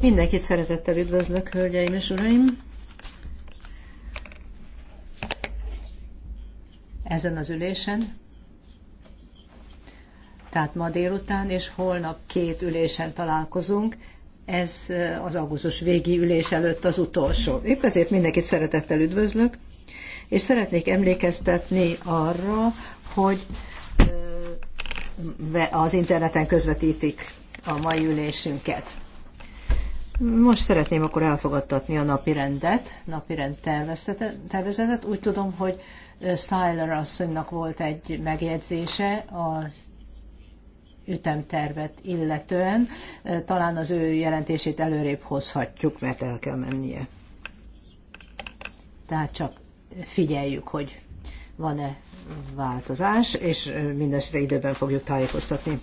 Mindenkit szeretettel üdvözlök, hölgyeim és uraim! Ezen az ülésen, tehát ma délután és holnap két ülésen találkozunk, ez eh, az augusztus végi ülés előtt az utolsó. Épp ezért mindenkit szeretettel üdvözlök, és szeretnék emlékeztetni arra, hogy eh, az interneten közvetítik a mai ülésünket. Most szeretném akkor elfogadtatni a napi rendet, napi rend tervezetet. Úgy tudom, hogy Styler asszonynak volt egy megjegyzése az ütemtervet illetően. Talán az ő jelentését előrébb hozhatjuk, mert el kell mennie. Tehát csak figyeljük, hogy van-e változás, és mindesre időben fogjuk tájékoztatni.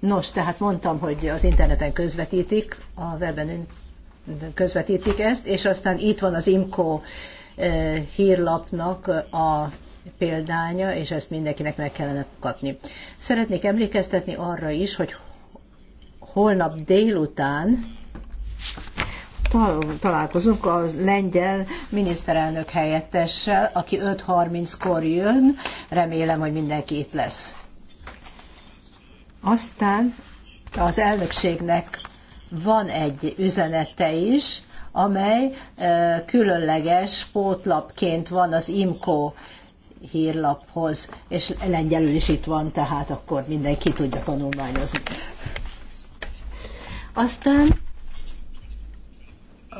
Nos, tehát mondtam, hogy az interneten közvetítik, a weben közvetítik ezt, és aztán itt van az IMCO eh, hírlapnak a példánya, és ezt mindenkinek meg kellene kapni. Szeretnék emlékeztetni arra is, hogy holnap délután találkozunk a lengyel miniszterelnök helyettessel, aki 5.30-kor jön. Remélem, hogy mindenki itt lesz. Aztán az elnökségnek van egy üzenete is, amely különleges pótlapként van az IMCO hírlaphoz, és lengyelül is itt van, tehát akkor mindenki tudja tanulmányozni. Aztán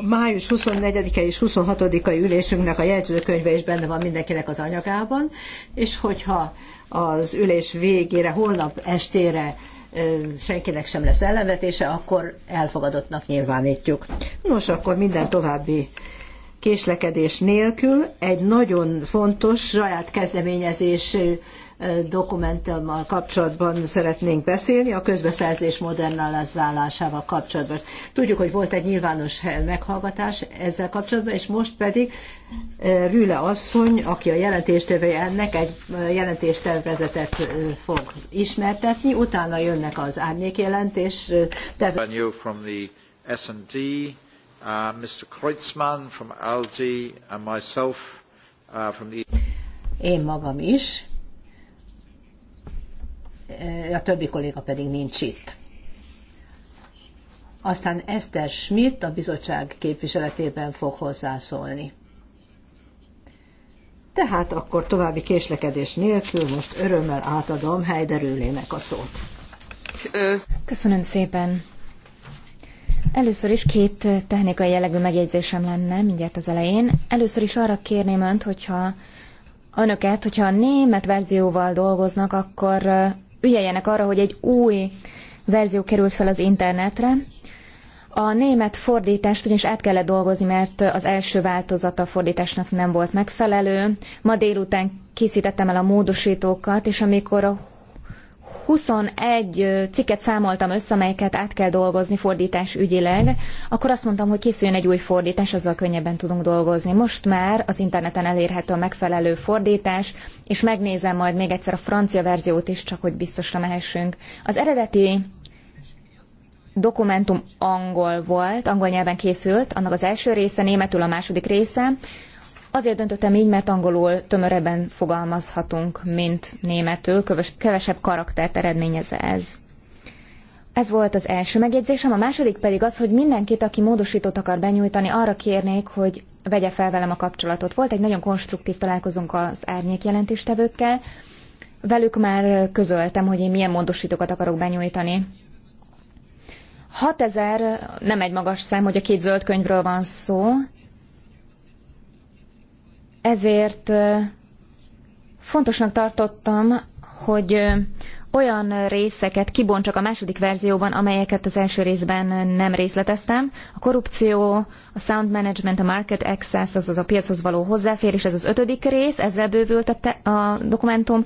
május 24-e és 26-a ülésünknek a jegyzőkönyve is benne van mindenkinek az anyagában, és hogyha az ülés végére, holnap estére senkinek sem lesz ellenvetése, akkor elfogadottnak nyilvánítjuk. Nos, akkor minden további késlekedés nélkül egy nagyon fontos saját kezdeményezésű dokumentummal kapcsolatban szeretnénk beszélni, a közbeszerzés modernizálásával kapcsolatban. Tudjuk, hogy volt egy nyilvános meghallgatás ezzel kapcsolatban, és most pedig eh, Rüle asszony, aki a jelentéstevője ennek, egy eh, jelentéstervezetet eh, fog ismertetni, utána jönnek az árnyékjelentés tevő. Uh, Mr. Kreutzmann from and myself uh, from the... Én magam is Eh, a többi kolléga pedig nincs itt. Aztán Eszter Schmidt a bizottság képviseletében fog hozzászólni. Tehát akkor további késlekedés nélkül most örömmel átadom Heiderülének a szót. Köszönöm szépen. Először is két technikai jellegű megjegyzésem lenne mindjárt az elején. Először is arra kérném önt, hogyha önöket, hogyha a német verzióval dolgoznak, akkor ügyeljenek arra, hogy egy új verzió került fel az internetre. A német fordítást ugyanis át kellett dolgozni, mert az első változata a fordításnak nem volt megfelelő. Ma délután készítettem el a módosítókat, és amikor a 21 cikket számoltam össze, amelyeket át kell dolgozni fordítás ügyileg, akkor azt mondtam, hogy készüljön egy új fordítás, azzal könnyebben tudunk dolgozni. Most már az interneten elérhető a megfelelő fordítás, és megnézem majd még egyszer a francia verziót is, csak hogy biztosra mehessünk. Az eredeti dokumentum angol volt, angol nyelven készült, annak az első része, németül a második része. Azért döntöttem így, mert angolul tömörebben fogalmazhatunk, mint németül, kevesebb karaktert eredményez ez. Ez volt az első megjegyzésem, a második pedig az, hogy mindenkit, aki módosítót akar benyújtani, arra kérnék, hogy vegye fel velem a kapcsolatot. Volt egy nagyon konstruktív találkozónk az árnyék jelentéstevőkkel, velük már közöltem, hogy én milyen módosítókat akarok benyújtani. 6000 nem egy magas szám, hogy a két zöld könyvről van szó, ezért fontosnak tartottam, hogy olyan részeket kibontsak a második verzióban, amelyeket az első részben nem részleteztem. A korrupció, a sound management, a market access, azaz a piachoz való hozzáférés, ez az ötödik rész, ezzel bővült a, a dokumentum.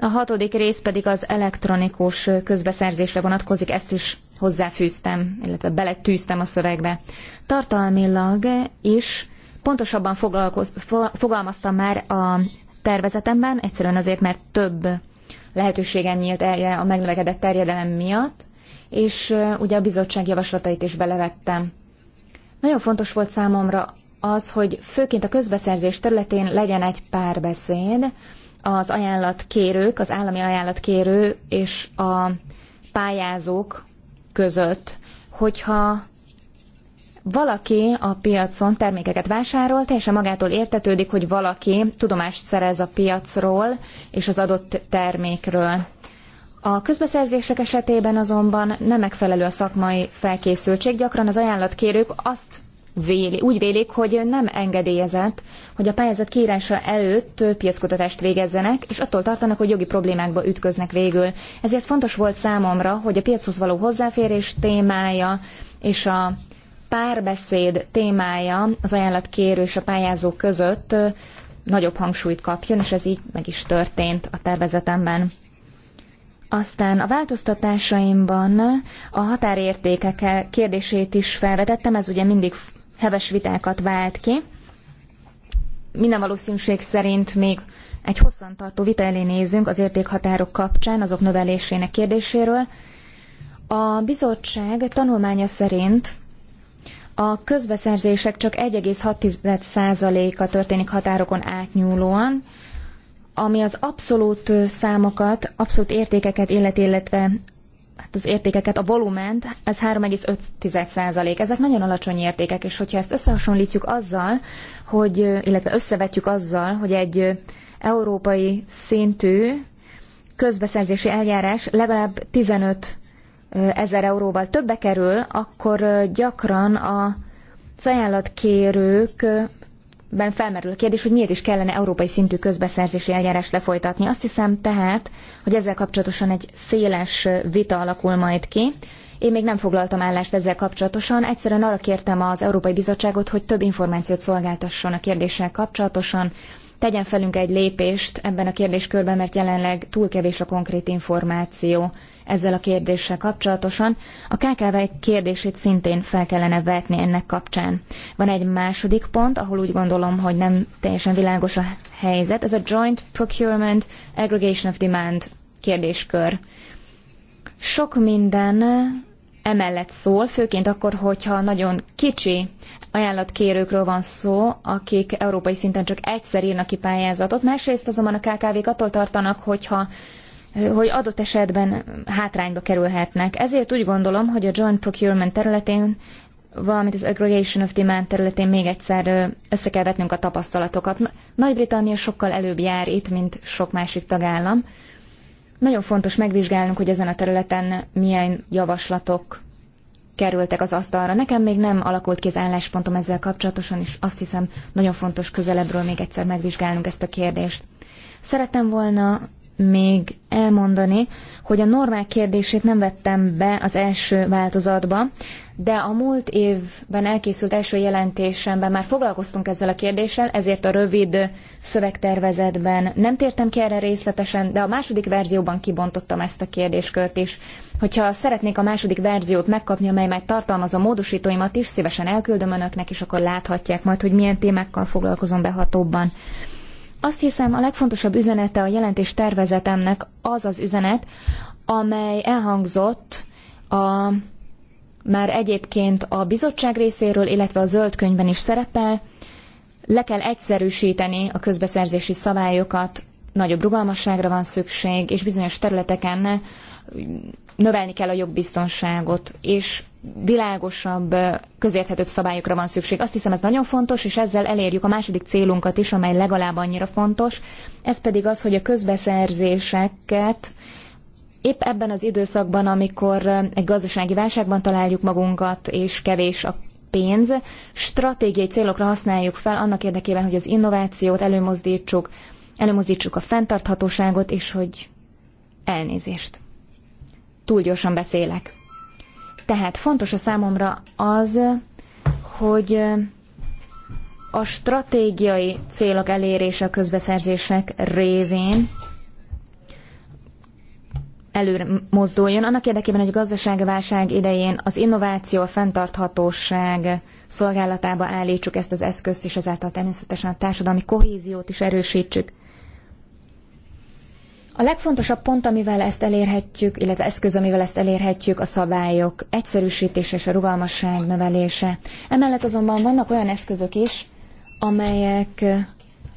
A hatodik rész pedig az elektronikus közbeszerzésre vonatkozik, ezt is hozzáfűztem, illetve beletűztem a szövegbe. Tartalmilag is pontosabban foglalkoz, fogalmaztam már a tervezetemben, egyszerűen azért, mert több lehetőségem nyílt el a megnövekedett terjedelem miatt, és ugye a bizottság javaslatait is belevettem. Nagyon fontos volt számomra az, hogy főként a közbeszerzés területén legyen egy párbeszéd az ajánlatkérők, az állami ajánlatkérő és a pályázók között. Hogyha valaki a piacon termékeket vásárol, teljesen magától értetődik, hogy valaki tudomást szerez a piacról és az adott termékről. A közbeszerzések esetében azonban nem megfelelő a szakmai felkészültség, gyakran az ajánlatkérők azt véli, úgy vélik, hogy nem engedélyezett, hogy a pályázat kiírása előtt piackutatást végezzenek, és attól tartanak, hogy jogi problémákba ütköznek végül. Ezért fontos volt számomra, hogy a piachoz való hozzáférés témája és a párbeszéd témája az ajánlatkérő és a pályázó között nagyobb hangsúlyt kapjon, és ez így meg is történt a tervezetemben. Aztán a változtatásaimban a határértékek kérdését is felvetettem, ez ugye mindig heves vitákat vált ki. Minden valószínűség szerint még egy hosszantartó vita elé nézünk az értékhatárok kapcsán, azok növelésének kérdéséről. A bizottság tanulmánya szerint a közbeszerzések csak 1,6%-a történik határokon átnyúlóan, ami az abszolút számokat, abszolút értékeket illet, illetve hát az értékeket, a volument, ez 3,5%. Ezek nagyon alacsony értékek, és hogyha ezt összehasonlítjuk azzal, hogy, illetve összevetjük azzal, hogy egy európai szintű közbeszerzési eljárás legalább 15 ezer euróval többe kerül, akkor gyakran a ajánlatkérőkben ben felmerül a kérdés, hogy miért is kellene európai szintű közbeszerzési eljárást lefolytatni. Azt hiszem tehát, hogy ezzel kapcsolatosan egy széles vita alakul majd ki. Én még nem foglaltam állást ezzel kapcsolatosan, egyszerűen arra kértem az Európai Bizottságot, hogy több információt szolgáltasson a kérdéssel kapcsolatosan, tegyen felünk egy lépést ebben a kérdéskörben, mert jelenleg túl kevés a konkrét információ ezzel a kérdéssel kapcsolatosan. A KKV kérdését szintén fel kellene vetni ennek kapcsán. Van egy második pont, ahol úgy gondolom, hogy nem teljesen világos a helyzet. Ez a Joint Procurement Aggregation of Demand kérdéskör. Sok minden emellett szól, főként akkor, hogyha nagyon kicsi ajánlatkérőkről van szó, akik európai szinten csak egyszer írnak ki pályázatot, másrészt azonban a KKV-k attól tartanak, hogyha hogy adott esetben hátrányba kerülhetnek. Ezért úgy gondolom, hogy a joint procurement területén, valamint az aggregation of demand területén még egyszer össze kell vetnünk a tapasztalatokat. Nagy-Britannia sokkal előbb jár itt, mint sok másik tagállam. Nagyon fontos megvizsgálnunk, hogy ezen a területen milyen javaslatok kerültek az asztalra. Nekem még nem alakult ki az álláspontom ezzel kapcsolatosan, és azt hiszem nagyon fontos közelebbről még egyszer megvizsgálnunk ezt a kérdést. Szerettem volna még elmondani, hogy a normák kérdését nem vettem be az első változatba, de a múlt évben elkészült első jelentésemben már foglalkoztunk ezzel a kérdéssel, ezért a rövid szövegtervezetben nem tértem ki erre részletesen, de a második verzióban kibontottam ezt a kérdéskört is. Hogyha szeretnék a második verziót megkapni, amely már tartalmaz a módosítóimat is, szívesen elküldöm önöknek, és akkor láthatják majd, hogy milyen témákkal foglalkozom behatóbban. Azt hiszem, a legfontosabb üzenete a jelentés tervezetemnek az az üzenet, amely elhangzott a már egyébként a bizottság részéről, illetve a zöld könyvben is szerepel, le kell egyszerűsíteni a közbeszerzési szabályokat, nagyobb rugalmasságra van szükség, és bizonyos területeken növelni kell a jogbiztonságot, és világosabb, közérthetőbb szabályokra van szükség. Azt hiszem ez nagyon fontos, és ezzel elérjük a második célunkat is, amely legalább annyira fontos. Ez pedig az, hogy a közbeszerzéseket épp ebben az időszakban, amikor egy gazdasági válságban találjuk magunkat, és kevés a pénz, stratégiai célokra használjuk fel annak érdekében, hogy az innovációt előmozdítsuk, előmozdítsuk a fenntarthatóságot, és hogy elnézést. Túl gyorsan beszélek. Tehát fontos a számomra az, hogy a stratégiai célok elérése a közbeszerzések révén előre mozduljon, annak érdekében, hogy a gazdaságválság idején az innováció, a fenntarthatóság szolgálatába állítsuk ezt az eszközt, és ezáltal természetesen a társadalmi kohéziót is erősítsük. A legfontosabb pont, amivel ezt elérhetjük, illetve eszköz, amivel ezt elérhetjük, a szabályok egyszerűsítése és a rugalmasság növelése. Emellett azonban vannak olyan eszközök is, amelyek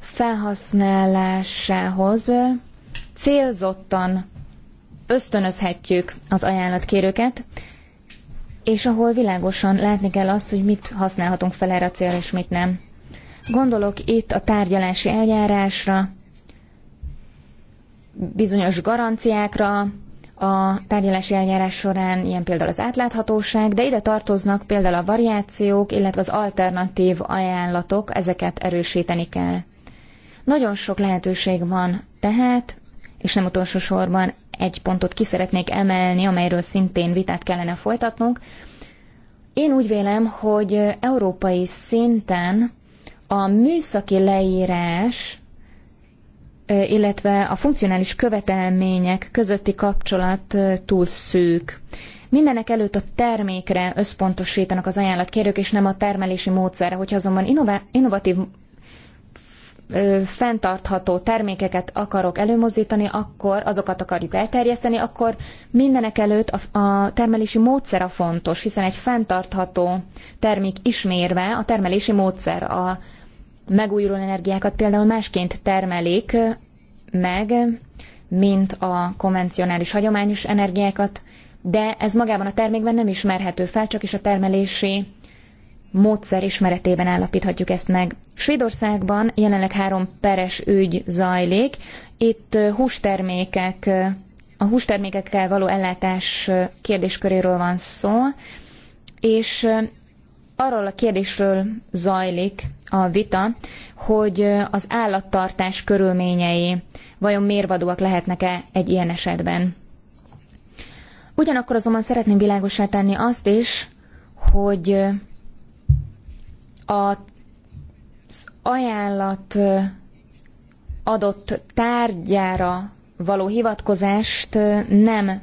felhasználásához célzottan ösztönözhetjük az ajánlatkérőket, és ahol világosan látni kell azt, hogy mit használhatunk fel erre a célra, és mit nem. Gondolok itt a tárgyalási eljárásra, bizonyos garanciákra a tárgyalási eljárás során, ilyen például az átláthatóság, de ide tartoznak például a variációk, illetve az alternatív ajánlatok, ezeket erősíteni kell. Nagyon sok lehetőség van tehát, és nem utolsó sorban egy pontot ki szeretnék emelni, amelyről szintén vitát kellene folytatnunk. Én úgy vélem, hogy európai szinten a műszaki leírás illetve a funkcionális követelmények közötti kapcsolat túl szűk. Mindenek előtt a termékre összpontosítanak az ajánlatkérők, és nem a termelési módszerre. Hogyha azonban innová- innovatív fenntartható termékeket akarok előmozdítani, akkor azokat akarjuk elterjeszteni, akkor mindenek előtt a, a termelési módszer a fontos, hiszen egy fenntartható termék ismérve a termelési módszer, a megújuló energiákat például másként termelik meg, mint a konvencionális hagyományos energiákat, de ez magában a termékben nem ismerhető fel, csak is a termelési módszer ismeretében állapíthatjuk ezt meg. Svédországban jelenleg három peres ügy zajlik. Itt hústermékek, a hústermékekkel való ellátás kérdésköréről van szó, és arról a kérdésről zajlik a vita, hogy az állattartás körülményei vajon mérvadóak lehetnek-e egy ilyen esetben. Ugyanakkor azonban szeretném világosá tenni azt is, hogy a ajánlat adott tárgyára való hivatkozást nem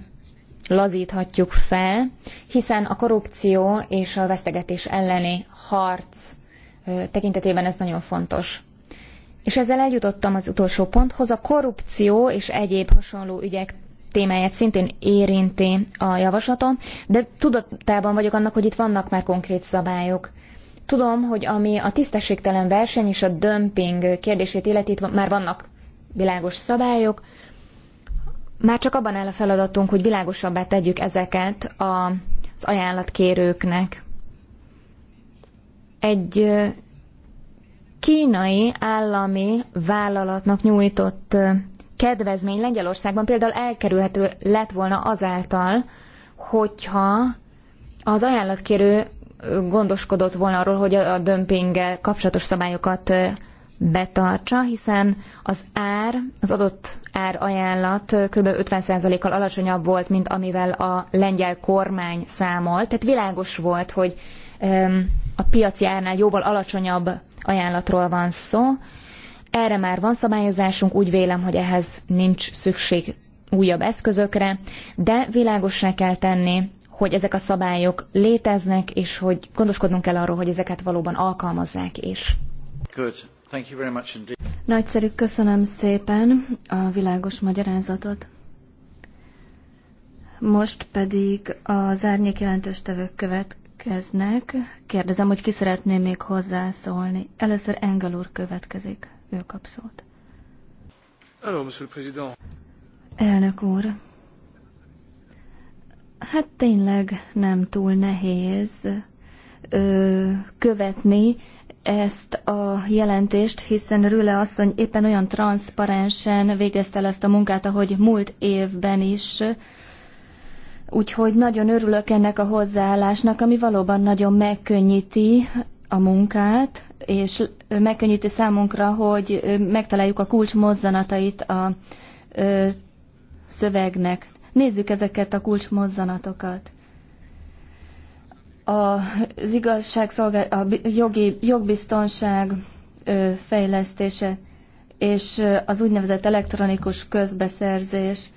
lazíthatjuk fel, hiszen a korrupció és a vesztegetés elleni harc tekintetében ez nagyon fontos. És ezzel eljutottam az utolsó ponthoz, a korrupció és egyéb hasonló ügyek témáját szintén érinti a javaslatom, de tudatában vagyok annak, hogy itt vannak már konkrét szabályok. Tudom, hogy ami a tisztességtelen verseny és a dömping kérdését illeti, itt már vannak világos szabályok, már csak abban áll a feladatunk, hogy világosabbá tegyük ezeket az ajánlatkérőknek. Egy kínai állami vállalatnak nyújtott kedvezmény Lengyelországban például elkerülhető lett volna azáltal, hogyha az ajánlatkérő gondoskodott volna arról, hogy a dömpinggel kapcsolatos szabályokat betartsa, hiszen az ár, az adott árajánlat kb. 50%-kal alacsonyabb volt, mint amivel a lengyel kormány számolt. Tehát világos volt, hogy a piaci árnál jóval alacsonyabb ajánlatról van szó. Erre már van szabályozásunk, úgy vélem, hogy ehhez nincs szükség újabb eszközökre, de világosra kell tenni, hogy ezek a szabályok léteznek, és hogy gondoskodnunk kell arról, hogy ezeket valóban alkalmazzák is. Good. Thank you very much indeed. Nagyszerű, köszönöm szépen a világos magyarázatot. Most pedig az árnyék jelentős tevők következnek. Kérdezem, hogy ki szeretné még hozzászólni. Először Engel úr következik. Ő kap szót. Hello, Monsieur President. Elnök úr. Hát tényleg nem túl nehéz ö, követni ezt a jelentést, hiszen Rüle asszony éppen olyan transzparensen végezte el ezt a munkát, ahogy múlt évben is. Úgyhogy nagyon örülök ennek a hozzáállásnak, ami valóban nagyon megkönnyíti a munkát, és megkönnyíti számunkra, hogy megtaláljuk a kulcs mozzanatait a szövegnek. Nézzük ezeket a kulcs mozzanatokat az igazságszolgál, a jogi, jogbiztonság fejlesztése és az úgynevezett elektronikus közbeszerzés.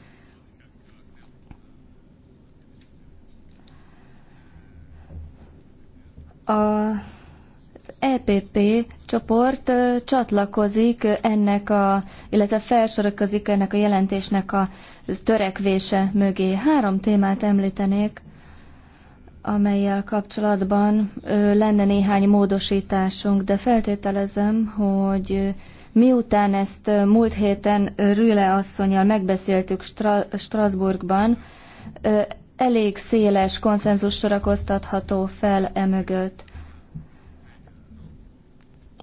A EPP csoport csatlakozik ennek a, illetve felsorakozik ennek a jelentésnek a törekvése mögé. Három témát említenék amelyel kapcsolatban lenne néhány módosításunk, de feltételezem, hogy miután ezt múlt héten Rüle asszonyjal megbeszéltük Stra- Strasbourgban, elég széles konszenzus sorakoztatható fel emögött.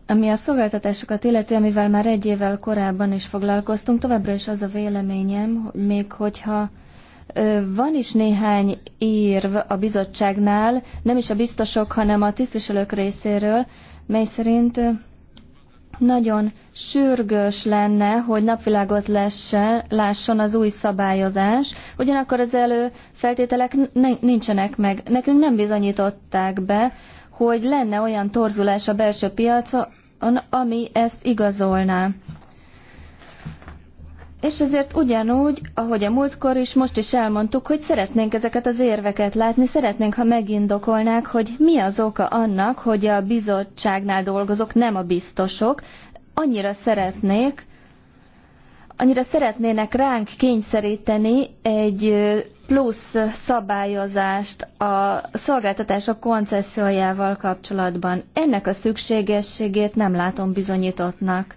Ami a szolgáltatásokat illeti, amivel már egy évvel korábban is foglalkoztunk, továbbra is az a véleményem, hogy még hogyha van is néhány írv a bizottságnál, nem is a biztosok, hanem a tisztviselők részéről, mely szerint nagyon sürgős lenne, hogy napvilágot lesse, lásson az új szabályozás, ugyanakkor az elő feltételek nincsenek meg. Nekünk nem bizonyították be, hogy lenne olyan torzulás a belső piacon, ami ezt igazolná. És ezért ugyanúgy, ahogy a múltkor is, most is elmondtuk, hogy szeretnénk ezeket az érveket látni, szeretnénk, ha megindokolnák, hogy mi az oka annak, hogy a bizottságnál dolgozók nem a biztosok, annyira szeretnék, annyira szeretnének ránk kényszeríteni egy plusz szabályozást a szolgáltatások koncesziójával kapcsolatban. Ennek a szükségességét nem látom bizonyítottnak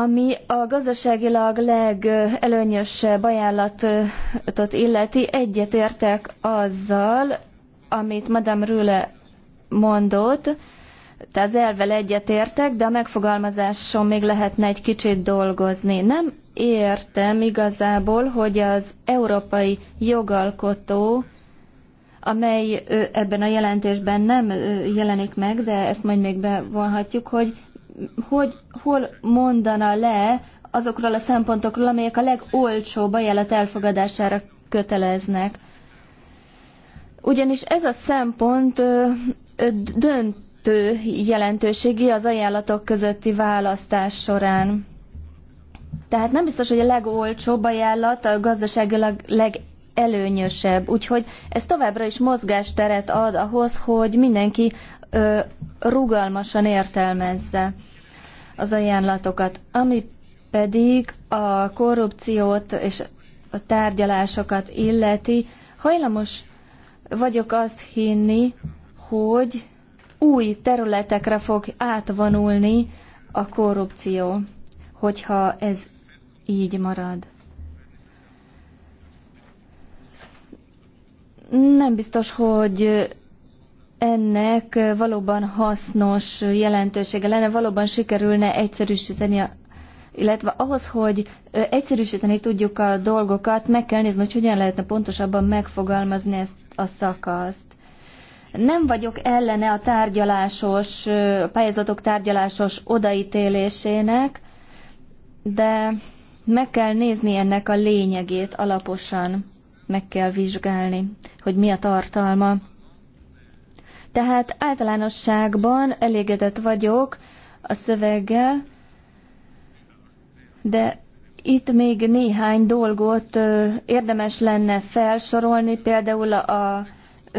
ami a gazdaságilag legelőnyösebb ajánlatot illeti, egyetértek azzal, amit Madame Rüle mondott, tehát az elvel egyetértek, de a megfogalmazáson még lehetne egy kicsit dolgozni. Nem értem igazából, hogy az európai jogalkotó, amely ebben a jelentésben nem jelenik meg, de ezt majd még bevonhatjuk, hogy hogy hol mondana le azokról a szempontokról, amelyek a legolcsóbb ajánlat elfogadására köteleznek. Ugyanis ez a szempont döntő jelentőségi az ajánlatok közötti választás során. Tehát nem biztos, hogy a legolcsóbb ajánlat a gazdaságilag legelőnyösebb. Úgyhogy ez továbbra is mozgásteret ad ahhoz, hogy mindenki rugalmasan értelmezze az ajánlatokat, ami pedig a korrupciót és a tárgyalásokat illeti, hajlamos vagyok azt hinni, hogy új területekre fog átvonulni a korrupció, hogyha ez így marad. Nem biztos, hogy ennek valóban hasznos jelentősége lenne, valóban sikerülne egyszerűsíteni a illetve ahhoz, hogy egyszerűsíteni tudjuk a dolgokat, meg kell nézni, hogy hogyan lehetne pontosabban megfogalmazni ezt a szakaszt. Nem vagyok ellene a tárgyalásos, a pályázatok tárgyalásos odaítélésének, de meg kell nézni ennek a lényegét alaposan, meg kell vizsgálni, hogy mi a tartalma. Tehát általánosságban elégedett vagyok a szöveggel, de itt még néhány dolgot érdemes lenne felsorolni, például a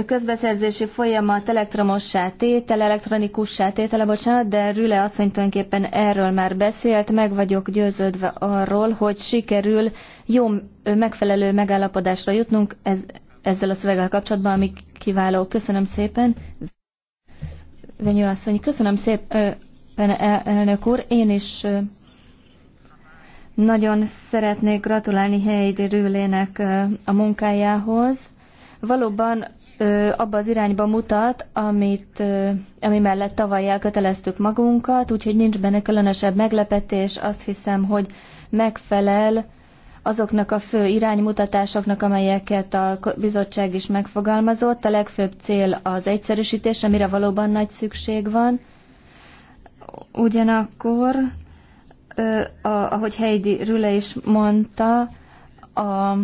közbeszerzési folyamat elektromossá tétele, elektronikussá tétele, bocsánat, de Rüle asszony tulajdonképpen erről már beszélt, meg vagyok győződve arról, hogy sikerül jó, megfelelő megállapodásra jutnunk ez, ezzel a szöveggel kapcsolatban, ami Kiváló, köszönöm szépen. Venyő asszony, köszönöm szépen, elnök úr. Én is nagyon szeretnék gratulálni Heidi Rülének a munkájához. Valóban abba az irányba mutat, amit, ami mellett tavaly elköteleztük magunkat, úgyhogy nincs benne különösebb meglepetés. Azt hiszem, hogy megfelel azoknak a fő iránymutatásoknak, amelyeket a bizottság is megfogalmazott. A legfőbb cél az egyszerűsítés, amire valóban nagy szükség van. Ugyanakkor, ahogy Heidi Rüle is mondta, a,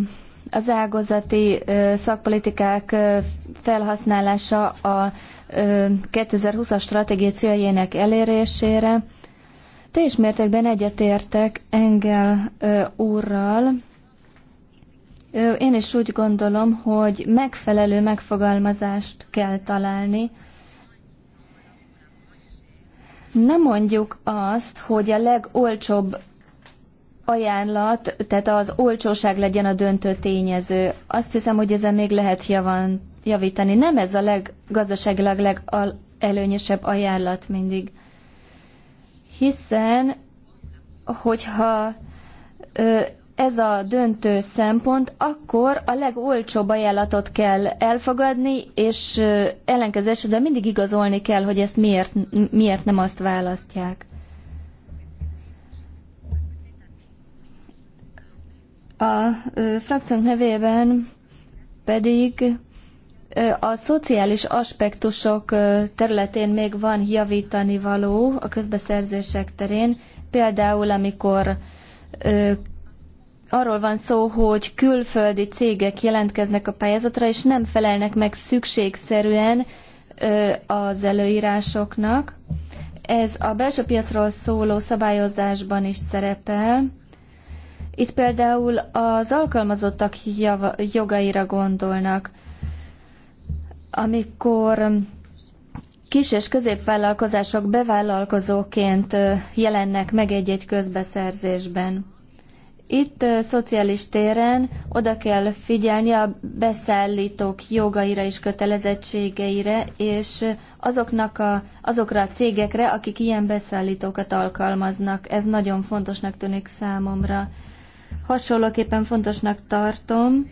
az ágazati szakpolitikák felhasználása a 2020-as stratégia céljének elérésére, teljes mértékben egyetértek Engel úrral. Én is úgy gondolom, hogy megfelelő megfogalmazást kell találni. Nem mondjuk azt, hogy a legolcsóbb ajánlat, tehát az olcsóság legyen a döntő tényező. Azt hiszem, hogy ezen még lehet javan, javítani. Nem ez a leg, gazdaságilag legelőnyösebb ajánlat mindig hiszen hogyha ez a döntő szempont, akkor a legolcsóbb ajánlatot kell elfogadni, és ellenkező esetben mindig igazolni kell, hogy ezt miért, miért nem azt választják. A frakciónk nevében pedig a szociális aspektusok területén még van javítani való a közbeszerzések terén, például amikor arról van szó, hogy külföldi cégek jelentkeznek a pályázatra, és nem felelnek meg szükségszerűen az előírásoknak. Ez a belső piacról szóló szabályozásban is szerepel. Itt például az alkalmazottak jogaira gondolnak amikor kis és középvállalkozások bevállalkozóként jelennek meg egy-egy közbeszerzésben. Itt szociális téren oda kell figyelni a beszállítók jogaira és kötelezettségeire, és azoknak a, azokra a cégekre, akik ilyen beszállítókat alkalmaznak. Ez nagyon fontosnak tűnik számomra. Hasonlóképpen fontosnak tartom,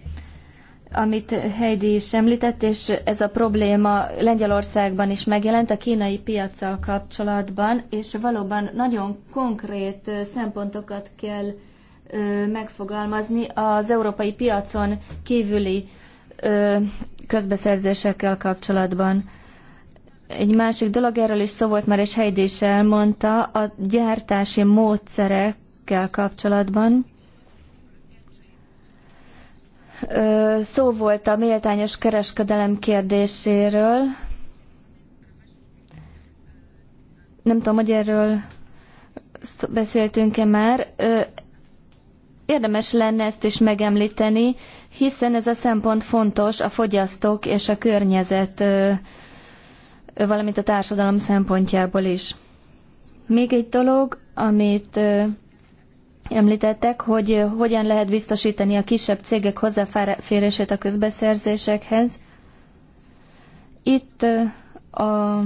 amit Heidi is említett, és ez a probléma Lengyelországban is megjelent a kínai piaccal kapcsolatban, és valóban nagyon konkrét szempontokat kell megfogalmazni az európai piacon kívüli közbeszerzésekkel kapcsolatban. Egy másik dolog, erről is szó volt már, és Heidi is elmondta, a gyártási módszerekkel kapcsolatban szó volt a méltányos kereskedelem kérdéséről. Nem tudom, hogy erről beszéltünk-e már. Érdemes lenne ezt is megemlíteni, hiszen ez a szempont fontos a fogyasztók és a környezet, valamint a társadalom szempontjából is. Még egy dolog, amit említettek, hogy eh, hogyan lehet biztosítani a kisebb cégek hozzáférését a közbeszerzésekhez. Itt eh, a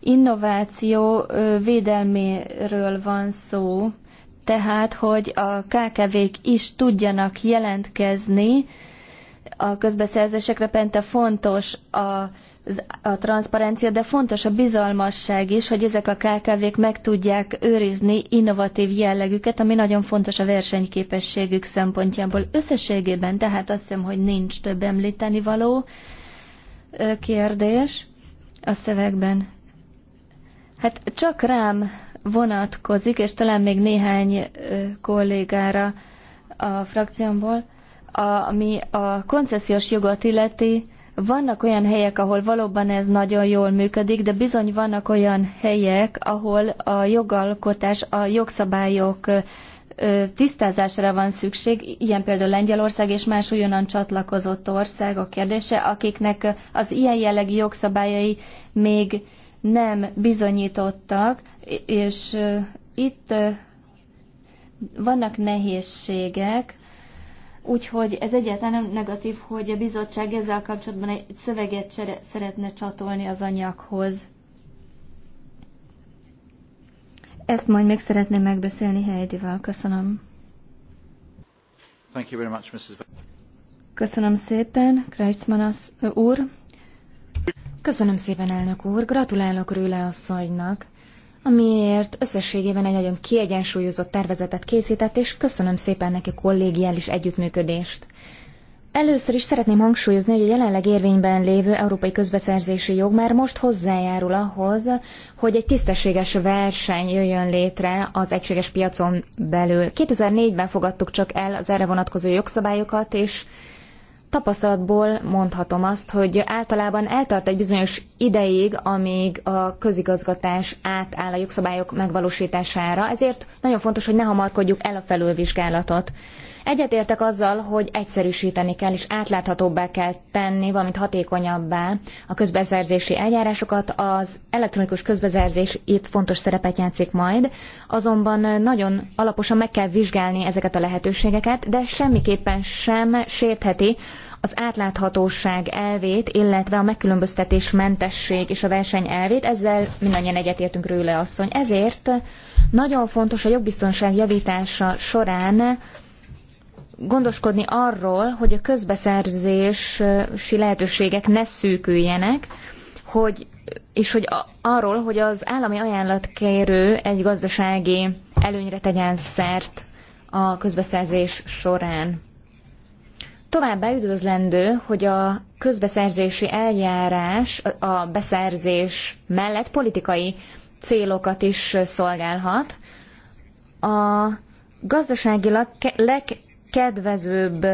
innováció eh, védelméről van szó, tehát hogy a KKV-k is tudjanak jelentkezni a közbeszerzésekre, pente fontos a, a transzparencia, de fontos a bizalmasság is, hogy ezek a KKV-k meg tudják őrizni innovatív jellegüket, ami nagyon fontos a versenyképességük szempontjából. Összességében tehát azt hiszem, hogy nincs több említeni való kérdés a szövegben. Hát csak rám vonatkozik, és talán még néhány kollégára a frakciómból, ami a koncesziós jogot illeti, vannak olyan helyek, ahol valóban ez nagyon jól működik, de bizony vannak olyan helyek, ahol a jogalkotás, a jogszabályok tisztázásra van szükség, ilyen például Lengyelország és más újonnan csatlakozott országok kérdése, akiknek az ilyen jellegű jogszabályai még nem bizonyítottak, és itt vannak nehézségek, Úgyhogy ez egyáltalán nem negatív, hogy a bizottság ezzel kapcsolatban egy szöveget csere- szeretne csatolni az anyaghoz. Ezt majd még szeretném megbeszélni Heidi-val. Köszönöm. Thank you very much, Mrs. Köszönöm szépen, Kreitzmann úr. Köszönöm szépen, elnök úr. Gratulálok Rőle asszonynak amiért összességében egy nagyon kiegyensúlyozott tervezetet készített, és köszönöm szépen neki kollégiális együttműködést. Először is szeretném hangsúlyozni, hogy a jelenleg érvényben lévő európai közbeszerzési jog már most hozzájárul ahhoz, hogy egy tisztességes verseny jöjjön létre az egységes piacon belül. 2004-ben fogadtuk csak el az erre vonatkozó jogszabályokat, és tapasztalatból mondhatom azt, hogy általában eltart egy bizonyos ideig, amíg a közigazgatás átáll a jogszabályok megvalósítására, ezért nagyon fontos, hogy ne hamarkodjuk el a felülvizsgálatot. Egyetértek azzal, hogy egyszerűsíteni kell és átláthatóbbá kell tenni, valamint hatékonyabbá a közbeszerzési eljárásokat. Az elektronikus közbeszerzés itt fontos szerepet játszik majd, azonban nagyon alaposan meg kell vizsgálni ezeket a lehetőségeket, de semmiképpen sem sértheti az átláthatóság elvét, illetve a megkülönböztetésmentesség és a verseny elvét, ezzel mindannyian egyetértünk Rőle asszony. Ezért nagyon fontos a jogbiztonság javítása során gondoskodni arról, hogy a közbeszerzési lehetőségek ne szűküljenek, hogy, és hogy a, arról, hogy az állami ajánlatkérő egy gazdasági előnyre tegyen szert a közbeszerzés során. Továbbá üdvözlendő, hogy a közbeszerzési eljárás a beszerzés mellett politikai célokat is szolgálhat. A gazdaságilag leg kedvezőbb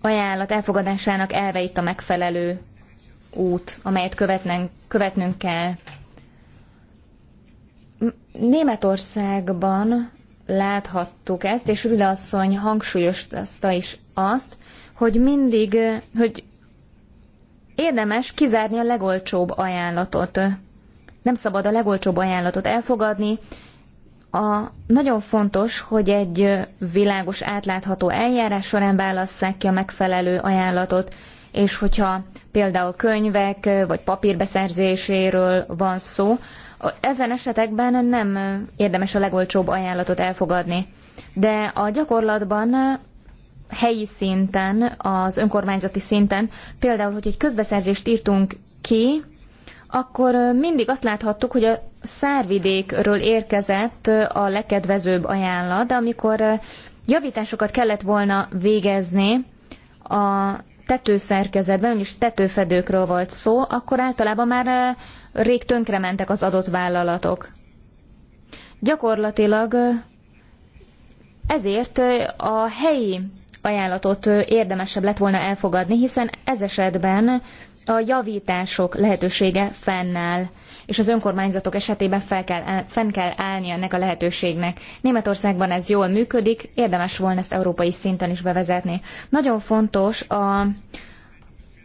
ajánlat elfogadásának elve itt a megfelelő út, amelyet követnünk, követnünk kell. Németországban láthattuk ezt, és Rüle asszony hangsúlyozta is azt, hogy mindig, hogy érdemes kizárni a legolcsóbb ajánlatot. Nem szabad a legolcsóbb ajánlatot elfogadni, a, nagyon fontos, hogy egy világos, átlátható eljárás során válasszák ki a megfelelő ajánlatot, és hogyha például könyvek vagy papírbeszerzéséről van szó, ezen esetekben nem érdemes a legolcsóbb ajánlatot elfogadni. De a gyakorlatban helyi szinten, az önkormányzati szinten, például, hogy egy közbeszerzést írtunk ki, akkor mindig azt láthattuk, hogy a szárvidékről érkezett a legkedvezőbb ajánlat, de amikor javításokat kellett volna végezni a tetőszerkezetben, vagyis tetőfedőkről volt szó, akkor általában már rég tönkrementek az adott vállalatok. Gyakorlatilag ezért a helyi ajánlatot érdemesebb lett volna elfogadni, hiszen ez esetben a javítások lehetősége fennáll, és az önkormányzatok esetében fel kell, fenn kell állni ennek a lehetőségnek. Németországban ez jól működik, érdemes volna ezt európai szinten is bevezetni. Nagyon fontos a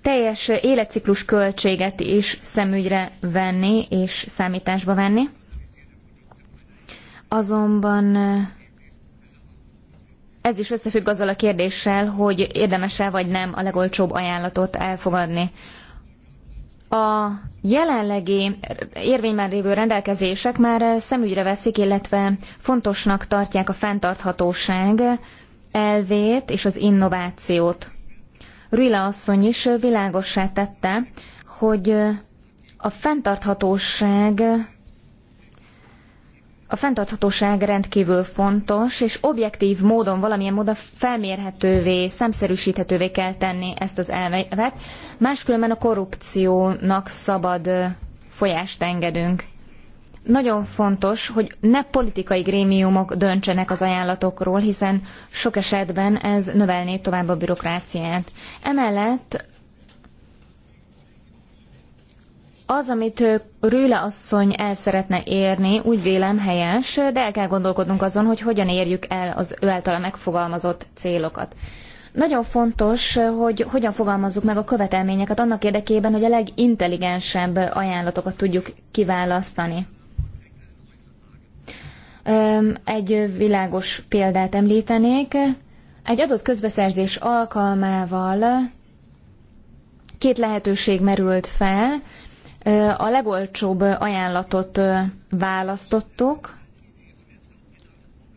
teljes életciklus költséget is szemügyre venni és számításba venni. Azonban eh, ez is összefügg azzal a kérdéssel, hogy érdemes-e vagy nem a legolcsóbb ajánlatot elfogadni a jelenlegi érvényben lévő rendelkezések már szemügyre veszik, illetve fontosnak tartják a fenntarthatóság elvét és az innovációt. Rüla asszony is világossá tette, hogy a fenntarthatóság a fenntarthatóság rendkívül fontos, és objektív módon, valamilyen módon felmérhetővé, szemszerűsíthetővé kell tenni ezt az elvet, máskülönben a korrupciónak szabad folyást engedünk. Nagyon fontos, hogy ne politikai grémiumok döntsenek az ajánlatokról, hiszen sok esetben ez növelné tovább a bürokráciát. Emellett Az, amit Rőle asszony el szeretne érni, úgy vélem helyes, de el kell gondolkodnunk azon, hogy hogyan érjük el az ő általa megfogalmazott célokat. Nagyon fontos, hogy hogyan fogalmazzuk meg a követelményeket annak érdekében, hogy a legintelligensebb ajánlatokat tudjuk kiválasztani. Egy világos példát említenék. Egy adott közbeszerzés alkalmával két lehetőség merült fel – a legolcsóbb ajánlatot választottuk,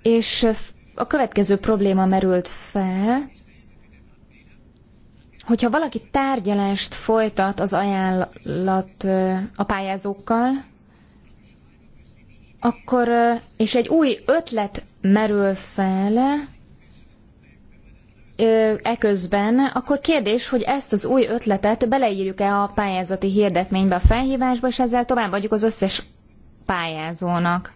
és a következő probléma merült fel, hogyha valaki tárgyalást folytat az ajánlat a pályázókkal, akkor, és egy új ötlet merül fel, eközben, akkor kérdés, hogy ezt az új ötletet beleírjuk-e a pályázati hirdetménybe, a felhívásba, és ezzel továbbadjuk az összes pályázónak.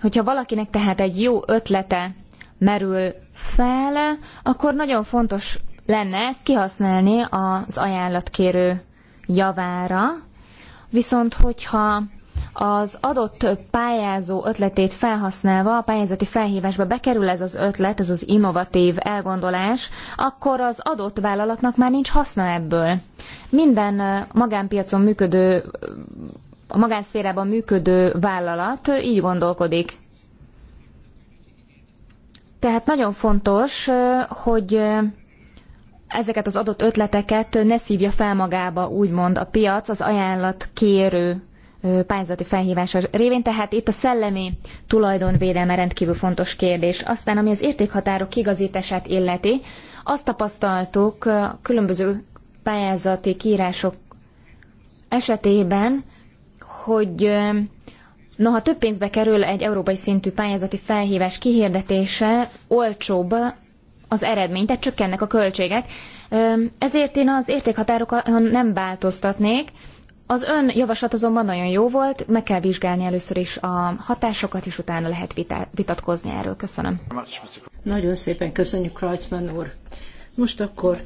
Hogyha valakinek tehát egy jó ötlete merül fel, akkor nagyon fontos lenne ezt kihasználni az ajánlatkérő javára, viszont hogyha az adott pályázó ötletét felhasználva a pályázati felhívásba bekerül ez az ötlet, ez az innovatív elgondolás, akkor az adott vállalatnak már nincs haszna ebből. Minden magánpiacon működő, a magánszférában működő vállalat így gondolkodik. Tehát nagyon fontos, hogy ezeket az adott ötleteket ne szívja fel magába, úgymond a piac, az ajánlat kérő pályázati felhívása révén, tehát itt a szellemi tulajdonvédelme rendkívül fontos kérdés. Aztán, ami az értékhatárok kigazítását illeti, azt tapasztaltuk különböző pályázati kiírások esetében, hogy noha több pénzbe kerül egy európai szintű pályázati felhívás kihirdetése, olcsóbb az eredmény, tehát csökkennek a költségek, ezért én az értékhatárokon nem változtatnék, az ön javaslat azonban nagyon jó volt, meg kell vizsgálni először is a hatásokat, és utána lehet vitatkozni erről. Köszönöm. Nagyon szépen köszönjük, Kreutzmann úr. Most akkor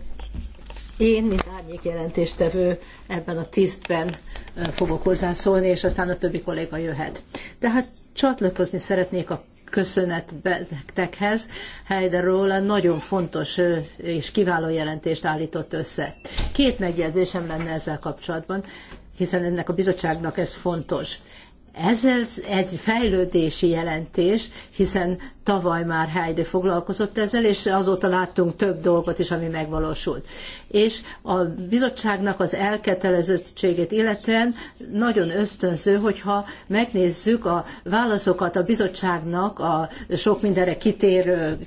én, mint árnyék jelentéstevő ebben a tisztben fogok hozzászólni, és aztán a többi kolléga jöhet. Tehát csatlakozni szeretnék a köszönetbetekhez. Heider Róla nagyon fontos és kiváló jelentést állított össze. Két megjegyzésem lenne ezzel kapcsolatban hiszen ennek a bizottságnak ez fontos. Ez egy fejlődési jelentés, hiszen Tavaly már Heide foglalkozott ezzel, és azóta láttunk több dolgot is, ami megvalósult. És a bizottságnak az elkötelezettségét illetően nagyon ösztönző, hogyha megnézzük a válaszokat a bizottságnak a sok mindenre kitérő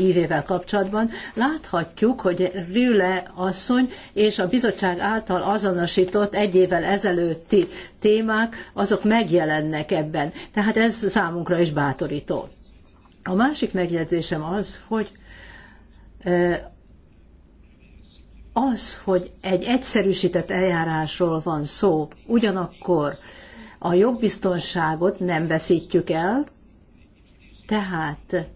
ívével kapcsolatban, láthatjuk, hogy Rüle asszony és a bizottság által azonosított egy évvel ezelőtti témák, azok megjelennek ebben. Tehát ez számunkra is bátorító. A másik megjegyzésem az, hogy az, hogy egy egyszerűsített eljárásról van szó, ugyanakkor a jogbiztonságot nem veszítjük el, tehát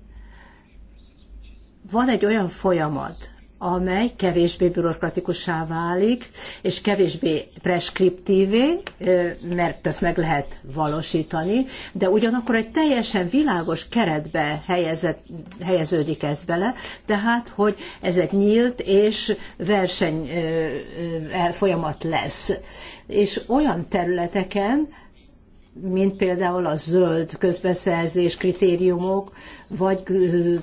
van egy olyan folyamat, amely kevésbé bürokratikussá válik, és kevésbé preskriptívé, mert ezt meg lehet valósítani, de ugyanakkor egy teljesen világos keretbe helyezett, helyeződik ez bele, tehát, hogy ez egy nyílt és verseny folyamat lesz. És olyan területeken, mint például a zöld közbeszerzés kritériumok, vagy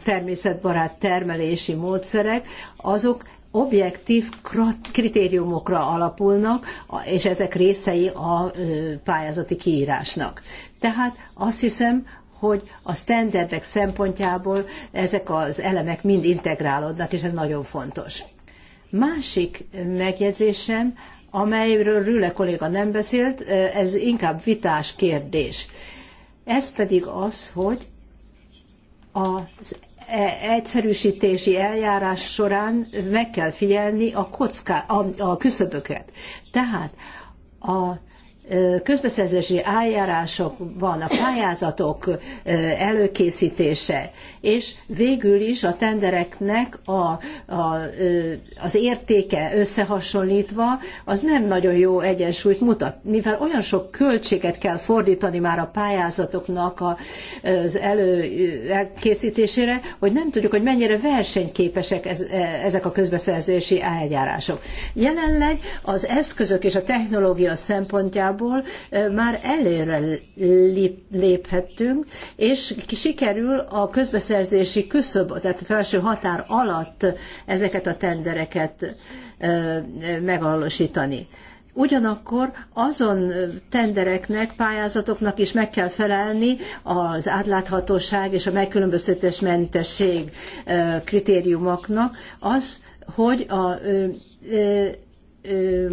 természetbarát termelési módszerek, azok objektív kritériumokra alapulnak, és ezek részei a pályázati kiírásnak. Tehát azt hiszem, hogy a standardek szempontjából ezek az elemek mind integrálódnak, és ez nagyon fontos. Másik megjegyzésem amelyről Rüle kolléga nem beszélt, ez inkább vitás kérdés. Ez pedig az, hogy az e- egyszerűsítési eljárás során meg kell figyelni a, kocká, a, a küszöböket. Tehát a közbeszerzési eljárások van, a pályázatok előkészítése, és végül is a tendereknek a, a, az értéke összehasonlítva, az nem nagyon jó egyensúlyt mutat, mivel olyan sok költséget kell fordítani már a pályázatoknak az elő, elkészítésére, hogy nem tudjuk, hogy mennyire versenyképesek ez, e, ezek a közbeszerzési eljárások. Jelenleg az eszközök és a technológia szempontjából szempontjából már előre léphettünk, és sikerül a közbeszerzési küszöb, tehát felső határ alatt ezeket a tendereket megvalósítani. Ugyanakkor azon tendereknek, pályázatoknak is meg kell felelni az átláthatóság és a megkülönböztetés mentesség kritériumoknak az, hogy a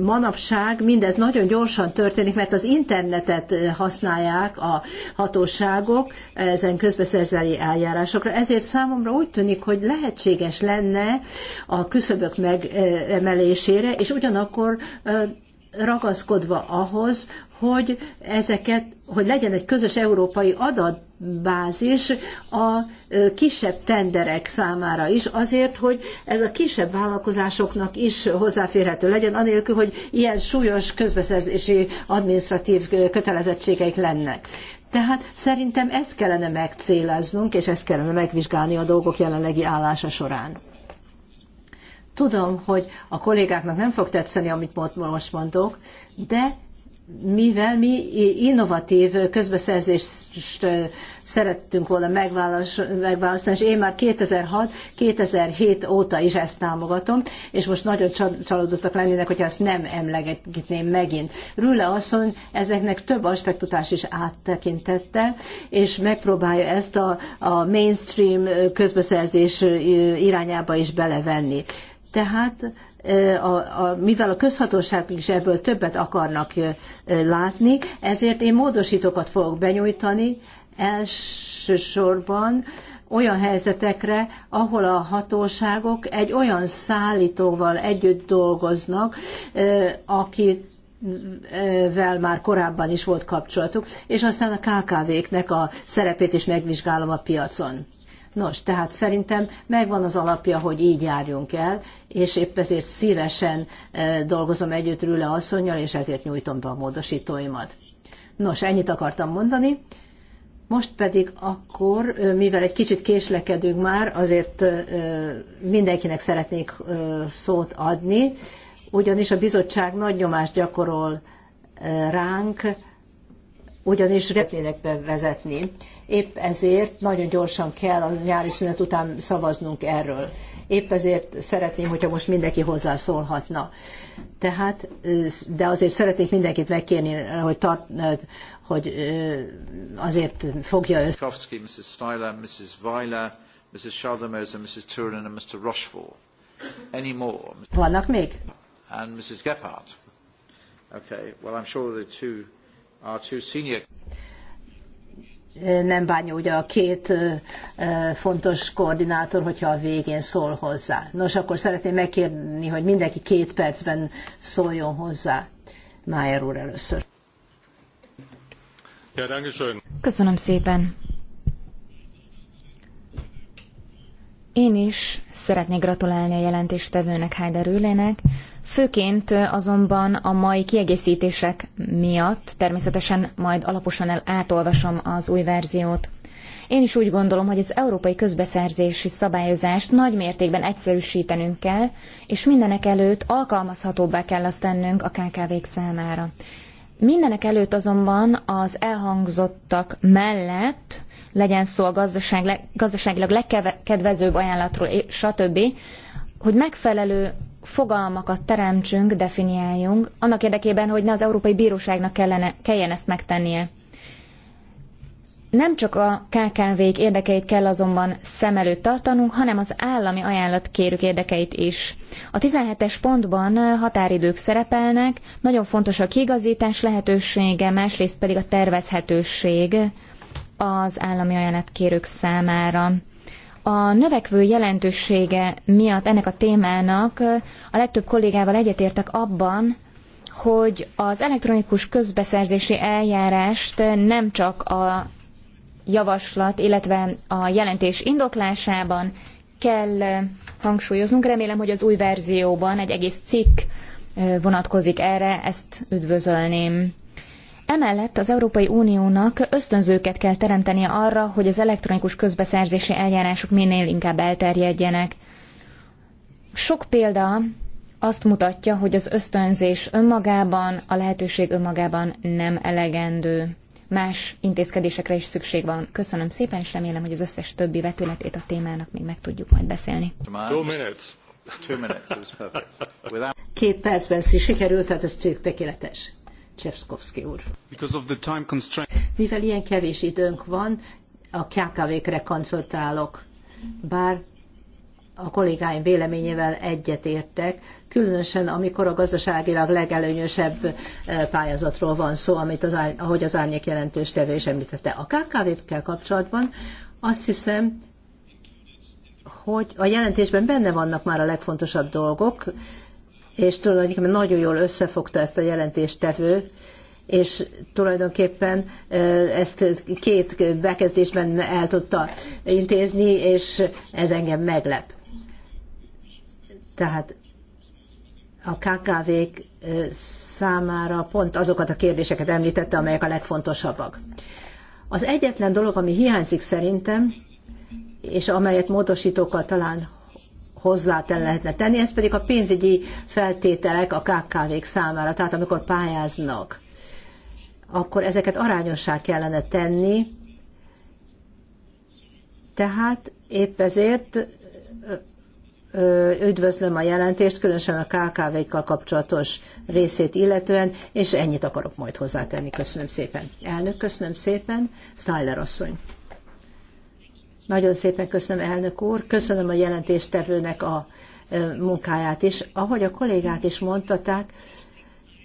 manapság mindez nagyon gyorsan történik, mert az internetet használják a hatóságok ezen közbeszerzeli eljárásokra. Ezért számomra úgy tűnik, hogy lehetséges lenne a küszöbök megemelésére, és ugyanakkor ragaszkodva ahhoz, hogy ezeket hogy legyen egy közös európai adatbázis a kisebb tenderek számára is, azért, hogy ez a kisebb vállalkozásoknak is hozzáférhető legyen, anélkül, hogy ilyen súlyos közbeszerzési administratív kötelezettségeik lennek. Tehát szerintem ezt kellene megcéloznunk, és ezt kellene megvizsgálni a dolgok jelenlegi állása során. Tudom, hogy a kollégáknak nem fog tetszeni, amit most mondok, de mivel mi innovatív közbeszerzést szerettünk volna megválasztani, és én már 2006-2007 óta is ezt támogatom, és most nagyon csalódottak lennének, hogyha ezt nem emlegetném megint. Rüle asszony ezeknek több aspektutás is áttekintette, és megpróbálja ezt a, a mainstream közbeszerzés irányába is belevenni. Tehát a, a, mivel a közhatóság is ebből többet akarnak látni, ezért én módosítókat fogok benyújtani elsősorban olyan helyzetekre, ahol a hatóságok egy olyan szállítóval együtt dolgoznak, aki vel már korábban is volt kapcsolatuk, és aztán a KKV-knek a szerepét is megvizsgálom a piacon. Nos, tehát szerintem megvan az alapja, hogy így járjunk el, és épp ezért szívesen e, dolgozom együtt Rüle asszonynal, és ezért nyújtom be a módosítóimat. Nos, ennyit akartam mondani. Most pedig akkor, e, mivel egy kicsit késlekedünk már, azért e, mindenkinek szeretnék szót adni, ugyanis a bizottság nagy nyomást gyakorol ránk, ugyanis retnének bevezetni. Épp ezért nagyon gyorsan kell a nyári szünet után szavaznunk erről. Épp ezért szeretném, hogyha most mindenki hozzászólhatna. Tehát, de azért szeretnék mindenkit megkérni, hogy, tart, hogy azért fogja össze. Kowski, Mrs. Styler, Mrs. Weiler, Mrs. Schaldemoser, Mrs. Turin and Mr. Rochefort. Any more? Vannak még? And Mrs. Gephardt. Okay, well I'm sure the two nem bánja ugye a két fontos koordinátor, hogyha a végén szól hozzá. Nos, akkor szeretném megkérni, hogy mindenki két percben szóljon hozzá. Májer úr először. Köszönöm szépen. Én is szeretnék gratulálni a jelentéstevőnek, Heider Rülének. Főként azonban a mai kiegészítések miatt természetesen majd alaposan el átolvasom az új verziót. Én is úgy gondolom, hogy az európai közbeszerzési szabályozást nagy mértékben egyszerűsítenünk kell, és mindenek előtt alkalmazhatóbbá kell azt tennünk a KKV-k számára. Mindenek előtt azonban az elhangzottak mellett, legyen szó a gazdaság, gazdaságilag legkedvezőbb ajánlatról, stb., hogy megfelelő fogalmakat teremtsünk, definiáljunk, annak érdekében, hogy ne az Európai Bíróságnak kellene, kelljen ezt megtennie. Nem csak a KKV-k érdekeit kell azonban szem előtt tartanunk, hanem az állami ajánlatkérők érdekeit is. A 17-es pontban határidők szerepelnek, nagyon fontos a kiigazítás lehetősége, másrészt pedig a tervezhetőség az állami ajánlatkérők számára. A növekvő jelentősége miatt ennek a témának a legtöbb kollégával egyetértek abban, hogy az elektronikus közbeszerzési eljárást nem csak a javaslat, illetve a jelentés indoklásában kell hangsúlyoznunk. Remélem, hogy az új verzióban egy egész cikk vonatkozik erre, ezt üdvözölném. Emellett az Európai Uniónak ösztönzőket kell teremtenie arra, hogy az elektronikus közbeszerzési eljárások minél inkább elterjedjenek. Sok példa azt mutatja, hogy az ösztönzés önmagában, a lehetőség önmagában nem elegendő. Más intézkedésekre is szükség van. Köszönöm szépen, és remélem, hogy az összes többi vetületét a témának még meg tudjuk majd beszélni. Két percben sikerült, tehát ez tökéletes úr. Mivel ilyen kevés időnk van, a KKV-kre konzultálok. Bár a kollégáim véleményével egyetértek, különösen amikor a gazdaságilag legelőnyösebb eh, pályázatról van szó, amit az, ahogy az árnyék jelentős tevő is említette. A KKV-kkel kapcsolatban azt hiszem, hogy a jelentésben benne vannak már a legfontosabb dolgok, és tulajdonképpen nagyon jól összefogta ezt a jelentéstevő, és tulajdonképpen ezt két bekezdésben el tudta intézni, és ez engem meglep. Tehát a kkv számára pont azokat a kérdéseket említette, amelyek a legfontosabbak. Az egyetlen dolog, ami hiányzik szerintem, és amelyet módosítókkal talán hozzá lehetne tenni, ez pedig a pénzügyi feltételek a KKV-k számára, tehát amikor pályáznak, akkor ezeket arányossá kellene tenni, tehát épp ezért üdvözlöm a jelentést, különösen a KKV-kkal kapcsolatos részét illetően, és ennyit akarok majd hozzátenni. Köszönöm szépen. Elnök, köszönöm szépen. Styler asszony. Nagyon szépen köszönöm, elnök úr. Köszönöm a jelentéstevőnek a munkáját is. Ahogy a kollégák is mondtaták,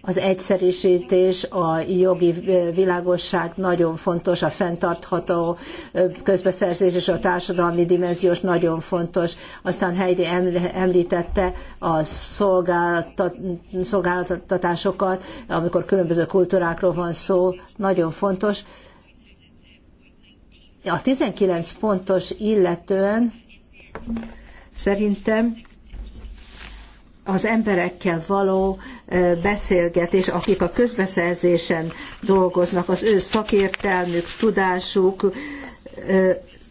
az egyszerűsítés, a jogi világosság nagyon fontos, a fenntartható közbeszerzés és a társadalmi dimenziós nagyon fontos. Aztán Heidi említette a szolgáltatásokat, amikor különböző kultúrákról van szó, nagyon fontos a 19 pontos illetően szerintem az emberekkel való beszélgetés, akik a közbeszerzésen dolgoznak, az ő szakértelmük, tudásuk,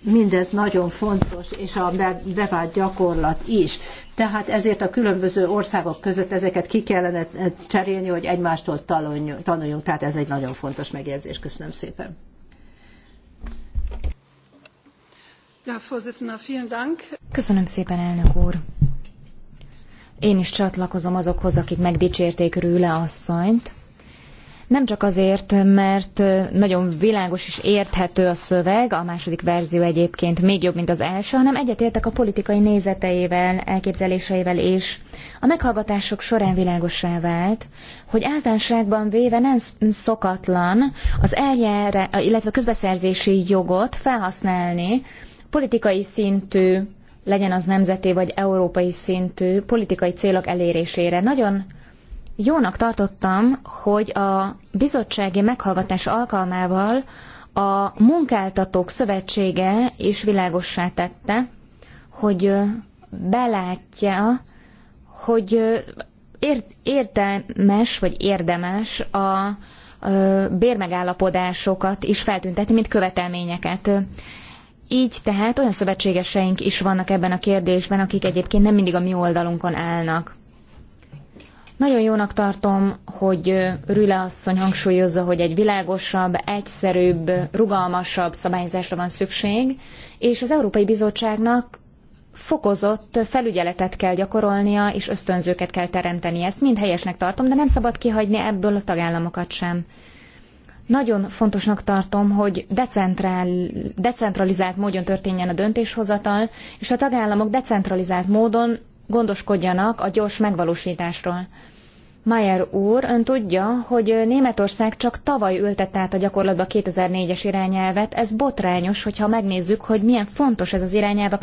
mindez nagyon fontos, és a bevált gyakorlat is. Tehát ezért a különböző országok között ezeket ki kellene cserélni, hogy egymástól tanuljunk. Tehát ez egy nagyon fontos megjegyzés. Köszönöm szépen. Köszönöm szépen, elnök úr. Én is csatlakozom azokhoz, akik megdicsérték Rüle asszonyt. Nem csak azért, mert nagyon világos és érthető a szöveg, a második verzió egyébként még jobb, mint az első, hanem egyetértek a politikai nézeteivel, elképzeléseivel is. A meghallgatások során világossá vált, hogy általánosságban véve nem szokatlan az eljárás, illetve közbeszerzési jogot felhasználni politikai szintű, legyen az nemzeti vagy európai szintű politikai célok elérésére. Nagyon jónak tartottam, hogy a bizottsági meghallgatás alkalmával a munkáltatók szövetsége is világossá tette, hogy belátja, hogy értelmes vagy érdemes a bérmegállapodásokat is feltüntetni, mint követelményeket. Így tehát olyan szövetségeseink is vannak ebben a kérdésben, akik egyébként nem mindig a mi oldalunkon állnak. Nagyon jónak tartom, hogy Rüle asszony hangsúlyozza, hogy egy világosabb, egyszerűbb, rugalmasabb szabályozásra van szükség, és az Európai Bizottságnak fokozott felügyeletet kell gyakorolnia, és ösztönzőket kell teremteni. Ezt mind helyesnek tartom, de nem szabad kihagyni ebből a tagállamokat sem. Nagyon fontosnak tartom, hogy decentrál, decentralizált módon történjen a döntéshozatal, és a tagállamok decentralizált módon gondoskodjanak a gyors megvalósításról. Mayer úr, ön tudja, hogy Németország csak tavaly ültette át a gyakorlatba a 2004-es irányelvet. Ez botrányos, hogyha megnézzük, hogy milyen fontos ez az irányelv a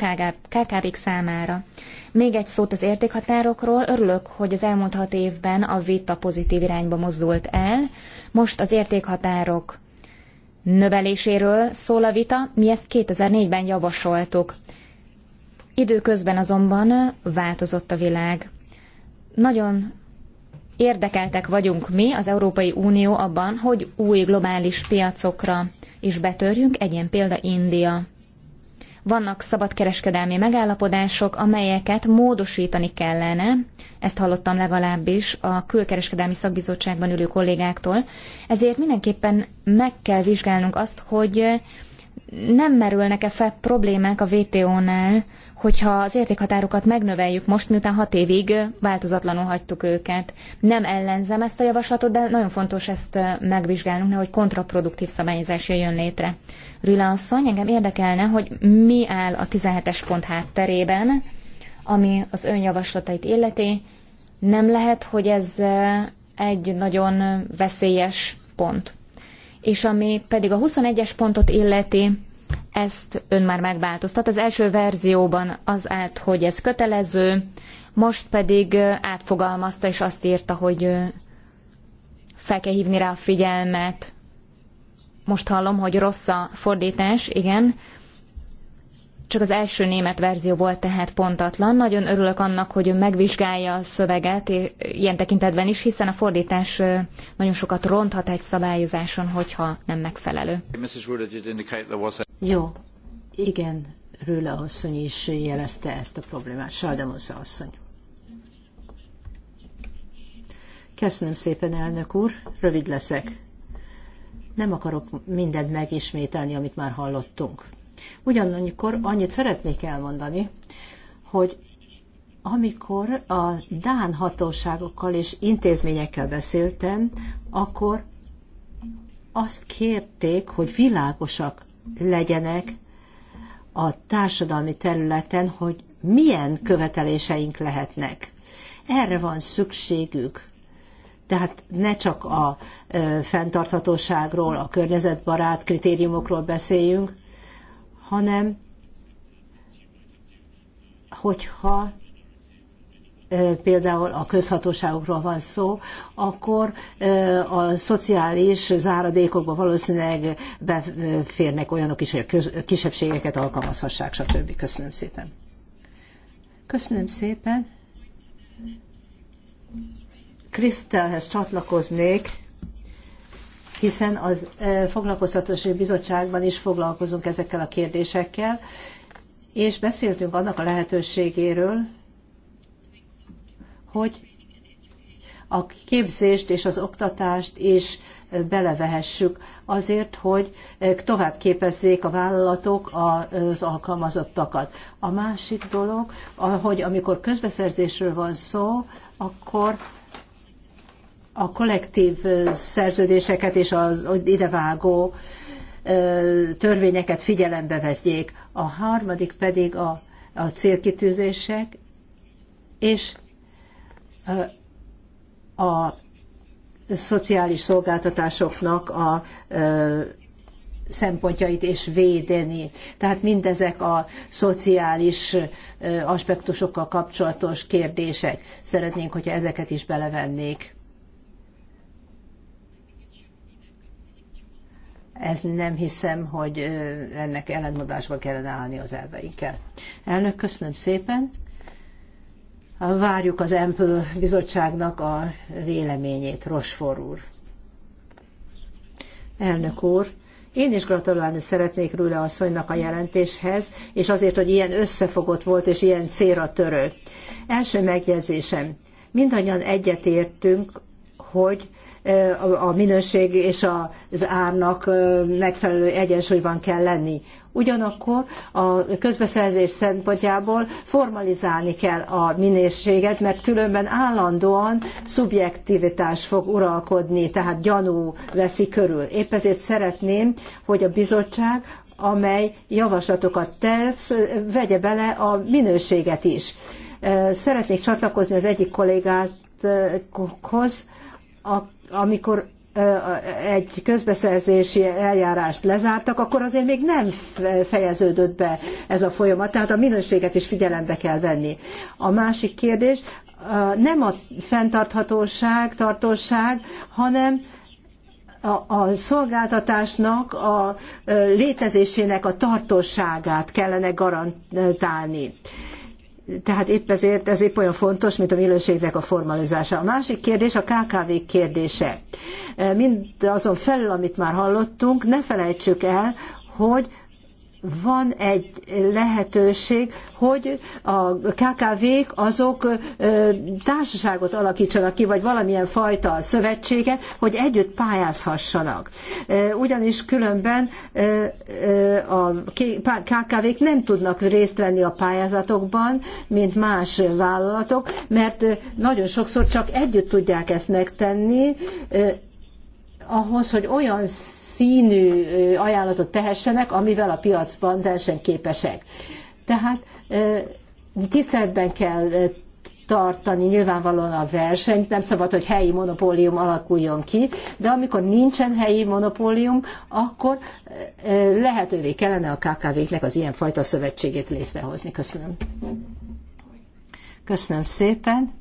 KKV-k számára. Még egy szót az értékhatárokról. Örülök, hogy az elmúlt hat évben a vita pozitív irányba mozdult el. Most az értékhatárok növeléséről szól a vita, mi ezt 2004-ben javasoltuk. Időközben azonban változott a világ. Nagyon érdekeltek vagyunk mi, az Európai Unió abban, hogy új globális piacokra is betörjünk, Egyen példa India. Vannak szabadkereskedelmi megállapodások, amelyeket módosítani kellene, ezt hallottam legalábbis a külkereskedelmi szakbizottságban ülő kollégáktól, ezért mindenképpen meg kell vizsgálnunk azt, hogy nem merülnek-e fel problémák a WTO-nál hogyha az értékhatárokat megnöveljük most, miután hat évig változatlanul hagytuk őket. Nem ellenzem ezt a javaslatot, de nagyon fontos ezt megvizsgálnunk, nehogy kontraproduktív szabályozás jön létre. Rüla asszony, engem érdekelne, hogy mi áll a 17-es pont hátterében, ami az ön javaslatait illeti. Nem lehet, hogy ez egy nagyon veszélyes pont. És ami pedig a 21-es pontot illeti, ezt ön már megváltoztat. Az első verzióban az állt, hogy ez kötelező, most pedig átfogalmazta és azt írta, hogy fel kell hívni rá a figyelmet. Most hallom, hogy rossz a fordítás, igen. Csak az első német verzió volt tehát pontatlan. Nagyon örülök annak, hogy ön megvizsgálja a szöveget ilyen tekintetben is, hiszen a fordítás nagyon sokat ronthat egy szabályozáson, hogyha nem megfelelő. Jó, igen, Rőle asszony is jelezte ezt a problémát. Saldemosza asszony. Köszönöm szépen, elnök úr, rövid leszek. Nem akarok mindent megismételni, amit már hallottunk. Ugyanannyikor annyit szeretnék elmondani, hogy amikor a Dán hatóságokkal és intézményekkel beszéltem, akkor azt kérték, hogy világosak legyenek a társadalmi területen, hogy milyen követeléseink lehetnek. Erre van szükségük. Tehát ne csak a ö, fenntarthatóságról, a környezetbarát kritériumokról beszéljünk, hanem hogyha például a közhatóságokról van szó, akkor a szociális záradékokba valószínűleg beférnek olyanok is, hogy a kisebbségeket alkalmazhassák, stb. Köszönöm szépen. Köszönöm szépen. Krisztelhez csatlakoznék, hiszen az foglalkoztatási bizottságban is foglalkozunk ezekkel a kérdésekkel, és beszéltünk annak a lehetőségéről, hogy a képzést és az oktatást is belevehessük azért, hogy tovább képezzék a vállalatok az alkalmazottakat. A másik dolog, hogy amikor közbeszerzésről van szó, akkor a kollektív szerződéseket és az idevágó törvényeket figyelembe vegyék. A harmadik pedig a, a célkitűzések, és a szociális szolgáltatásoknak a szempontjait és védeni. Tehát mindezek a szociális aspektusokkal kapcsolatos kérdések. Szeretnénk, hogyha ezeket is belevennék. Ez nem hiszem, hogy ennek ellentmondásba kellene állni az elveinkkel. Elnök, köszönöm szépen. Várjuk az EMPL bizottságnak a véleményét, Rosfor úr. Elnök úr, én is gratulálni szeretnék Rüle asszonynak a jelentéshez, és azért, hogy ilyen összefogott volt és ilyen célra törő. Első megjegyzésem. Mindannyian egyetértünk, hogy a minőség és az árnak megfelelő egyensúlyban kell lenni. Ugyanakkor a közbeszerzés szempontjából formalizálni kell a minőséget, mert különben állandóan szubjektivitás fog uralkodni, tehát gyanú veszi körül. Épp ezért szeretném, hogy a bizottság amely javaslatokat tesz, vegye bele a minőséget is. Szeretnék csatlakozni az egyik kollégákhoz, amikor egy közbeszerzési eljárást lezártak, akkor azért még nem fejeződött be ez a folyamat, tehát a minőséget is figyelembe kell venni. A másik kérdés nem a fenntarthatóság, tartóság, hanem a szolgáltatásnak a létezésének a tartóságát kellene garantálni tehát épp ezért ez épp olyan fontos, mint a minőségnek a formalizása. A másik kérdés a KKV kérdése. Mind azon felül, amit már hallottunk, ne felejtsük el, hogy van egy lehetőség, hogy a KKV-k azok társaságot alakítsanak ki, vagy valamilyen fajta szövetsége, hogy együtt pályázhassanak. Ugyanis különben a KKV-k nem tudnak részt venni a pályázatokban, mint más vállalatok, mert nagyon sokszor csak együtt tudják ezt megtenni, ahhoz, hogy olyan színű ajánlatot tehessenek, amivel a piacban versenyképesek. Tehát tiszteletben kell tartani nyilvánvalóan a versenyt, nem szabad, hogy helyi monopólium alakuljon ki, de amikor nincsen helyi monopólium, akkor lehetővé kellene a KKV-knek az ilyenfajta szövetségét létrehozni. Köszönöm. Köszönöm szépen.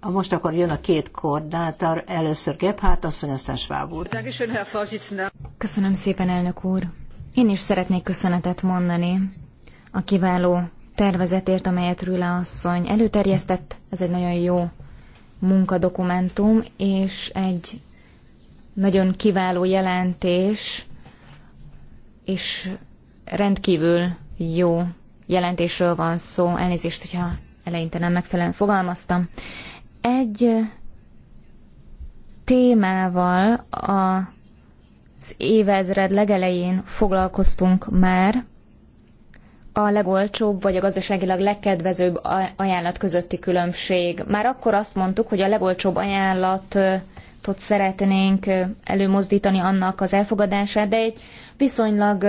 Most akkor jön a két koordinátor, először Gebhardt, asszony, aztán Schwab úr. Köszönöm szépen, elnök úr. Én is szeretnék köszönetet mondani a kiváló tervezetért, amelyet Rüle asszony előterjesztett. Ez egy nagyon jó munkadokumentum, és egy nagyon kiváló jelentés, és rendkívül jó jelentésről van szó. Elnézést, hogyha eleinte nem megfelelően fogalmaztam egy témával a az évezred legelején foglalkoztunk már a legolcsóbb vagy a gazdaságilag legkedvezőbb ajánlat közötti különbség. Már akkor azt mondtuk, hogy a legolcsóbb ajánlatot szeretnénk előmozdítani annak az elfogadását, de egy viszonylag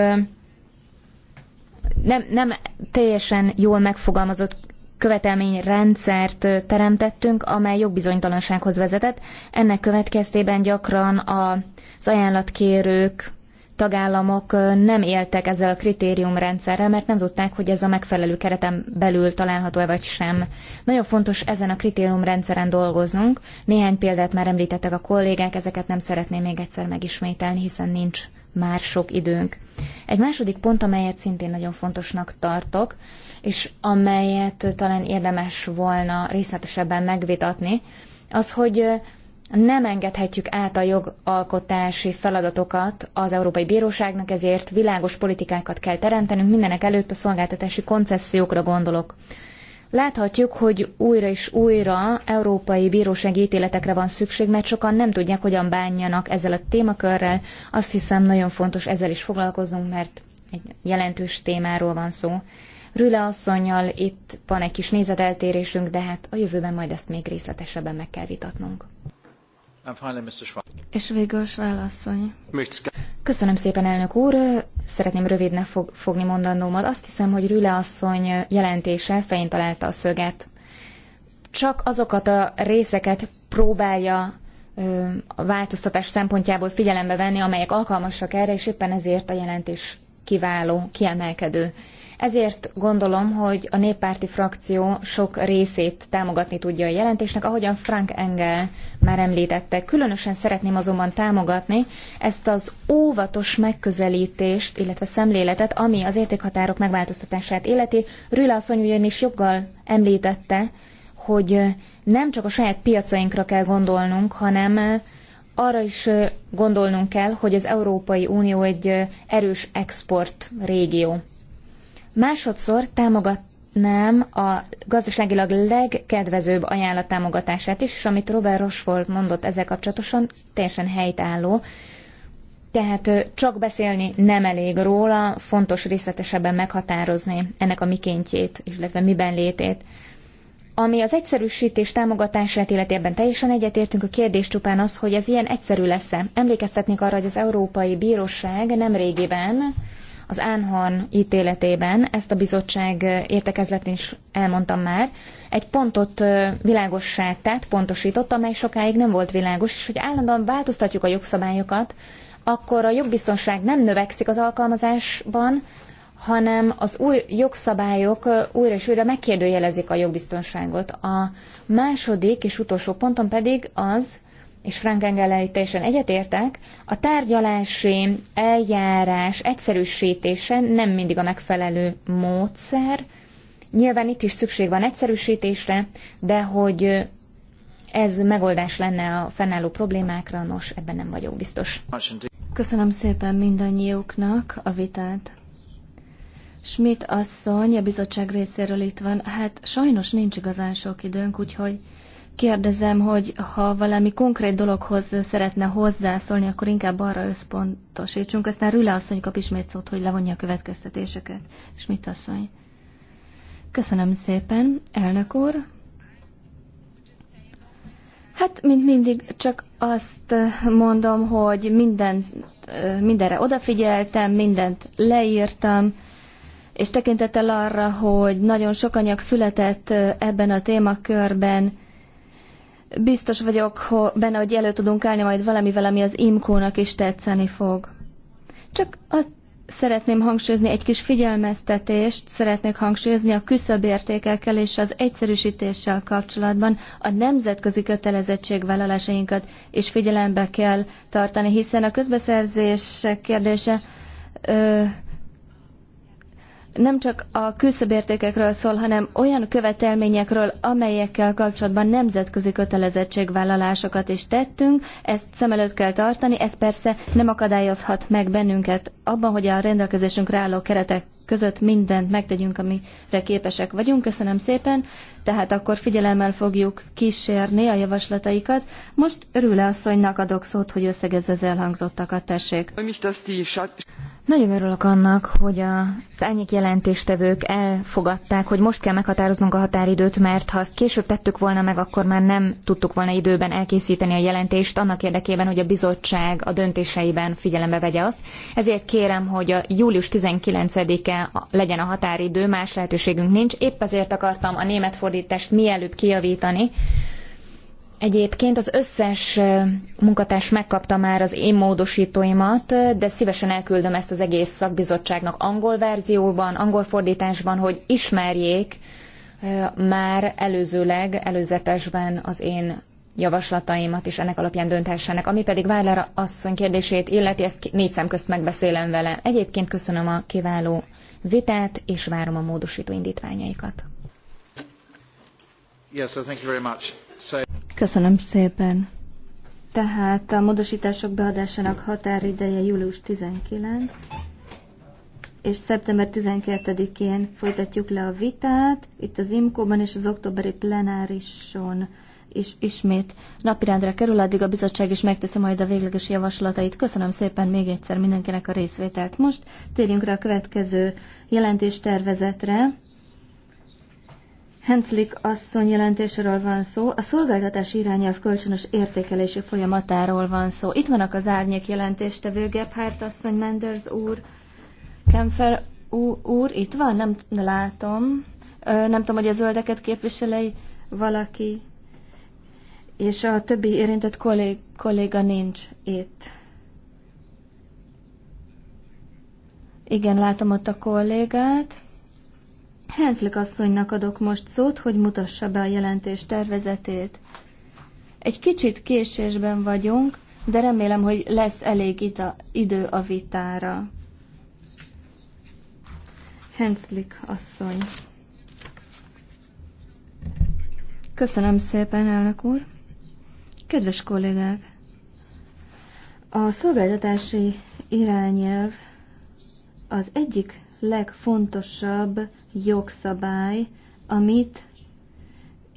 nem, nem teljesen jól megfogalmazott követelményrendszert teremtettünk, amely jogbizonytalansághoz vezetett. Ennek következtében gyakran az ajánlatkérők, tagállamok nem éltek ezzel a kritériumrendszerrel, mert nem tudták, hogy ez a megfelelő kereten belül található-e vagy sem. Nagyon fontos ezen a kritériumrendszeren dolgoznunk. Néhány példát már említettek a kollégák, ezeket nem szeretném még egyszer megismételni, hiszen nincs már sok időnk. Egy második pont, amelyet szintén nagyon fontosnak tartok, és amelyet talán érdemes volna részletesebben megvitatni, az, hogy nem engedhetjük át a jogalkotási feladatokat az Európai Bíróságnak, ezért világos politikákat kell teremtenünk, mindenek előtt a szolgáltatási koncesziókra gondolok. Láthatjuk, hogy újra és újra európai bírósági ítéletekre van szükség, mert sokan nem tudják, hogyan bánjanak ezzel a témakörrel. Azt hiszem, nagyon fontos ezzel is foglalkozunk, mert egy jelentős témáról van szó. Rüle asszonynal itt van egy kis nézeteltérésünk, de hát a jövőben majd ezt még részletesebben meg kell vitatnunk. És végül válaszolj. Köszönöm szépen, elnök úr. Szeretném rövidnek fog, fogni mondanómat. Azt hiszem, hogy Rüle asszony jelentése fején találta a szöget. Csak azokat a részeket próbálja ö, a változtatás szempontjából figyelembe venni, amelyek alkalmasak erre, és éppen ezért a jelentés kiváló, kiemelkedő. Ezért gondolom, hogy a néppárti frakció sok részét támogatni tudja a jelentésnek, ahogyan Frank Engel már említette. Különösen szeretném azonban támogatni ezt az óvatos megközelítést, illetve szemléletet, ami az értékhatárok megváltoztatását életi. Rüla asszony ugyanis joggal említette, hogy nem csak a saját piacainkra kell gondolnunk, hanem arra is gondolnunk kell, hogy az Európai Unió egy erős export régió. Másodszor támogatnám a gazdaságilag legkedvezőbb ajánlat támogatását is, és amit Robert Rochefort mondott ezzel kapcsolatosan, teljesen helytálló. Tehát csak beszélni nem elég róla, fontos részletesebben meghatározni ennek a mikéntjét, illetve miben létét. Ami az egyszerűsítés támogatását illeti ebben teljesen egyetértünk, a kérdés csupán az, hogy ez ilyen egyszerű lesz-e. Emlékeztetnék arra, hogy az Európai Bíróság nem régiben az Ánhorn ítéletében, ezt a bizottság értekezletén is elmondtam már, egy pontot világossá tett, pontosított, amely sokáig nem volt világos, és hogy állandóan változtatjuk a jogszabályokat, akkor a jogbiztonság nem növekszik az alkalmazásban, hanem az új jogszabályok újra és újra megkérdőjelezik a jogbiztonságot. A második és utolsó pontom pedig az, és Frank Engel teljesen egyetértek, a tárgyalási eljárás egyszerűsítése nem mindig a megfelelő módszer. Nyilván itt is szükség van egyszerűsítésre, de hogy ez megoldás lenne a fennálló problémákra, nos, ebben nem vagyok biztos. Köszönöm szépen mindannyiuknak a vitát. Schmidt asszony a bizottság részéről itt van. Hát sajnos nincs igazán sok időnk, úgyhogy Kérdezem, hogy ha valami konkrét dologhoz szeretne hozzászólni, akkor inkább arra összpontosítsunk. Aztán Rüle asszony kap ismét szót, hogy levonja a következtetéseket. És mit asszony? Köszönöm szépen, elnök úr. Hát, mint mindig, csak azt mondom, hogy mindent, mindenre odafigyeltem, mindent leírtam, és tekintettel arra, hogy nagyon sok anyag született ebben a témakörben, Biztos vagyok benne, hogy elő tudunk állni majd valamivel, ami az imkónak is tetszeni fog. Csak azt szeretném hangsúlyozni, egy kis figyelmeztetést szeretnék hangsúlyozni a értékekkel és az egyszerűsítéssel kapcsolatban a nemzetközi vállalásainkat is figyelembe kell tartani, hiszen a közbeszerzés kérdése ö, nem csak a küszöbértékekről szól, hanem olyan követelményekről, amelyekkel kapcsolatban nemzetközi kötelezettségvállalásokat is tettünk, ezt szem előtt kell tartani, ez persze nem akadályozhat meg bennünket abban, hogy a rendelkezésünkre álló keretek között mindent megtegyünk, amire képesek vagyunk. Köszönöm szépen, tehát akkor figyelemmel fogjuk kísérni a javaslataikat. Most Rüle asszonynak adok szót, hogy összegezze az elhangzottakat, tessék. Nagyon örülök annak, hogy az árnyék jelentéstevők elfogadták, hogy most kell meghatároznunk a határidőt, mert ha azt később tettük volna meg, akkor már nem tudtuk volna időben elkészíteni a jelentést annak érdekében, hogy a bizottság a döntéseiben figyelembe vegye azt. Ezért kérem, hogy a július 19-e legyen a határidő, más lehetőségünk nincs. Épp ezért akartam a német fordítást mielőbb kijavítani, Egyébként az összes munkatárs megkapta már az én módosítóimat, de szívesen elküldöm ezt az egész szakbizottságnak angol verzióban, angol fordításban, hogy ismerjék már előzőleg, előzetesben az én javaslataimat, és ennek alapján dönthessenek. Ami pedig Várler asszony kérdését illeti, ezt négy szem közt megbeszélem vele. Egyébként köszönöm a kiváló vitát, és várom a módosító indítványaikat. Yes, so thank you very much. Köszönöm szépen. Tehát a módosítások beadásának határideje július 19, és szeptember 12-én folytatjuk le a vitát, itt az IMKO-ban és az októberi plenárison is ismét napirendre kerül, addig a bizottság is megteszi majd a végleges javaslatait. Köszönöm szépen még egyszer mindenkinek a részvételt. Most térjünk rá a következő jelentéstervezetre. Henslik asszony jelentéséről van szó, a szolgáltatási irányelv kölcsönös értékelési folyamatáról van szó. Itt vannak az árnyék jelentéstevő Gebhardt asszony, Menders úr, Kemfer úr, itt van? Nem látom. Nem tudom, hogy a zöldeket képviselei valaki, és a többi érintett kollég, kolléga nincs itt. Igen, látom ott a kollégát. Henzlik asszonynak adok most szót, hogy mutassa be a jelentés tervezetét. Egy kicsit késésben vagyunk, de remélem, hogy lesz elég ita, idő a vitára. Henslik asszony. Köszönöm szépen, elnök úr. Kedves kollégák! A szolgáltatási irányelv az egyik legfontosabb jogszabály, amit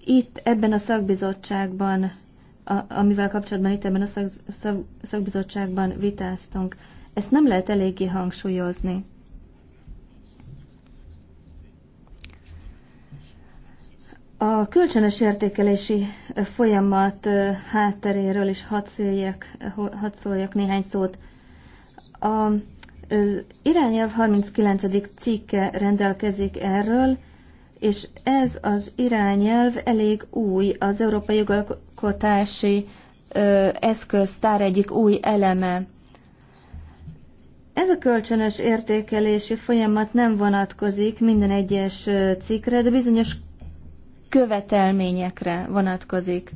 itt ebben a szakbizottságban, a, amivel kapcsolatban itt ebben a szak, szak, szakbizottságban vitáztunk. Ezt nem lehet eléggé hangsúlyozni. A kölcsönös értékelési folyamat hátteréről is hadd, szóljak néhány szót. A irányelv 39. cikke rendelkezik erről, és ez az irányelv elég új, az európai jogalkotási eszköztár egyik új eleme. Ez a kölcsönös értékelési folyamat nem vonatkozik minden egyes cikkre, de bizonyos követelményekre vonatkozik.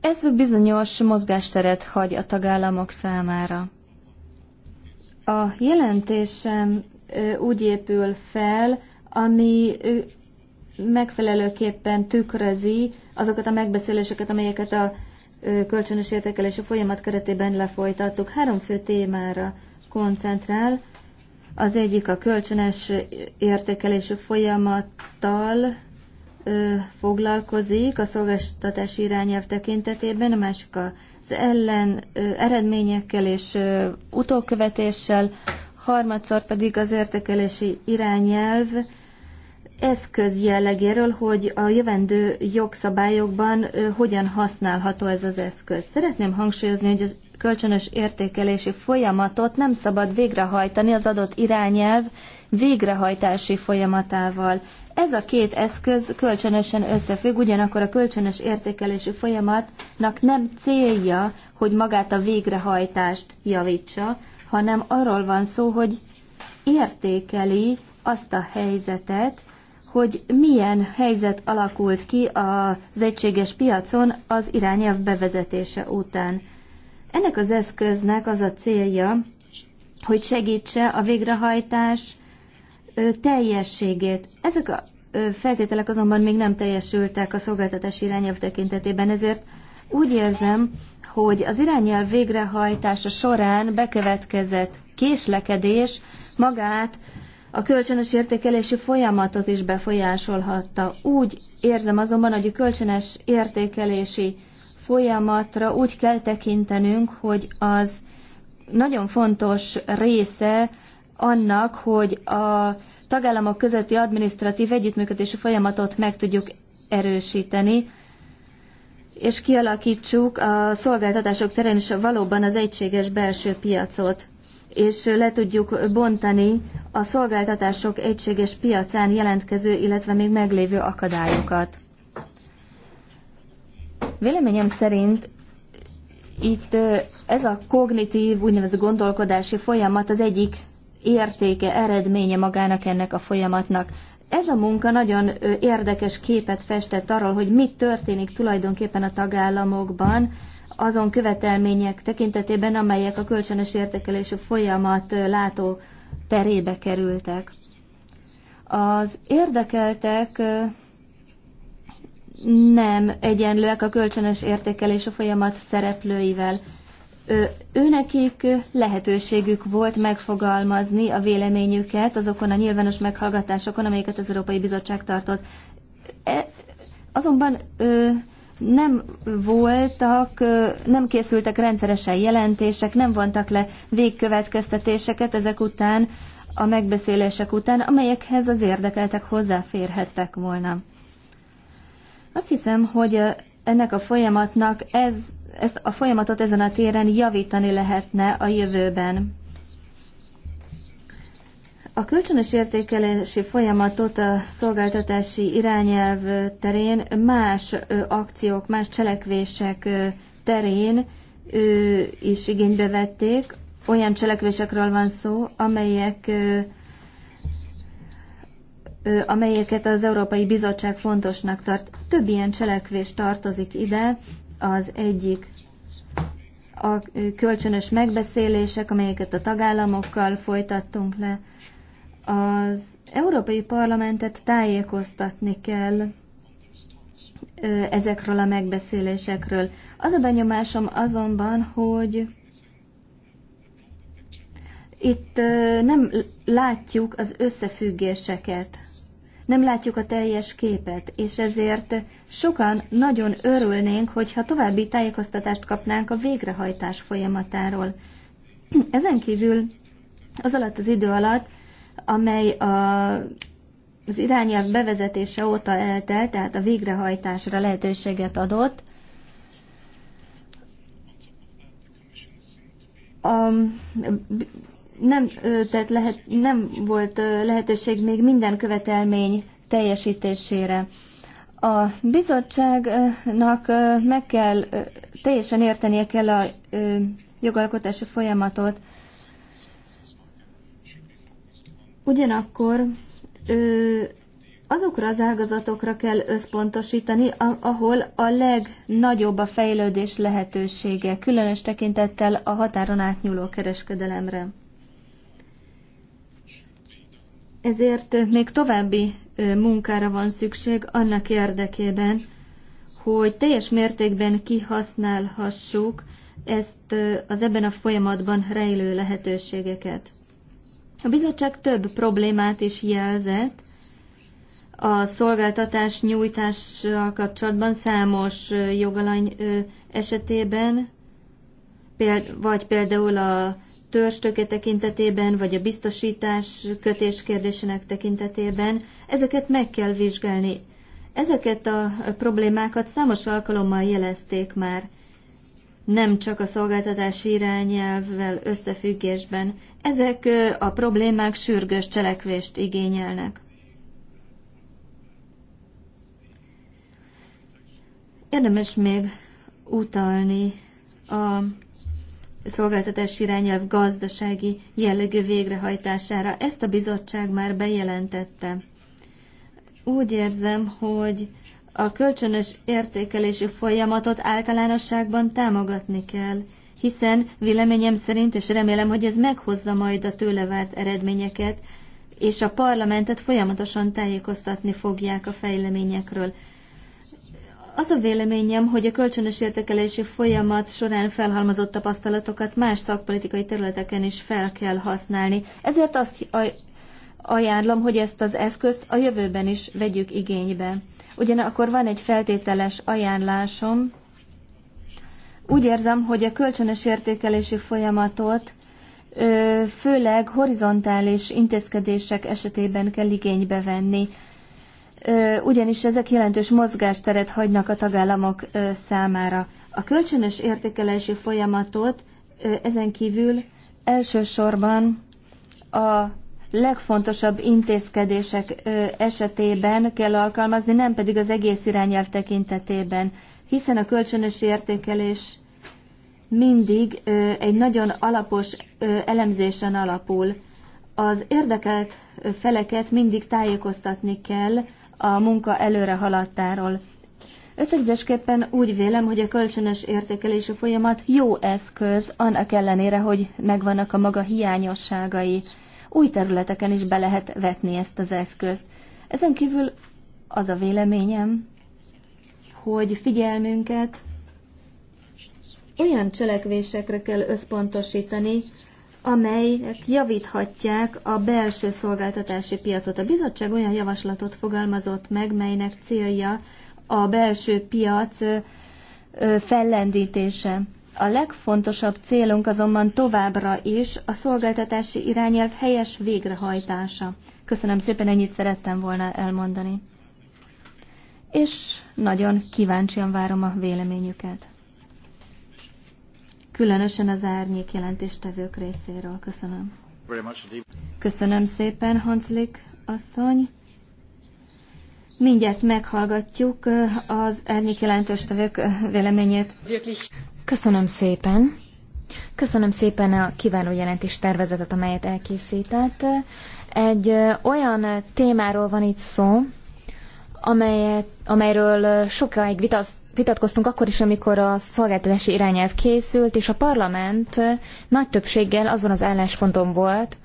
Ez bizonyos mozgásteret hagy a tagállamok számára. A jelentésem úgy épül fel, ami megfelelőképpen tükrözi azokat a megbeszéléseket, amelyeket a kölcsönös értékelési folyamat keretében lefolytattuk. Három fő témára koncentrál. Az egyik a kölcsönös értékelési folyamattal foglalkozik a szolgáltatási irányelv tekintetében, a másik az ellen eredményekkel és utókövetéssel, harmadszor pedig az értékelési irányelv eszköz jellegéről, hogy a jövendő jogszabályokban hogyan használható ez az eszköz. Szeretném hangsúlyozni, hogy az kölcsönös értékelési folyamatot nem szabad végrehajtani az adott irányelv végrehajtási folyamatával. Ez a két eszköz kölcsönösen összefügg, ugyanakkor a kölcsönös értékelési folyamatnak nem célja, hogy magát a végrehajtást javítsa, hanem arról van szó, hogy értékeli azt a helyzetet, hogy milyen helyzet alakult ki az egységes piacon az irányelv bevezetése után. Ennek az eszköznek az a célja, hogy segítse a végrehajtás teljességét. Ezek a feltételek azonban még nem teljesültek a szolgáltatás irányelv tekintetében, ezért úgy érzem, hogy az irányelv végrehajtása során bekövetkezett késlekedés magát a kölcsönös értékelési folyamatot is befolyásolhatta. Úgy érzem azonban, hogy a kölcsönös értékelési folyamatra úgy kell tekintenünk, hogy az nagyon fontos része annak, hogy a tagállamok közötti adminisztratív együttműködési folyamatot meg tudjuk erősíteni, és kialakítsuk a szolgáltatások terén is valóban az egységes belső piacot és le tudjuk bontani a szolgáltatások egységes piacán jelentkező, illetve még meglévő akadályokat. Véleményem szerint itt ez a kognitív, úgynevezett gondolkodási folyamat az egyik értéke, eredménye magának ennek a folyamatnak. Ez a munka nagyon érdekes képet festett arról, hogy mit történik tulajdonképpen a tagállamokban, azon követelmények tekintetében, amelyek a kölcsönös értékelésű folyamat látó terébe kerültek. Az érdekeltek nem egyenlőek a kölcsönös értékelési folyamat szereplőivel. Őnekik lehetőségük volt megfogalmazni a véleményüket azokon a nyilvános meghallgatásokon, amelyeket az Európai Bizottság tartott. E, azonban ö, nem voltak, nem készültek rendszeresen jelentések, nem vontak le végkövetkeztetéseket ezek után, a megbeszélések után, amelyekhez az érdekeltek hozzáférhettek volna. Azt hiszem, hogy ennek a folyamatnak ez ezt a folyamatot ezen a téren javítani lehetne a jövőben. A kölcsönös értékelési folyamatot a szolgáltatási irányelv terén más akciók, más cselekvések terén is igénybe vették. Olyan cselekvésekről van szó, amelyek amelyeket az Európai Bizottság fontosnak tart. Több ilyen cselekvés tartozik ide, az egyik a kölcsönös megbeszélések, amelyeket a tagállamokkal folytattunk le. Az Európai Parlamentet tájékoztatni kell ezekről a megbeszélésekről. Az a benyomásom azonban, hogy itt nem látjuk az összefüggéseket nem látjuk a teljes képet, és ezért sokan nagyon örülnénk, hogyha további tájékoztatást kapnánk a végrehajtás folyamatáról. Ezen kívül az alatt az idő alatt, amely a, az irányelv bevezetése óta eltelt, tehát a végrehajtásra lehetőséget adott, a nem, tehát lehet, nem volt lehetőség még minden követelmény teljesítésére. A bizottságnak meg kell, teljesen értenie kell a jogalkotási folyamatot. Ugyanakkor azokra az ágazatokra kell összpontosítani, ahol a legnagyobb a fejlődés lehetősége, különös tekintettel a határon átnyúló kereskedelemre. Ezért még további munkára van szükség annak érdekében, hogy teljes mértékben kihasználhassuk ezt az ebben a folyamatban rejlő lehetőségeket. A bizottság több problémát is jelzett, a szolgáltatás nyújtással kapcsolatban számos jogalany esetében, vagy például a törstöke tekintetében, vagy a biztosítás kötés kérdésének tekintetében, ezeket meg kell vizsgálni. Ezeket a problémákat számos alkalommal jelezték már, nem csak a szolgáltatási irányelvvel összefüggésben. Ezek a problémák sürgős cselekvést igényelnek. Érdemes még utalni a szolgáltatás irányelv gazdasági jellegű végrehajtására. Ezt a bizottság már bejelentette. Úgy érzem, hogy a kölcsönös értékelési folyamatot általánosságban támogatni kell, hiszen véleményem szerint, és remélem, hogy ez meghozza majd a tőle várt eredményeket, és a parlamentet folyamatosan tájékoztatni fogják a fejleményekről. Az a véleményem, hogy a kölcsönös értekelési folyamat során felhalmozott tapasztalatokat más szakpolitikai területeken is fel kell használni. Ezért azt ajánlom, hogy ezt az eszközt a jövőben is vegyük igénybe. Ugyanakkor van egy feltételes ajánlásom. Úgy érzem, hogy a kölcsönös értékelési folyamatot főleg horizontális intézkedések esetében kell igénybe venni ugyanis ezek jelentős mozgásteret hagynak a tagállamok számára. A kölcsönös értékelési folyamatot ezen kívül elsősorban a legfontosabb intézkedések esetében kell alkalmazni, nem pedig az egész irányelv tekintetében, hiszen a kölcsönös értékelés mindig egy nagyon alapos elemzésen alapul. Az érdekelt feleket mindig tájékoztatni kell a munka haladtáról. Összegzésképpen úgy vélem, hogy a kölcsönös értékelési folyamat jó eszköz, annak ellenére, hogy megvannak a maga hiányosságai. Új területeken is be lehet vetni ezt az eszközt. Ezen kívül az a véleményem, hogy figyelmünket olyan cselekvésekre kell összpontosítani, amelyek javíthatják a belső szolgáltatási piacot. A bizottság olyan javaslatot fogalmazott meg, melynek célja a belső piac fellendítése. A legfontosabb célunk azonban továbbra is a szolgáltatási irányelv helyes végrehajtása. Köszönöm szépen, ennyit szerettem volna elmondani. És nagyon kíváncsian várom a véleményüket különösen az árnyék jelentéstevők részéről. Köszönöm. Köszönöm szépen, Hanslik asszony. Mindjárt meghallgatjuk az árnyék jelentéstevők véleményét. Köszönöm szépen. Köszönöm szépen a kiváló jelentés tervezetet, amelyet elkészített. Egy olyan témáról van itt szó, amelyet, amelyről sokáig vitaz, vitatkoztunk akkor is, amikor a szolgáltatási irányelv készült, és a parlament nagy többséggel azon az állásponton volt,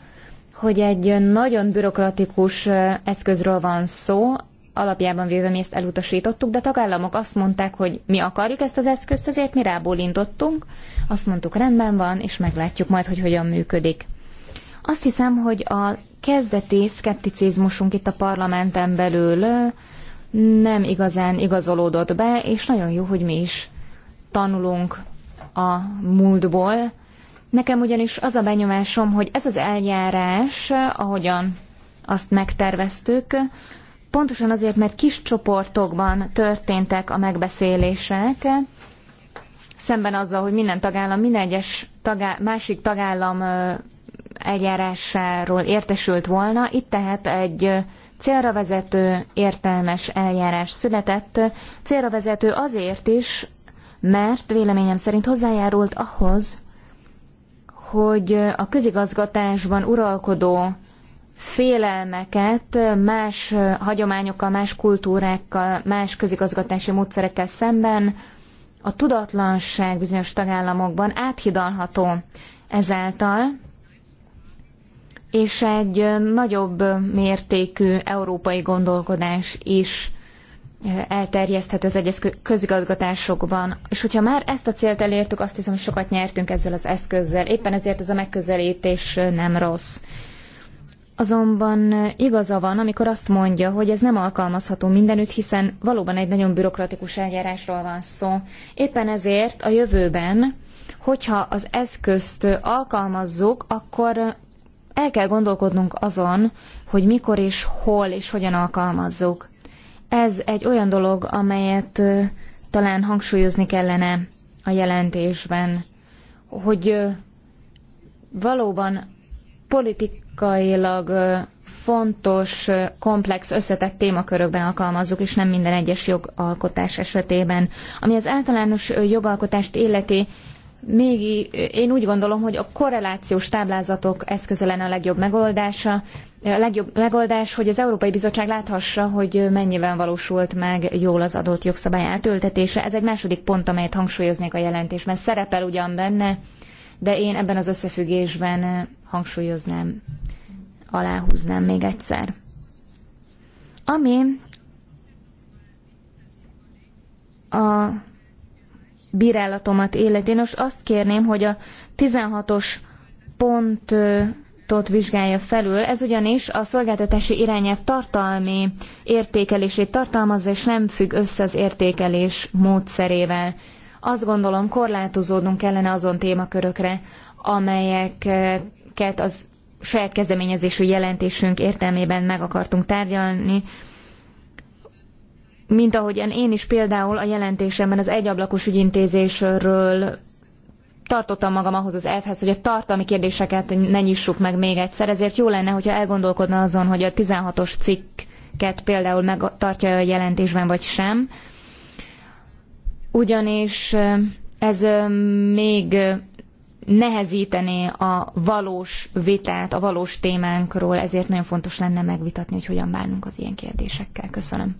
hogy egy nagyon bürokratikus eszközről van szó, alapjában véve mi ezt elutasítottuk, de a tagállamok azt mondták, hogy mi akarjuk ezt az eszközt, ezért mi rábólintottunk, azt mondtuk rendben van, és meglátjuk majd, hogy hogyan működik. Azt hiszem, hogy a kezdeti szkepticizmusunk itt a parlamenten belül nem igazán igazolódott be, és nagyon jó, hogy mi is tanulunk a múltból. Nekem ugyanis az a benyomásom, hogy ez az eljárás, ahogyan azt megterveztük, pontosan azért, mert kis csoportokban történtek a megbeszélések, szemben azzal, hogy minden tagállam, minden egyes tagá- másik tagállam eljárásáról értesült volna, itt tehát egy Célra vezető értelmes eljárás született, célra vezető azért is, mert véleményem szerint hozzájárult ahhoz, hogy a közigazgatásban uralkodó félelmeket más hagyományokkal, más kultúrákkal, más közigazgatási módszerekkel szemben a tudatlanság bizonyos tagállamokban áthidalható ezáltal, és egy nagyobb mértékű európai gondolkodás is elterjedhető az egyes közigazgatásokban. És hogyha már ezt a célt elértük, azt hiszem, sokat nyertünk ezzel az eszközzel. Éppen ezért ez a megközelítés nem rossz. Azonban igaza van, amikor azt mondja, hogy ez nem alkalmazható mindenütt, hiszen valóban egy nagyon bürokratikus eljárásról van szó. Éppen ezért a jövőben, hogyha az eszközt alkalmazzuk, akkor el kell gondolkodnunk azon, hogy mikor és hol és hogyan alkalmazzuk. Ez egy olyan dolog, amelyet talán hangsúlyozni kellene a jelentésben, hogy valóban politikailag fontos, komplex, összetett témakörökben alkalmazzuk, és nem minden egyes jogalkotás esetében. Ami az általános jogalkotást illeti, még én úgy gondolom, hogy a korrelációs táblázatok eszköze lenne a legjobb megoldása. A legjobb megoldás, hogy az Európai Bizottság láthassa, hogy mennyiben valósult meg jól az adott jogszabály átültetése. Ez egy második pont, amelyet hangsúlyoznék a jelentésben. Szerepel ugyan benne, de én ebben az összefüggésben hangsúlyoznám, aláhúznám még egyszer. Ami a bírálatomat illeti. Nos, azt kérném, hogy a 16-os pontot vizsgálja felül. Ez ugyanis a szolgáltatási irányelv tartalmi értékelését tartalmazza, és nem függ össze az értékelés módszerével. Azt gondolom, korlátozódnunk kellene azon témakörökre, amelyeket az saját kezdeményezésű jelentésünk értelmében meg akartunk tárgyalni, mint ahogyan én is például a jelentésemben az egyablakos ügyintézésről tartottam magam ahhoz az elvhez, hogy a tartalmi kérdéseket ne nyissuk meg még egyszer, ezért jó lenne, hogyha elgondolkodna azon, hogy a 16-os cikket például megtartja a jelentésben, vagy sem. Ugyanis ez még nehezítené a valós vitát, a valós témánkról, ezért nagyon fontos lenne megvitatni, hogy hogyan bánunk az ilyen kérdésekkel. Köszönöm.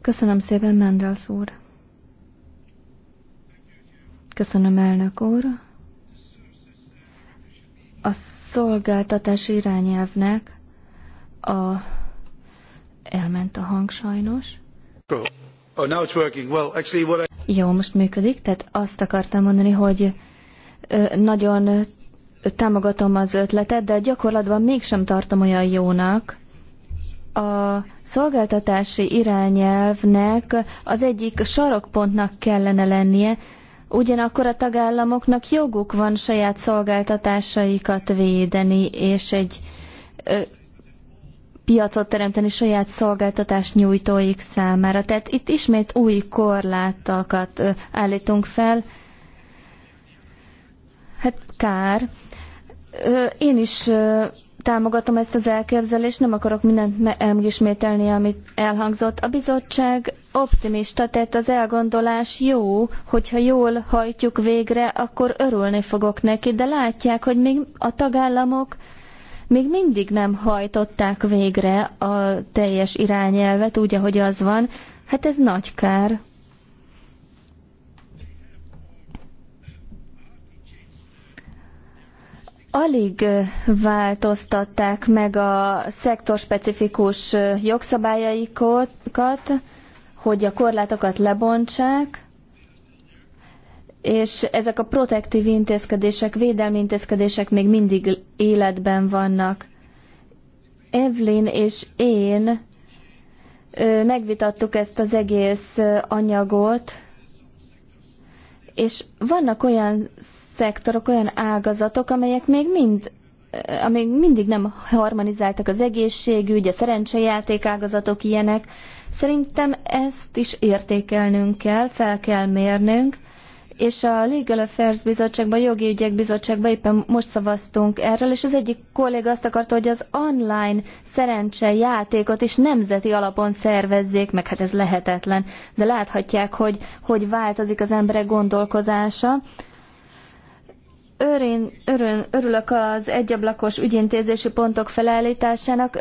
Köszönöm szépen, Mendels úr. Köszönöm, elnök úr. A szolgáltatási irányelvnek a... elment a hang sajnos. Oh, oh, now it's working. Well, actually what I... Jó, most működik, tehát azt akartam mondani, hogy nagyon támogatom az ötletet, de gyakorlatban mégsem tartom olyan jónak. A szolgáltatási irányelvnek az egyik sarokpontnak kellene lennie, ugyanakkor a tagállamoknak joguk van saját szolgáltatásaikat védeni, és egy ö, piacot teremteni saját szolgáltatás nyújtóik számára. Tehát itt ismét új korlátokat állítunk fel, Hát kár. Én is támogatom ezt az elképzelést, nem akarok mindent megismételni, amit elhangzott. A bizottság optimista, tehát az elgondolás jó, hogyha jól hajtjuk végre, akkor örülni fogok neki, de látják, hogy még a tagállamok még mindig nem hajtották végre a teljes irányelvet, úgy, ahogy az van. Hát ez nagy kár. alig változtatták meg a szektorspecifikus jogszabályaikat, hogy a korlátokat lebontsák, és ezek a protektív intézkedések, védelmi intézkedések még mindig életben vannak. Evelyn és én megvitattuk ezt az egész anyagot, és vannak olyan szektorok, olyan ágazatok, amelyek még mind eh, amíg mindig nem harmonizáltak az egészségügy, a szerencsejáték ágazatok ilyenek. Szerintem ezt is értékelnünk kell, fel kell mérnünk, és a Legal Affairs Bizottságban, a Jogi Ügyek Bizottságban éppen most szavaztunk erről, és az egyik kolléga azt akarta, hogy az online szerencsejátékot is nemzeti alapon szervezzék, meg hát ez lehetetlen, de láthatják, hogy, hogy változik az emberek gondolkozása. Örén, örön, örülök az egyablakos ügyintézési pontok felállításának,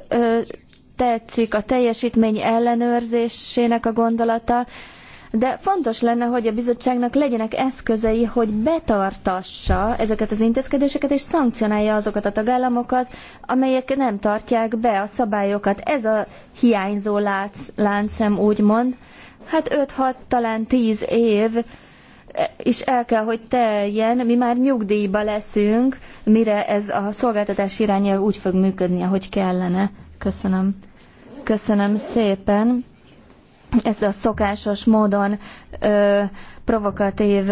tetszik a teljesítmény ellenőrzésének a gondolata, de fontos lenne, hogy a bizottságnak legyenek eszközei, hogy betartassa ezeket az intézkedéseket, és szankcionálja azokat a tagállamokat, amelyek nem tartják be a szabályokat. Ez a hiányzó lánc, láncem úgymond. Hát 5-6, talán 10 év is el kell, hogy teljen, mi már nyugdíjba leszünk, mire ez a szolgáltatás irányelv úgy fog működni, ahogy kellene. Köszönöm. Köszönöm szépen. Ez a szokásos módon ö, provokatív,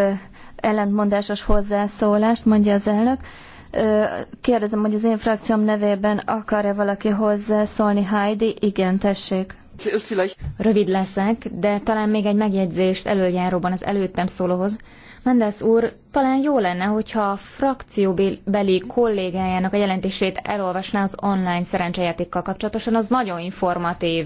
ellentmondásos hozzászólást, mondja az elnök. Ö, kérdezem, hogy az én frakcióm nevében akar-e valaki hozzászólni, Heidi? Igen, tessék. Rövid leszek, de talán még egy megjegyzést előjáróban az előttem szólóhoz. Mendes úr, talán jó lenne, hogyha a frakcióbeli kollégájának a jelentését elolvasná az online szerencsejátékkal kapcsolatosan, az nagyon informatív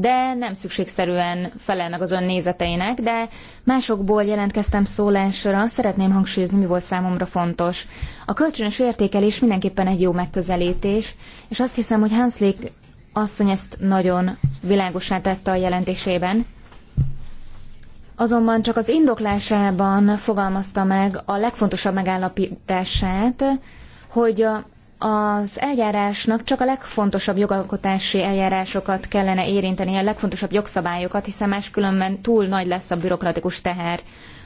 de nem szükségszerűen felel meg az ön nézeteinek, de másokból jelentkeztem szólásra, szeretném hangsúlyozni, mi volt számomra fontos. A kölcsönös értékelés mindenképpen egy jó megközelítés, és azt hiszem, hogy Hanslik asszony ezt nagyon világosá tette a jelentésében. Azonban csak az indoklásában fogalmazta meg a legfontosabb megállapítását, hogy az eljárásnak csak a legfontosabb jogalkotási eljárásokat kellene érinteni, a legfontosabb jogszabályokat, hiszen máskülönben túl nagy lesz a bürokratikus teher.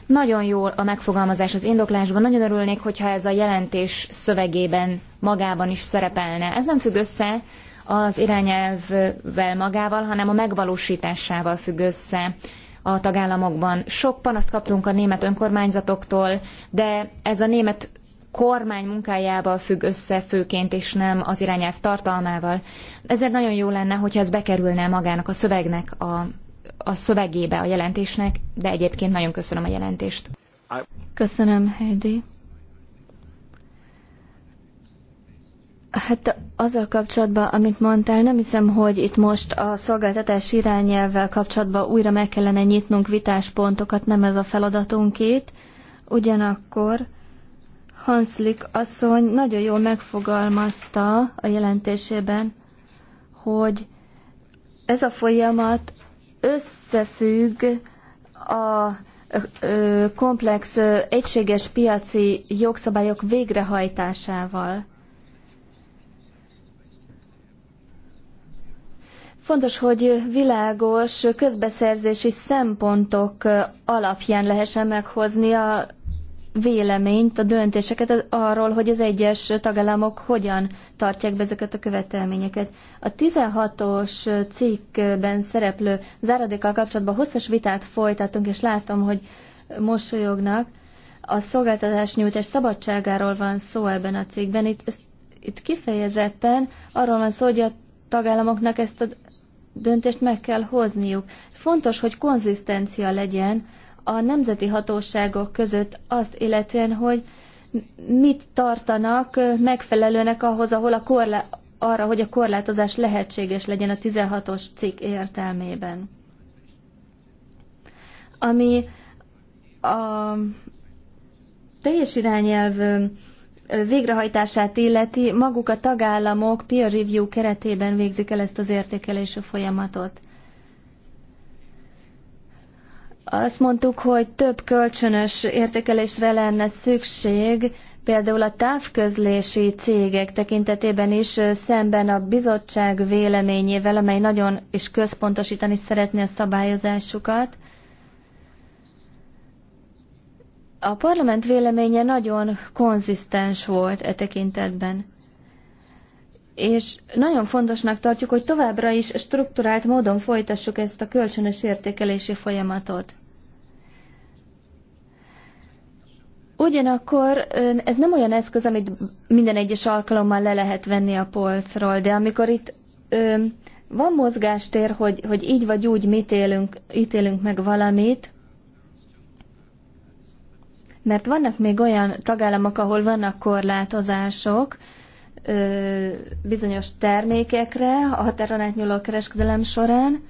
Nagyon jó a megfogalmazás az indoklásban, nagyon örülnék, hogyha ez a jelentés szövegében magában is szerepelne. Ez nem függ össze az irányelvvel magával, hanem a megvalósításával függ össze a tagállamokban. Sok panaszt kaptunk a német önkormányzatoktól, de ez a német kormány munkájával függ össze főként, és nem az irányelv tartalmával. Ezért nagyon jó lenne, hogyha ez bekerülne magának a szövegnek, a, a szövegébe a jelentésnek, de egyébként nagyon köszönöm a jelentést. Köszönöm, Heidi. Hát azzal kapcsolatban, amit mondtál, nem hiszem, hogy itt most a szolgáltatás irányelvvel kapcsolatban újra meg kellene nyitnunk vitáspontokat, nem ez a feladatunk itt. Ugyanakkor Hanslik asszony nagyon jól megfogalmazta a jelentésében, hogy ez a folyamat összefügg a komplex egységes piaci jogszabályok végrehajtásával. Fontos, hogy világos közbeszerzési szempontok alapján lehessen meghozni a véleményt, a döntéseket arról, hogy az egyes tagállamok hogyan tartják be ezeket a követelményeket. A 16-os cikkben szereplő záradékkal kapcsolatban hosszas vitát folytatunk, és látom, hogy mosolyognak. A szolgáltatás nyújtás szabadságáról van szó ebben a cikkben. Itt, itt kifejezetten arról van szó, hogy a tagállamoknak ezt a döntést meg kell hozniuk. Fontos, hogy konzisztencia legyen a nemzeti hatóságok között azt illetően, hogy mit tartanak megfelelőnek ahhoz, ahol a korlá- arra, hogy a korlátozás lehetséges legyen a 16-os cikk értelmében. Ami a teljes irányelv végrehajtását illeti, maguk a tagállamok peer review keretében végzik el ezt az értékelési folyamatot. Azt mondtuk, hogy több kölcsönös értékelésre lenne szükség, például a távközlési cégek tekintetében is szemben a bizottság véleményével, amely nagyon is központosítani szeretné a szabályozásukat. A parlament véleménye nagyon konzisztens volt e tekintetben. És nagyon fontosnak tartjuk, hogy továbbra is strukturált módon folytassuk ezt a kölcsönös értékelési folyamatot. Ugyanakkor ez nem olyan eszköz, amit minden egyes alkalommal le lehet venni a polcról, de amikor itt van mozgástér, hogy, hogy így vagy úgy mit élünk, ítélünk meg valamit, mert vannak még olyan tagállamok, ahol vannak korlátozások ö, bizonyos termékekre a határon átnyúló kereskedelem során,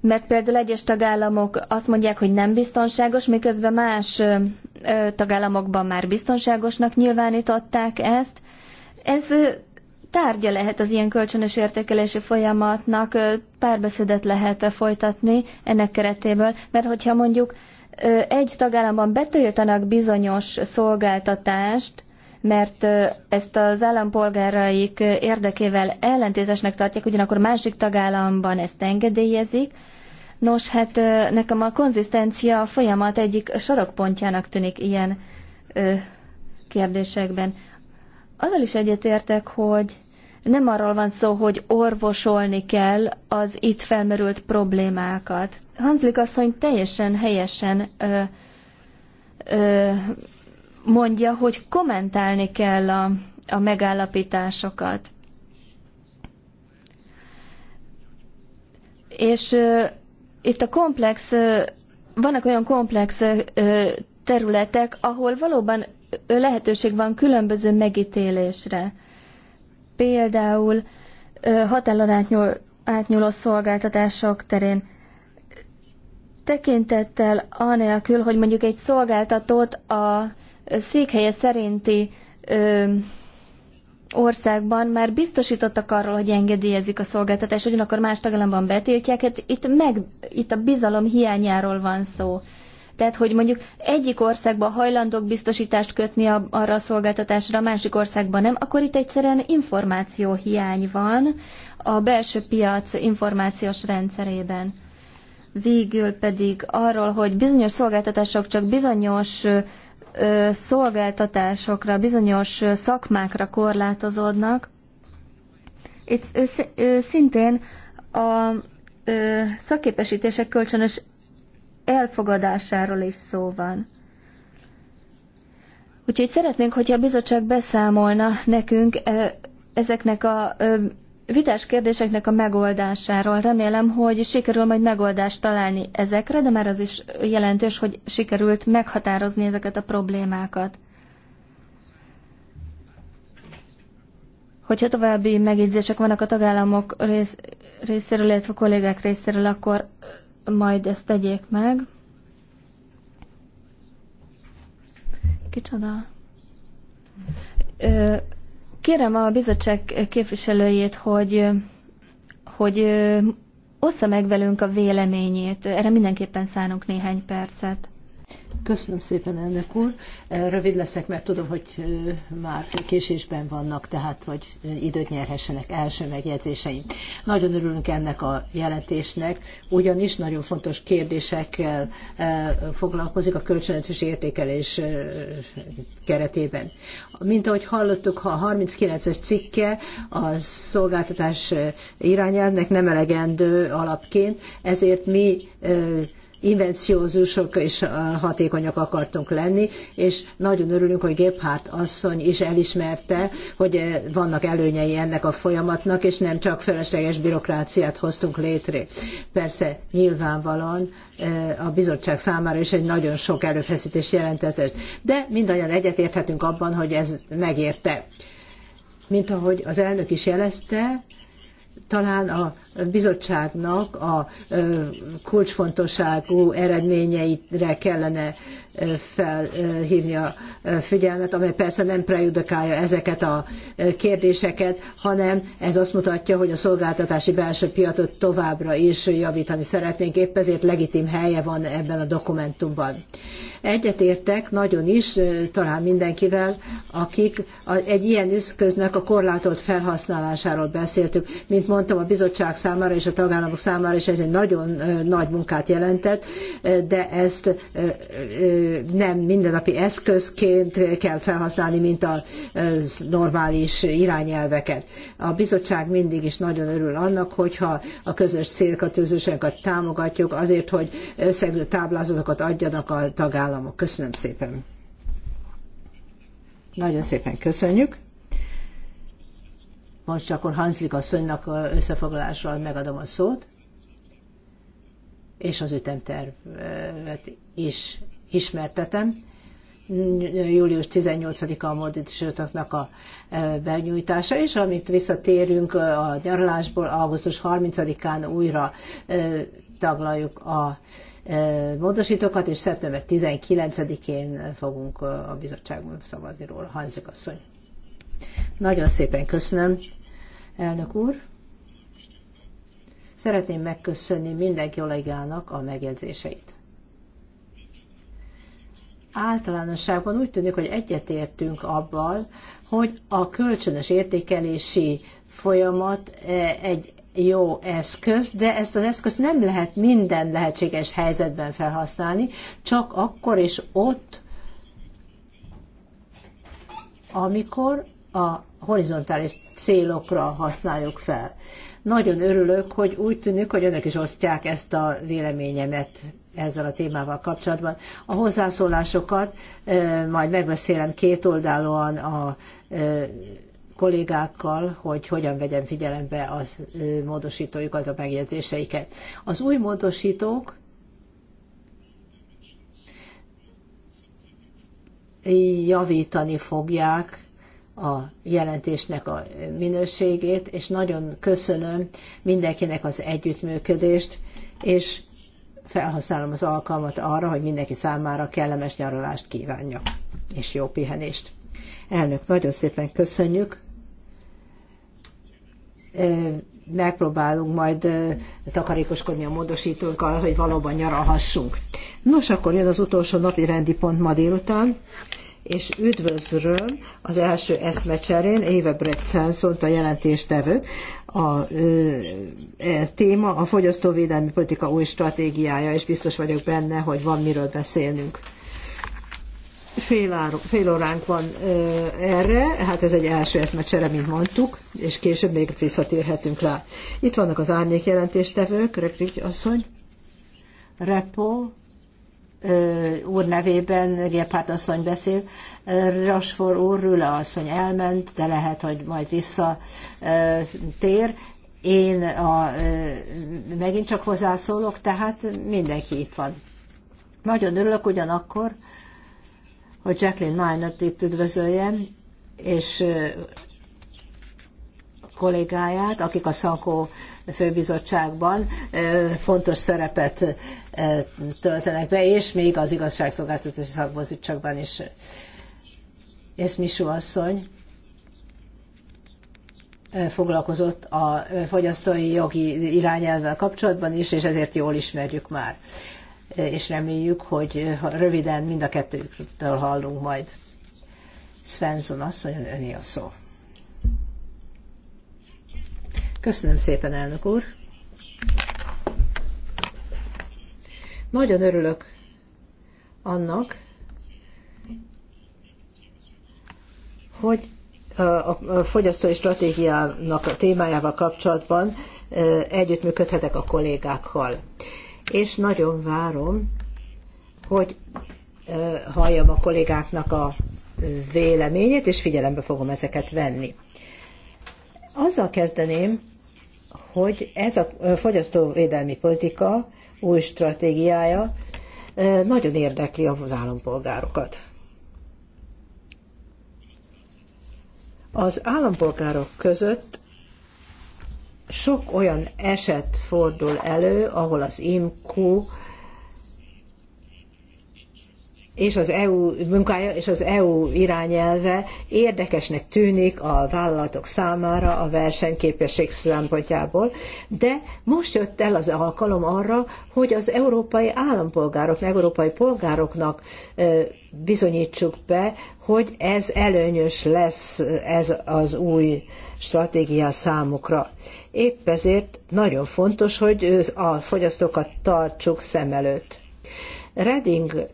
mert például egyes tagállamok azt mondják, hogy nem biztonságos, miközben más ö, tagállamokban már biztonságosnak nyilvánították ezt. Ez tárgya lehet az ilyen kölcsönös értékelési folyamatnak, párbeszédet lehet folytatni ennek keretéből, mert hogyha mondjuk egy tagállamban betiltanak bizonyos szolgáltatást, mert ezt az állampolgáraik érdekével ellentétesnek tartják, ugyanakkor másik tagállamban ezt engedélyezik. Nos, hát nekem a konzisztencia folyamat egyik sarokpontjának tűnik ilyen ö, kérdésekben. Azzal is egyetértek, hogy nem arról van szó, hogy orvosolni kell az itt felmerült problémákat. Hanzlik asszony teljesen helyesen ö, ö, mondja, hogy kommentálni kell a, a megállapításokat. És ö, itt a komplex, ö, vannak olyan komplex ö, területek, ahol valóban lehetőség van különböző megítélésre. Például határalán átnyúló szolgáltatások terén tekintettel anélkül, hogy mondjuk egy szolgáltatót a székhelye szerinti ö, országban már biztosítottak arról, hogy engedélyezik a szolgáltatást, ugyanakkor más tagállamban betiltják, hát itt, meg, itt a bizalom hiányáról van szó. Tehát, hogy mondjuk egyik országban hajlandók biztosítást kötni a, arra a szolgáltatásra, a másik országban nem, akkor itt egyszerűen információ hiány van a belső piac információs rendszerében végül pedig arról, hogy bizonyos szolgáltatások csak bizonyos szolgáltatásokra, bizonyos szakmákra korlátozódnak. Itt szintén a szakképesítések kölcsönös elfogadásáról is szó van. Úgyhogy szeretnénk, hogyha a bizottság beszámolna nekünk ezeknek a vitás kérdéseknek a megoldásáról. Remélem, hogy sikerül majd megoldást találni ezekre, de már az is jelentős, hogy sikerült meghatározni ezeket a problémákat. Hogyha további megjegyzések vannak a tagállamok rész, részéről, illetve a kollégák részéről, akkor majd ezt tegyék meg. Kicsoda? Ö, Kérem a bizottság képviselőjét, hogy, hogy ossza meg velünk a véleményét. Erre mindenképpen szánunk néhány percet. Köszönöm szépen, elnök úr. Rövid leszek, mert tudom, hogy már késésben vannak, tehát hogy időt nyerhessenek első megjegyzéseim. Nagyon örülünk ennek a jelentésnek, ugyanis nagyon fontos kérdésekkel foglalkozik a kölcsönös értékelés keretében. Mint ahogy hallottuk, ha a 39-es cikke a szolgáltatás irányelvnek nem elegendő alapként, ezért mi invenciózusok és hatékonyak akartunk lenni, és nagyon örülünk, hogy Gebhardt asszony is elismerte, hogy vannak előnyei ennek a folyamatnak, és nem csak felesleges bürokráciát hoztunk létre. Persze nyilvánvalóan a bizottság számára is egy nagyon sok előfeszítés jelentetett, de mindannyian egyetérthetünk abban, hogy ez megérte. Mint ahogy az elnök is jelezte, talán a bizottságnak a kulcsfontosságú eredményeire kellene felhívni a figyelmet, amely persze nem prejudikálja ezeket a kérdéseket, hanem ez azt mutatja, hogy a szolgáltatási belső piacot továbbra is javítani szeretnénk, épp ezért legitim helye van ebben a dokumentumban. Egyetértek nagyon is, talán mindenkivel, akik egy ilyen üszköznek a korlátolt felhasználásáról beszéltük, mint mondtam, a bizottság számára és a tagállamok számára is ez egy nagyon nagy munkát jelentett, de ezt nem mindennapi eszközként kell felhasználni, mint a normális irányelveket. A bizottság mindig is nagyon örül annak, hogyha a közös célokat, közösenket támogatjuk azért, hogy összegző táblázatokat adjanak a tagállamok. Köszönöm szépen! Nagyon szépen köszönjük! Most akkor Hanslik asszonynak összefoglalásra megadom a szót, és az ütemtervet is ismertetem. Július 18-a a módosítottaknak a e, benyújtása, és amit visszatérünk e, a nyaralásból, augusztus 30-án újra e, taglaljuk a módosítókat, és szeptember 19-én fogunk a bizottságban szavazni róla. Hanzik asszony. Nagyon szépen köszönöm. Elnök úr, szeretném megköszönni minden kollégának a megjegyzéseit. Általánosságban úgy tűnik, hogy egyetértünk abban, hogy a kölcsönös értékelési folyamat e, egy jó eszköz, de ezt az eszközt nem lehet minden lehetséges helyzetben felhasználni, csak akkor és ott, amikor a horizontális célokra használjuk fel. Nagyon örülök, hogy úgy tűnik, hogy önök is osztják ezt a véleményemet ezzel a témával kapcsolatban. A hozzászólásokat majd megbeszélem kétoldalúan a kollégákkal, hogy hogyan vegyem figyelembe a módosítójukat, a megjegyzéseiket. Az új módosítók javítani fogják a jelentésnek a minőségét, és nagyon köszönöm mindenkinek az együttműködést, és felhasználom az alkalmat arra, hogy mindenki számára kellemes nyaralást kívánjak, és jó pihenést. Elnök, nagyon szépen köszönjük. Megpróbálunk majd takarékoskodni a módosítókkal, hogy valóban nyaralhassunk. Nos, akkor jön az utolsó napi rendi pont ma délután és üdvözlöm az első eszmecserén Éve Bretszen szólt a jelentéstevő, A ö, e, téma a fogyasztóvédelmi politika új stratégiája, és biztos vagyok benne, hogy van miről beszélnünk. Fél, ár, fél óránk van ö, erre, hát ez egy első eszmecsere, mint mondtuk, és később még visszatérhetünk rá. Itt vannak az árnyék jelentéstevők, Rekrik asszony, Repo, úr nevében, Gephardt asszony beszél, Rasfor úr, Rüle asszony elment, de lehet, hogy majd visszatér. Én a, megint csak hozzászólok, tehát mindenki itt van. Nagyon örülök ugyanakkor, hogy Jacqueline Minert itt üdvözöljem, és kollégáját, akik a Szankó főbizottságban fontos szerepet töltenek be, és még az igazságszolgáltatási szakbizottságban is. És Misú asszony foglalkozott a fogyasztói jogi irányelvvel kapcsolatban is, és ezért jól ismerjük már. És reméljük, hogy röviden mind a kettőjüktől hallunk majd. Svensson asszony, öné a szó. Köszönöm szépen, elnök úr. Nagyon örülök annak, hogy a fogyasztói stratégiának a témájával kapcsolatban együttműködhetek a kollégákkal. És nagyon várom, hogy halljam a kollégáknak a véleményét, és figyelembe fogom ezeket venni. Azzal kezdeném, hogy ez a fogyasztóvédelmi politika új stratégiája nagyon érdekli az állampolgárokat. Az állampolgárok között sok olyan eset fordul elő, ahol az IMQ és az EU munkája és az EU irányelve érdekesnek tűnik a vállalatok számára a versenyképesség szempontjából, de most jött el az alkalom arra, hogy az európai állampolgárok, európai polgároknak bizonyítsuk be, hogy ez előnyös lesz ez az új stratégia számukra. Épp ezért nagyon fontos, hogy a fogyasztókat tartsuk szem előtt. Reding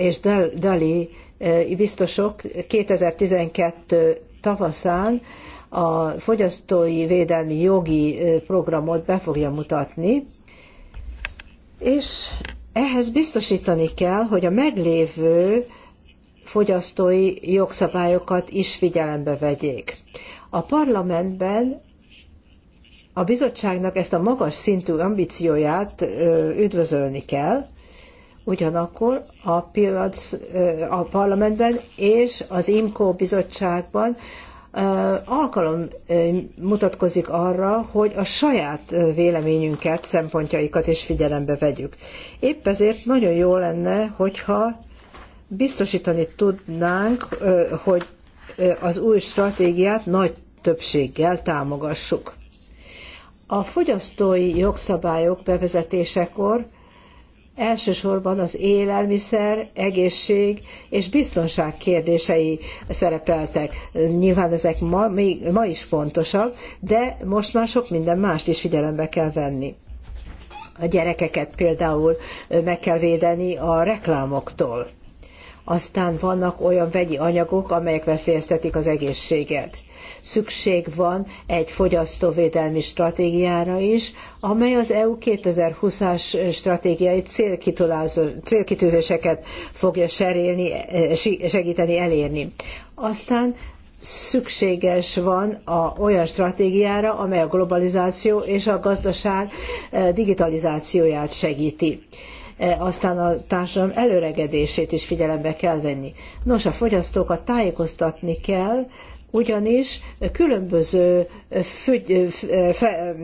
és Dali eh, biztosok 2012 tavaszán a fogyasztói védelmi jogi eh, programot be fogja mutatni, és ehhez biztosítani kell, hogy a meglévő fogyasztói jogszabályokat is figyelembe vegyék. A parlamentben a bizottságnak ezt a magas szintű ambícióját eh, üdvözölni kell, Ugyanakkor a, piac, a parlamentben és az IMCO bizottságban alkalom mutatkozik arra, hogy a saját véleményünket, szempontjaikat is figyelembe vegyük. Épp ezért nagyon jó lenne, hogyha biztosítani tudnánk, hogy az új stratégiát nagy többséggel támogassuk. A fogyasztói jogszabályok bevezetésekor elsősorban az élelmiszer, egészség és biztonság kérdései szerepeltek. Nyilván ezek ma, még, ma is fontosak, de most már sok minden mást is figyelembe kell venni. A gyerekeket például meg kell védeni a reklámoktól aztán vannak olyan vegyi anyagok, amelyek veszélyeztetik az egészséget. Szükség van egy fogyasztóvédelmi stratégiára is, amely az EU 2020-as stratégiai célkitűzéseket fogja serélni, segíteni elérni. Aztán szükséges van a, olyan stratégiára, amely a globalizáció és a gazdaság eh, digitalizációját segíti. E, aztán a társadalom előregedését is figyelembe kell venni. Nos, a fogyasztókat tájékoztatni kell, ugyanis különböző e, fügy, e, fe,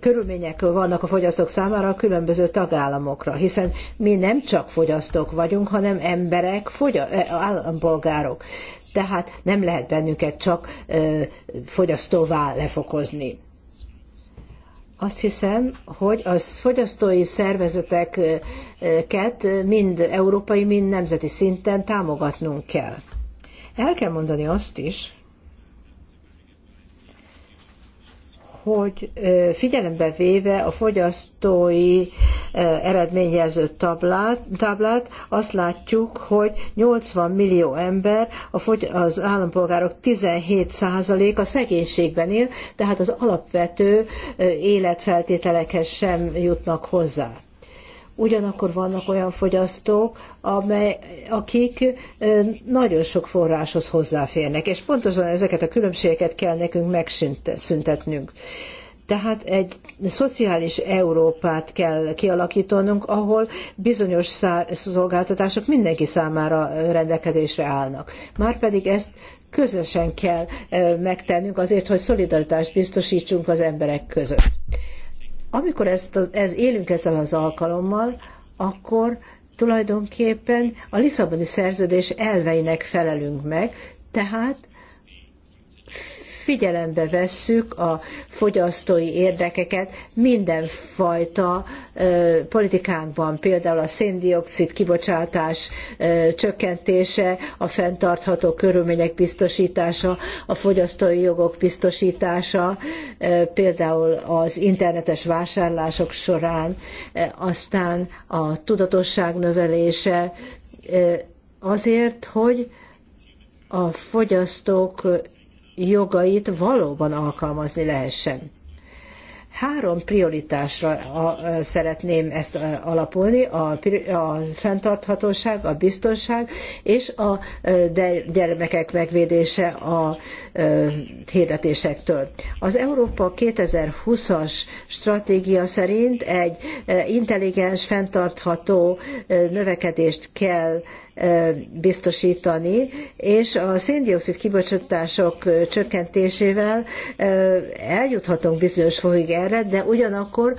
körülmények vannak a fogyasztók számára a különböző tagállamokra, hiszen mi nem csak fogyasztók vagyunk, hanem emberek, fogya, állampolgárok. Tehát nem lehet bennünket csak fogyasztóvá lefokozni azt hiszem, hogy a fogyasztói szervezeteket mind európai, mind nemzeti szinten támogatnunk kell. El kell mondani azt is, hogy figyelembe véve a fogyasztói eredményjelző táblát, táblát azt látjuk, hogy 80 millió ember, az állampolgárok 17%-a szegénységben él, tehát az alapvető életfeltételekhez sem jutnak hozzá. Ugyanakkor vannak olyan fogyasztók, amely, akik nagyon sok forráshoz hozzáférnek, és pontosan ezeket a különbségeket kell nekünk megszüntetnünk. Tehát egy szociális Európát kell kialakítanunk, ahol bizonyos szolgáltatások mindenki számára rendelkezésre állnak. Márpedig ezt közösen kell megtennünk azért, hogy szolidaritást biztosítsunk az emberek között. Amikor ezt, ez, élünk ezzel az alkalommal, akkor tulajdonképpen a Lisszaboni szerződés elveinek felelünk meg, tehát figyelembe vesszük a fogyasztói érdekeket mindenfajta politikánkban, például a széndiokszid kibocsátás csökkentése, a fenntartható körülmények biztosítása, a fogyasztói jogok biztosítása, például az internetes vásárlások során, aztán a tudatosság növelése, azért, hogy a fogyasztók jogait valóban alkalmazni lehessen. Három prioritásra szeretném ezt alapolni, a, a fenntarthatóság, a biztonság és a gyermekek megvédése a hirdetésektől. Az Európa 2020-as stratégia szerint egy intelligens, fenntartható növekedést kell biztosítani, és a széndiokszid kibocsátások csökkentésével eljuthatunk bizonyos fokig erre, de ugyanakkor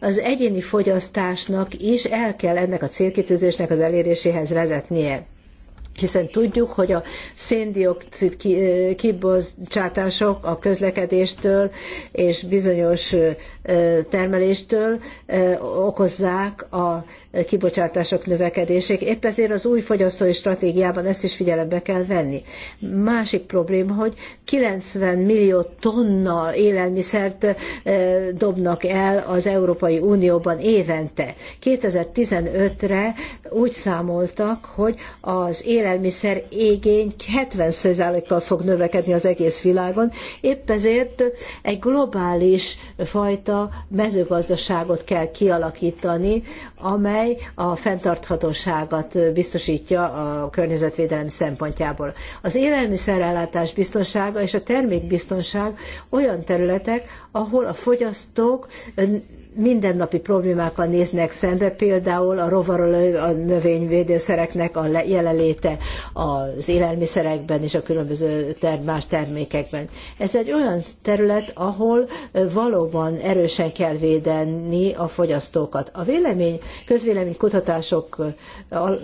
az egyéni fogyasztásnak is el kell ennek a célkitűzésnek az eléréséhez vezetnie hiszen tudjuk, hogy a széndiokszid kibocsátások a közlekedéstől és bizonyos termeléstől okozzák a kibocsátások növekedések. Épp ezért az új fogyasztói stratégiában ezt is figyelembe kell venni. Másik probléma, hogy 90 millió tonna élelmiszert dobnak el az Európai Unióban évente. 2015-re úgy számoltak, hogy az élelmiszer égény 70%-kal fog növekedni az egész világon. Épp ezért egy globális fajta mezőgazdaságot kell kialakítani, amely amely a fenntarthatóságot biztosítja a környezetvédelem szempontjából. Az élelmiszerellátás biztonsága és a termékbiztonság olyan területek, ahol a fogyasztók mindennapi problémákkal néznek szembe, például a rovarolő a növényvédőszereknek a jelenléte az élelmiszerekben és a különböző ter- más termékekben. Ez egy olyan terület, ahol valóban erősen kell védeni a fogyasztókat. A vélemény, közvélemény kutatások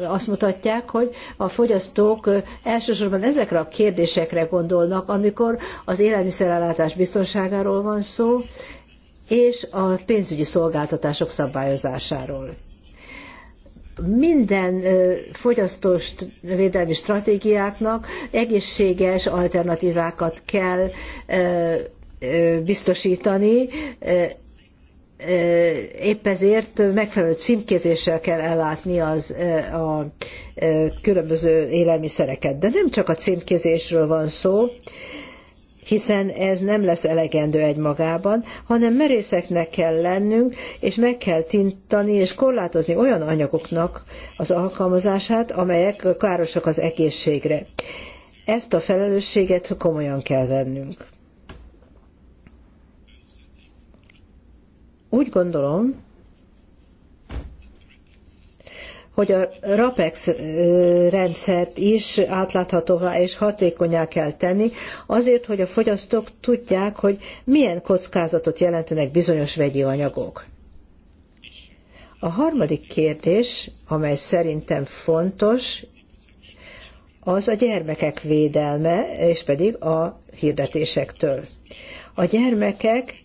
azt mutatják, hogy a fogyasztók elsősorban ezekre a kérdésekre gondolnak, amikor az élelmiszerellátás biztonságáról van szó, és a pénzügyi szolgáltatások szabályozásáról. Minden fogyasztós védelmi stratégiáknak egészséges alternatívákat kell biztosítani, épp ezért megfelelő címkézéssel kell ellátni az, a különböző élelmiszereket. De nem csak a címkézésről van szó, hiszen ez nem lesz elegendő egymagában, hanem merészeknek kell lennünk, és meg kell tintani és korlátozni olyan anyagoknak az alkalmazását, amelyek károsak az egészségre. Ezt a felelősséget komolyan kell vennünk. Úgy gondolom, hogy a RAPEX rendszert is átláthatóvá és hatékonyá kell tenni, azért, hogy a fogyasztók tudják, hogy milyen kockázatot jelentenek bizonyos vegyi anyagok. A harmadik kérdés, amely szerintem fontos, az a gyermekek védelme, és pedig a hirdetésektől. A gyermekek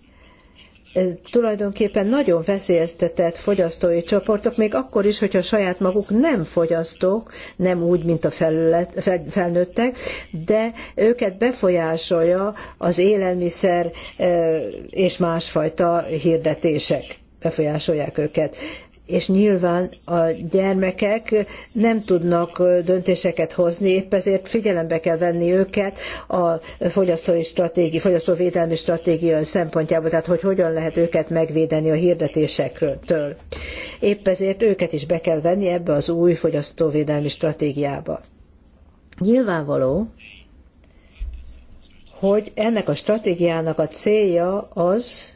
tulajdonképpen nagyon veszélyeztetett fogyasztói csoportok, még akkor is, hogyha saját maguk nem fogyasztók, nem úgy, mint a felület, felnőttek, de őket befolyásolja az élelmiszer és másfajta hirdetések befolyásolják őket és nyilván a gyermekek nem tudnak döntéseket hozni, épp ezért figyelembe kell venni őket a fogyasztói stratégi, fogyasztóvédelmi stratégia szempontjából, tehát hogy hogyan lehet őket megvédeni a hirdetésektől. Épp ezért őket is be kell venni ebbe az új fogyasztóvédelmi stratégiába. Nyilvánvaló, hogy ennek a stratégiának a célja az,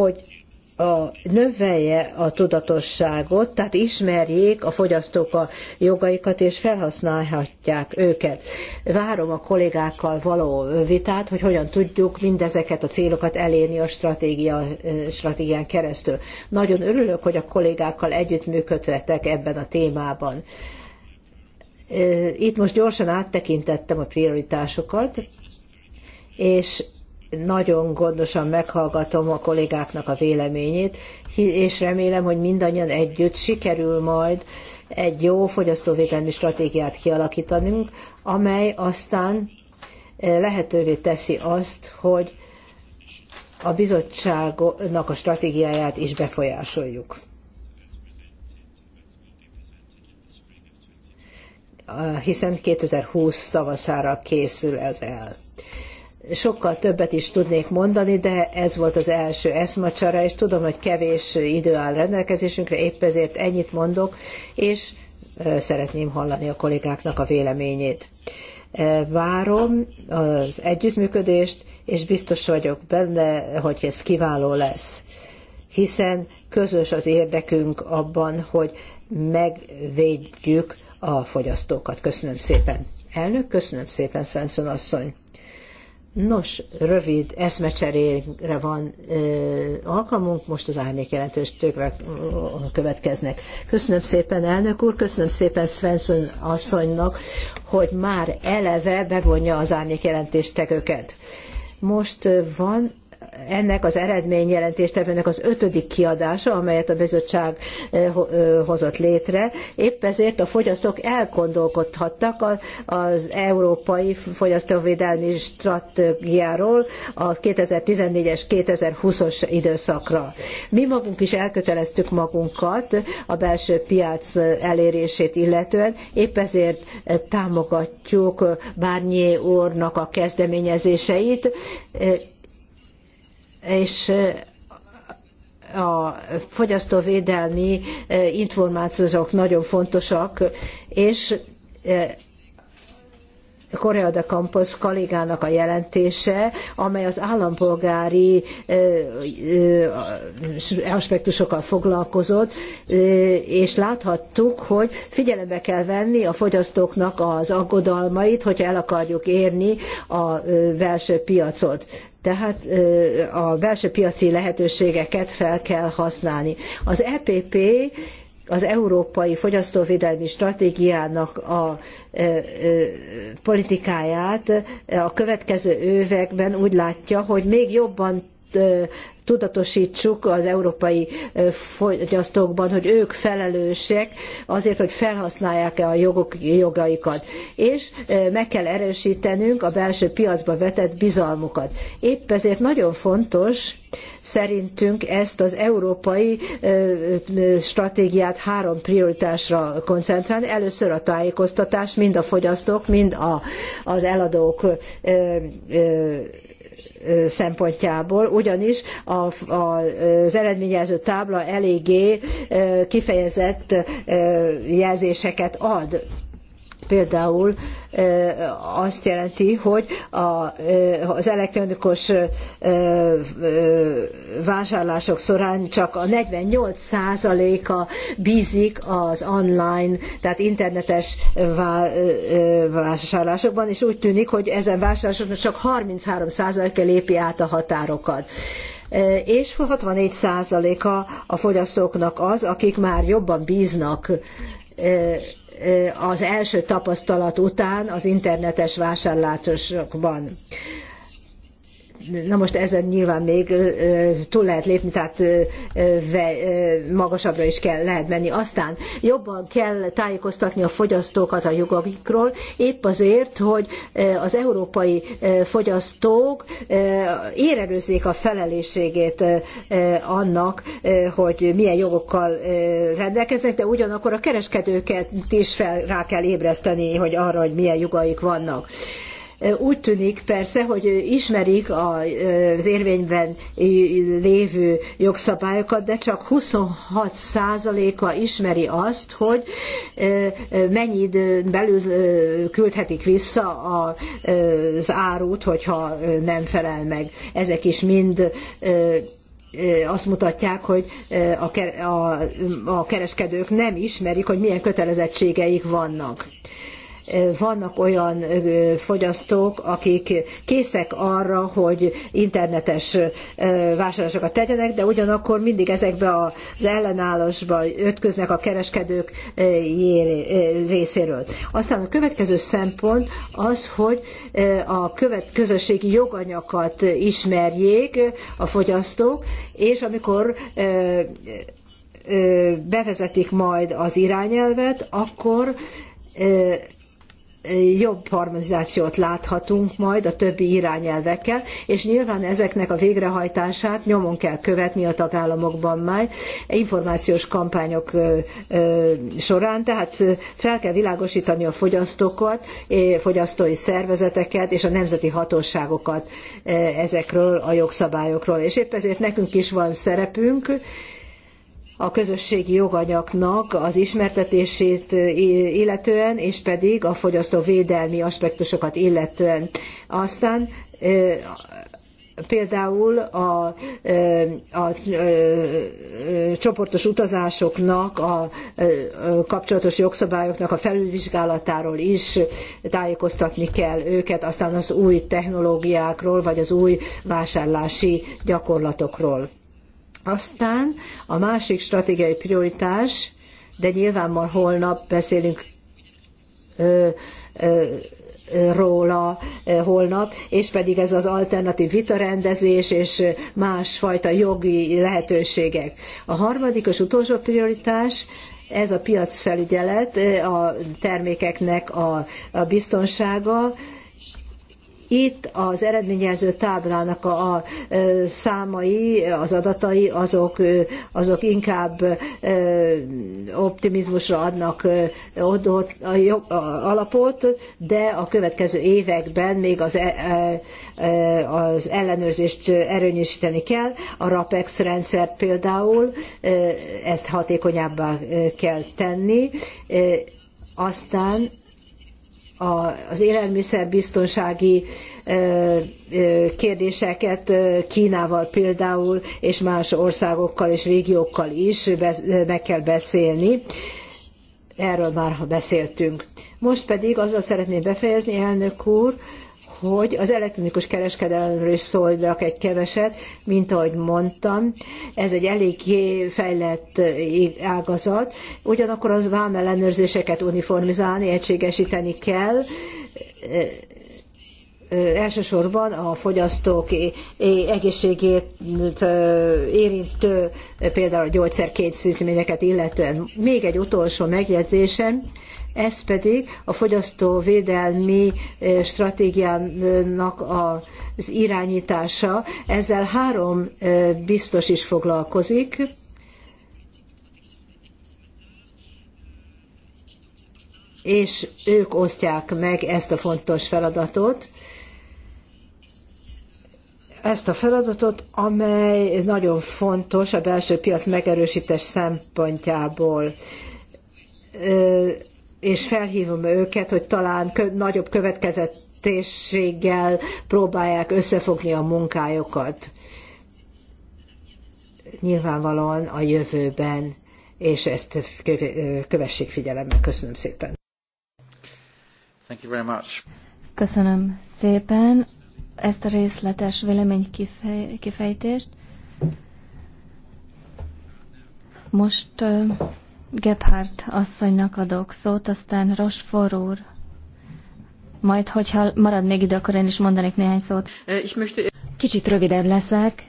hogy a, növelje a tudatosságot, tehát ismerjék a fogyasztók a jogaikat, és felhasználhatják őket. Várom a kollégákkal való vitát, hogy hogyan tudjuk mindezeket a célokat elérni a stratégia, stratégián keresztül. Nagyon örülök, hogy a kollégákkal együttműködhetek ebben a témában. Itt most gyorsan áttekintettem a prioritásokat, és nagyon gondosan meghallgatom a kollégáknak a véleményét, és remélem, hogy mindannyian együtt sikerül majd egy jó fogyasztóvédelmi stratégiát kialakítanunk, amely aztán eh, lehetővé teszi azt, hogy a bizottságnak a stratégiáját is befolyásoljuk. Hiszen 2020 tavaszára készül ez el sokkal többet is tudnék mondani, de ez volt az első eszmacsara, és tudom, hogy kevés idő áll rendelkezésünkre, épp ezért ennyit mondok, és szeretném hallani a kollégáknak a véleményét. Várom az együttműködést, és biztos vagyok benne, hogy ez kiváló lesz, hiszen közös az érdekünk abban, hogy megvédjük a fogyasztókat. Köszönöm szépen. Elnök, köszönöm szépen, Svensson asszony. Nos, rövid eszmecserére van ö, alkalmunk, most az árnyék jelentős tökre következnek. Köszönöm szépen, elnök úr, köszönöm szépen Svensson asszonynak, hogy már eleve bevonja az árnyék jelentéstevőket. Most van ennek az eredményjelentéstevőnek az ötödik kiadása, amelyet a bizottság eh, eh, hozott létre. Épp ezért a fogyasztók elgondolkodhattak az európai fogyasztóvédelmi stratégiáról a 2014-es 2020-os időszakra. Mi magunk is elköteleztük magunkat a belső piac elérését illetően, épp ezért eh, támogatjuk Bárnyé úrnak a kezdeményezéseit, és eh, a fogyasztóvédelmi eh, információk nagyon fontosak, és eh, Korea de Campos kollégának a jelentése, amely az állampolgári aspektusokkal foglalkozott, és láthattuk, hogy figyelembe kell venni a fogyasztóknak az aggodalmait, hogyha el akarjuk érni a belső piacot tehát a belső piaci lehetőségeket fel kell használni. Az EPP az európai fogyasztóvédelmi stratégiának a e, e, politikáját e, a következő években úgy látja, hogy még jobban tudatosítsuk az európai fogyasztókban, hogy ők felelősek azért, hogy felhasználják-e a jogok, jogaikat. És meg kell erősítenünk a belső piacba vetett bizalmukat. Épp ezért nagyon fontos, szerintünk ezt az európai stratégiát három prioritásra koncentrálni. Először a tájékoztatás, mind a fogyasztók, mind a, az eladók szempontjából, ugyanis az eredményező tábla eléggé kifejezett jelzéseket ad például azt jelenti, hogy az elektronikus vásárlások során csak a 48%-a bízik az online, tehát internetes vásárlásokban, és úgy tűnik, hogy ezen vásárlásoknak csak 33%-a lépi át a határokat és 64 százaléka a fogyasztóknak az, akik már jobban bíznak az első tapasztalat után az internetes vásárlásokban. Na most ezen nyilván még túl lehet lépni, tehát magasabbra is kell, lehet menni. Aztán jobban kell tájékoztatni a fogyasztókat a jogokról, épp azért, hogy az európai fogyasztók érezzék a felelősségét annak, hogy milyen jogokkal rendelkeznek, de ugyanakkor a kereskedőket is fel, rá kell ébreszteni, hogy arra, hogy milyen jogaik vannak. Úgy tűnik persze, hogy ismerik az érvényben lévő jogszabályokat, de csak 26 százaléka ismeri azt, hogy mennyi időn belül küldhetik vissza az árut, hogyha nem felel meg. Ezek is mind azt mutatják, hogy a, kereskedők nem ismerik, hogy milyen kötelezettségeik vannak vannak olyan fogyasztók, akik készek arra, hogy internetes vásárlásokat tegyenek, de ugyanakkor mindig ezekbe az ellenállásba ötköznek a kereskedők részéről. Aztán a következő szempont az, hogy a követ közösségi joganyagokat ismerjék a fogyasztók, és amikor bevezetik majd az irányelvet, akkor jobb harmonizációt láthatunk majd a többi irányelvekkel, és nyilván ezeknek a végrehajtását nyomon kell követni a tagállamokban már információs kampányok során, tehát fel kell világosítani a fogyasztókat, fogyasztói szervezeteket és a nemzeti hatóságokat ezekről a jogszabályokról. És épp ezért nekünk is van szerepünk, a közösségi joganyagnak az ismertetését illetően, és pedig a fogyasztóvédelmi aspektusokat illetően. Aztán például a, a, a, csoportos utazásoknak, a, kapcsolatos jogszabályoknak a felülvizsgálatáról is tájékoztatni kell őket, aztán az új technológiákról, vagy az új vásárlási gyakorlatokról. Aztán a másik stratégiai prioritás, de nyilván már holnap beszélünk ö, ö, róla holnap, és pedig ez az alternatív vitarendezés és másfajta jogi lehetőségek. A harmadik és utolsó prioritás ez a piacfelügyelet, a termékeknek a, a biztonsága, itt az eredményező táblának a, számai, az adatai, azok, azok inkább optimizmusra adnak alapot, de a következő években még az, e, e, e, az ellenőrzést erőnyösíteni kell. A RAPEX rendszert például ezt hatékonyabbá kell tenni. Aztán az élelmiszerbiztonsági kérdéseket Kínával például, és más országokkal és régiókkal is meg kell beszélni. Erről már beszéltünk. Most pedig azzal szeretném befejezni, elnök úr, hogy az elektronikus kereskedelemről is szóljak egy keveset, mint ahogy mondtam, ez egy elég fejlett eh, ágazat, ugyanakkor az vámellenőrzéseket uniformizálni, egységesíteni kell, eh, eh, elsősorban a fogyasztók egészségét érintő, például a gyógyszerkészítményeket illetően. Még egy utolsó megjegyzésem, ez pedig a fogyasztóvédelmi eh, stratégiának az irányítása. Ezzel három eh, biztos is foglalkozik. és ők osztják meg ezt a fontos feladatot ezt a feladatot, amely nagyon fontos a belső piac megerősítés szempontjából és felhívom őket, hogy talán nagyobb következetességgel próbálják összefogni a munkájukat. Nyilvánvalóan a jövőben, és ezt kövessék figyelemmel. Köszönöm szépen. Thank you very much. Köszönöm szépen ezt a részletes vélemény kifej, kifejtést. Most uh, Gebhardt asszonynak adok szót, aztán Rochefort úr. Majd, hogyha marad még idő, akkor én is mondanék néhány szót. Kicsit rövidebb leszek.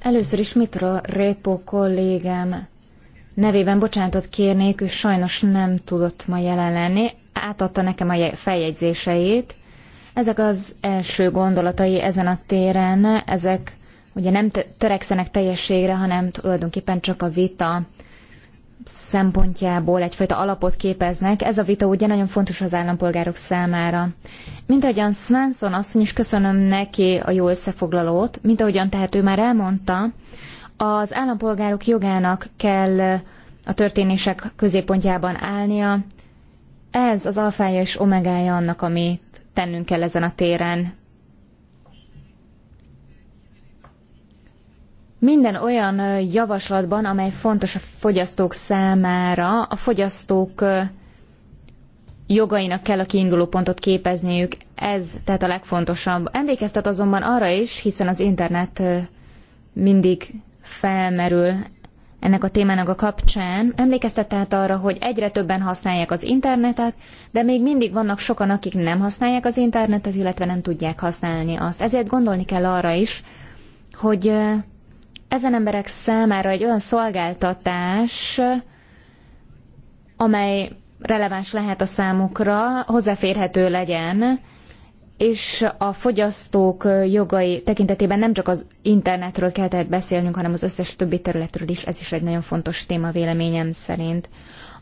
Először is Mitra Répo kollégám nevében bocsánatot kérnék, ő sajnos nem tudott ma jelen lenni. Átadta nekem a feljegyzéseit. Ezek az első gondolatai ezen a téren, ezek ugye nem törekszenek teljességre, hanem tulajdonképpen csak a vita szempontjából egyfajta alapot képeznek. Ez a vita ugye nagyon fontos az állampolgárok számára. Mint ahogyan Svensson asszony is köszönöm neki a jó összefoglalót, mint ahogyan tehát ő már elmondta, az állampolgárok jogának kell a történések középpontjában állnia. Ez az alfája és omegája annak, amit tennünk kell ezen a téren. minden olyan javaslatban, amely fontos a fogyasztók számára, a fogyasztók jogainak kell a kiinduló pontot képezniük, ez tehát a legfontosabb. Emlékeztet azonban arra is, hiszen az internet mindig felmerül ennek a témának a kapcsán. Emlékeztet tehát arra, hogy egyre többen használják az internetet, de még mindig vannak sokan, akik nem használják az internetet, illetve nem tudják használni azt. Ezért gondolni kell arra is, hogy ezen emberek számára egy olyan szolgáltatás, amely releváns lehet a számukra, hozzáférhető legyen, és a fogyasztók jogai tekintetében nem csak az internetről kell tehát beszélnünk, hanem az összes többi területről is, ez is egy nagyon fontos téma véleményem szerint.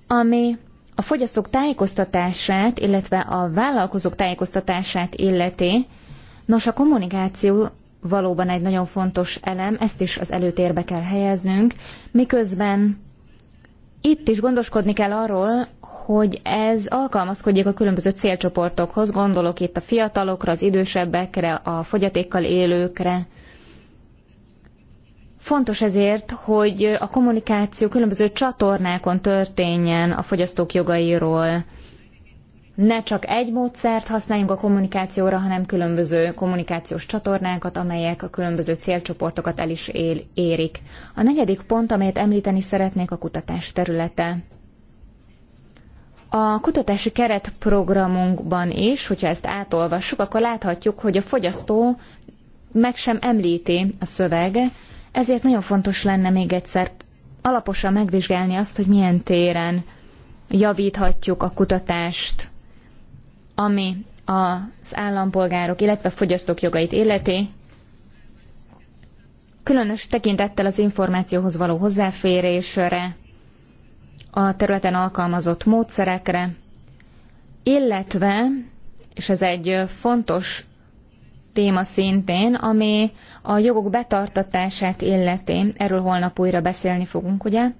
Ami a fogyasztók tájékoztatását, illetve a vállalkozók tájékoztatását illeti, nos a kommunikáció valóban egy nagyon fontos elem, ezt is az előtérbe kell helyeznünk, miközben itt is gondoskodni kell arról, hogy ez alkalmazkodjék a különböző célcsoportokhoz, gondolok itt a fiatalokra, az idősebbekre, a fogyatékkal élőkre. Fontos ezért, hogy a kommunikáció különböző csatornákon történjen a fogyasztók jogairól, ne csak egy módszert használjunk a kommunikációra, hanem különböző kommunikációs csatornákat, amelyek a különböző célcsoportokat el is él, érik. A negyedik pont, amelyet említeni szeretnék, a kutatás területe. A kutatási keretprogramunkban is, hogyha ezt átolvassuk, akkor láthatjuk, hogy a fogyasztó meg sem említi a szöveg, ezért nagyon fontos lenne még egyszer alaposan megvizsgálni azt, hogy milyen téren javíthatjuk a kutatást, ami az állampolgárok, illetve fogyasztók jogait illeti, különös tekintettel az információhoz való hozzáférésre, a területen alkalmazott módszerekre, illetve, és ez egy fontos téma szintén, ami a jogok betartatását illeti. Erről holnap újra beszélni fogunk, ugye?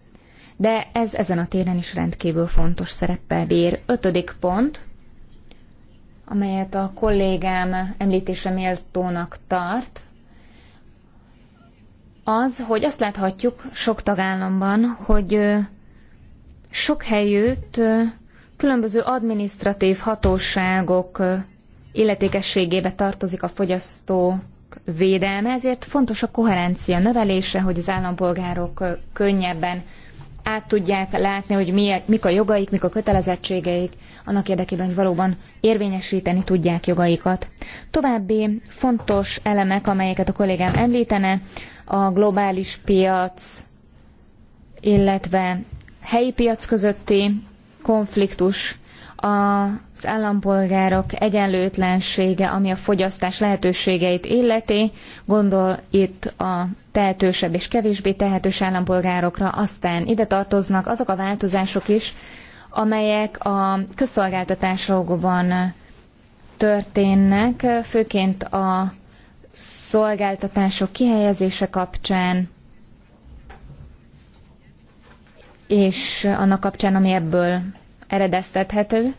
De ez ezen a téren is rendkívül fontos szereppel bír. Ötödik pont – amelyet a kollégám említése méltónak tart, az, hogy azt láthatjuk sok tagállamban, hogy sok helyütt különböző administratív hatóságok illetékességébe tartozik a fogyasztó védelme, ezért fontos a koherencia növelése, hogy az állampolgárok könnyebben át tudják látni, hogy miért, mik a jogaik, mik a kötelezettségeik, annak érdekében, hogy valóban érvényesíteni tudják jogaikat. További fontos elemek, amelyeket a kollégám említene, a globális piac, illetve helyi piac közötti konfliktus, az állampolgárok egyenlőtlensége, ami a fogyasztás lehetőségeit illeti, gondol itt a tehetősebb és kevésbé tehetős állampolgárokra, aztán ide tartoznak azok a változások is, amelyek a közszolgáltatásokban történnek, főként a szolgáltatások kihelyezése kapcsán, és annak kapcsán, ami ebből eredeztethető.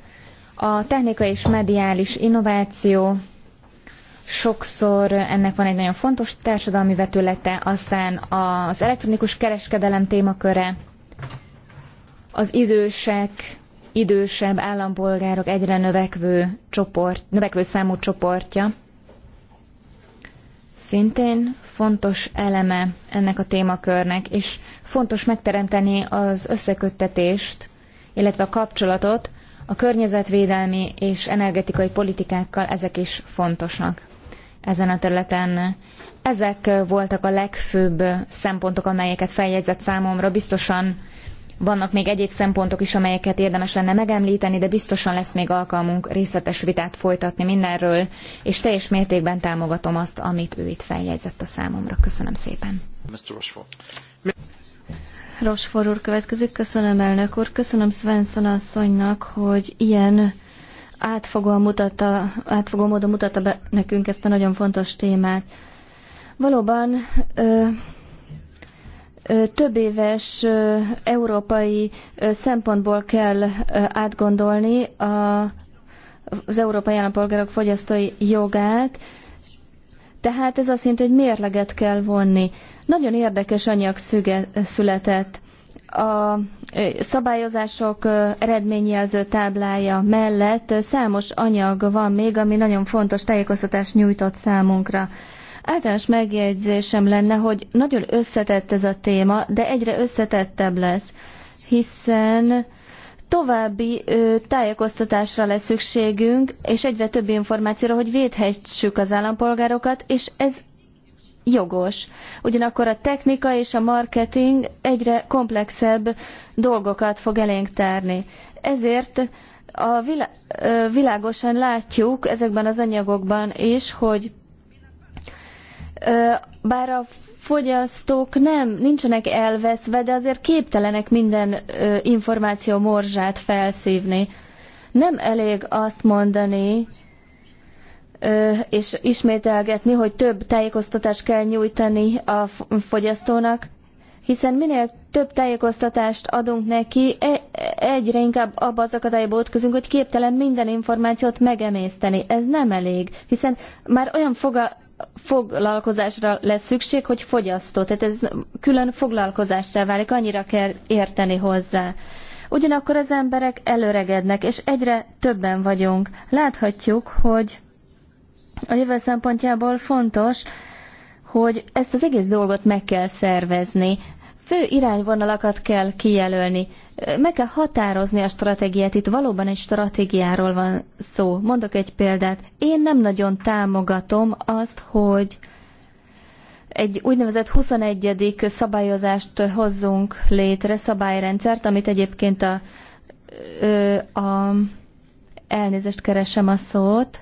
A technikai és mediális innováció sokszor ennek van egy nagyon fontos társadalmi vetülete, aztán az elektronikus kereskedelem témaköre, az idősek, idősebb állampolgárok egyre növekvő, csoport, növekvő számú csoportja, szintén fontos eleme ennek a témakörnek, és fontos megteremteni az összeköttetést illetve a kapcsolatot a környezetvédelmi és energetikai politikákkal, ezek is fontosak ezen a területen. Ezek voltak a legfőbb szempontok, amelyeket feljegyzett számomra. Biztosan vannak még egyéb szempontok is, amelyeket érdemes lenne megemlíteni, de biztosan lesz még alkalmunk részletes vitát folytatni mindenről, és teljes mértékben támogatom azt, amit ő itt feljegyzett a számomra. Köszönöm szépen. Rosfor úr következik. Köszönöm, elnök úr. Köszönöm Svensson asszonynak, hogy ilyen átfogóan mutatta, átfogó módon mutatta be nekünk ezt a nagyon fontos témát. Valóban ö, több éves európai szempontból kell átgondolni a, az európai állampolgárok fogyasztói jogát, tehát ez azt jelenti, hogy mérleget kell vonni. Nagyon érdekes anyag szüge, született. A szabályozások eredményjelző táblája mellett számos anyag van még, ami nagyon fontos tájékoztatást nyújtott számunkra. Általános megjegyzésem lenne, hogy nagyon összetett ez a téma, de egyre összetettebb lesz, hiszen további ö, tájékoztatásra lesz szükségünk, és egyre több információra, hogy védhessük az állampolgárokat, és ez jogos. Ugyanakkor a technika és a marketing egyre komplexebb dolgokat fog elénk tárni. Ezért a vilá, ö, világosan látjuk ezekben az anyagokban is, hogy bár a fogyasztók nem, nincsenek elveszve, de azért képtelenek minden információ morzsát felszívni. Nem elég azt mondani, és ismételgetni, hogy több tájékoztatást kell nyújtani a fogyasztónak, hiszen minél több tájékoztatást adunk neki, e, egyre inkább abba az akadályba ütközünk, hogy képtelen minden információt megemészteni. Ez nem elég, hiszen már olyan fogal foglalkozásra lesz szükség, hogy fogyasztó. Tehát ez külön foglalkozássá válik, annyira kell érteni hozzá. Ugyanakkor az emberek előregednek, és egyre többen vagyunk. Láthatjuk, hogy a jövő szempontjából fontos, hogy ezt az egész dolgot meg kell szervezni fő irányvonalakat kell kijelölni. Meg kell határozni a stratégiát, itt valóban egy stratégiáról van szó. Mondok egy példát. Én nem nagyon támogatom azt, hogy egy úgynevezett 21. szabályozást hozzunk létre, szabályrendszert, amit egyébként a, a elnézést keresem a szót,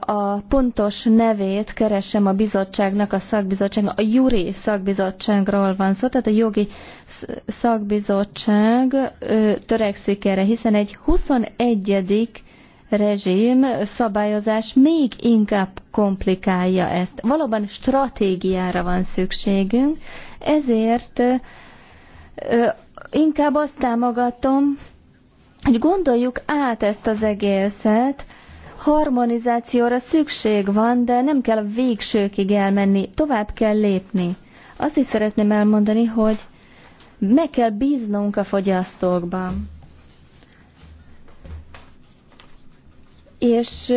a pontos nevét keresem a bizottságnak, a szakbizottság a juri szakbizottságról van szó, tehát a jogi szakbizottság törekszik erre, hiszen egy 21. rezsim szabályozás még inkább komplikálja ezt. Valóban stratégiára van szükségünk, ezért inkább azt támogatom, hogy gondoljuk át ezt az egészet, Harmonizációra szükség van, de nem kell a végsőkig elmenni, tovább kell lépni. Azt is szeretném elmondani, hogy meg kell bíznunk a fogyasztókban. És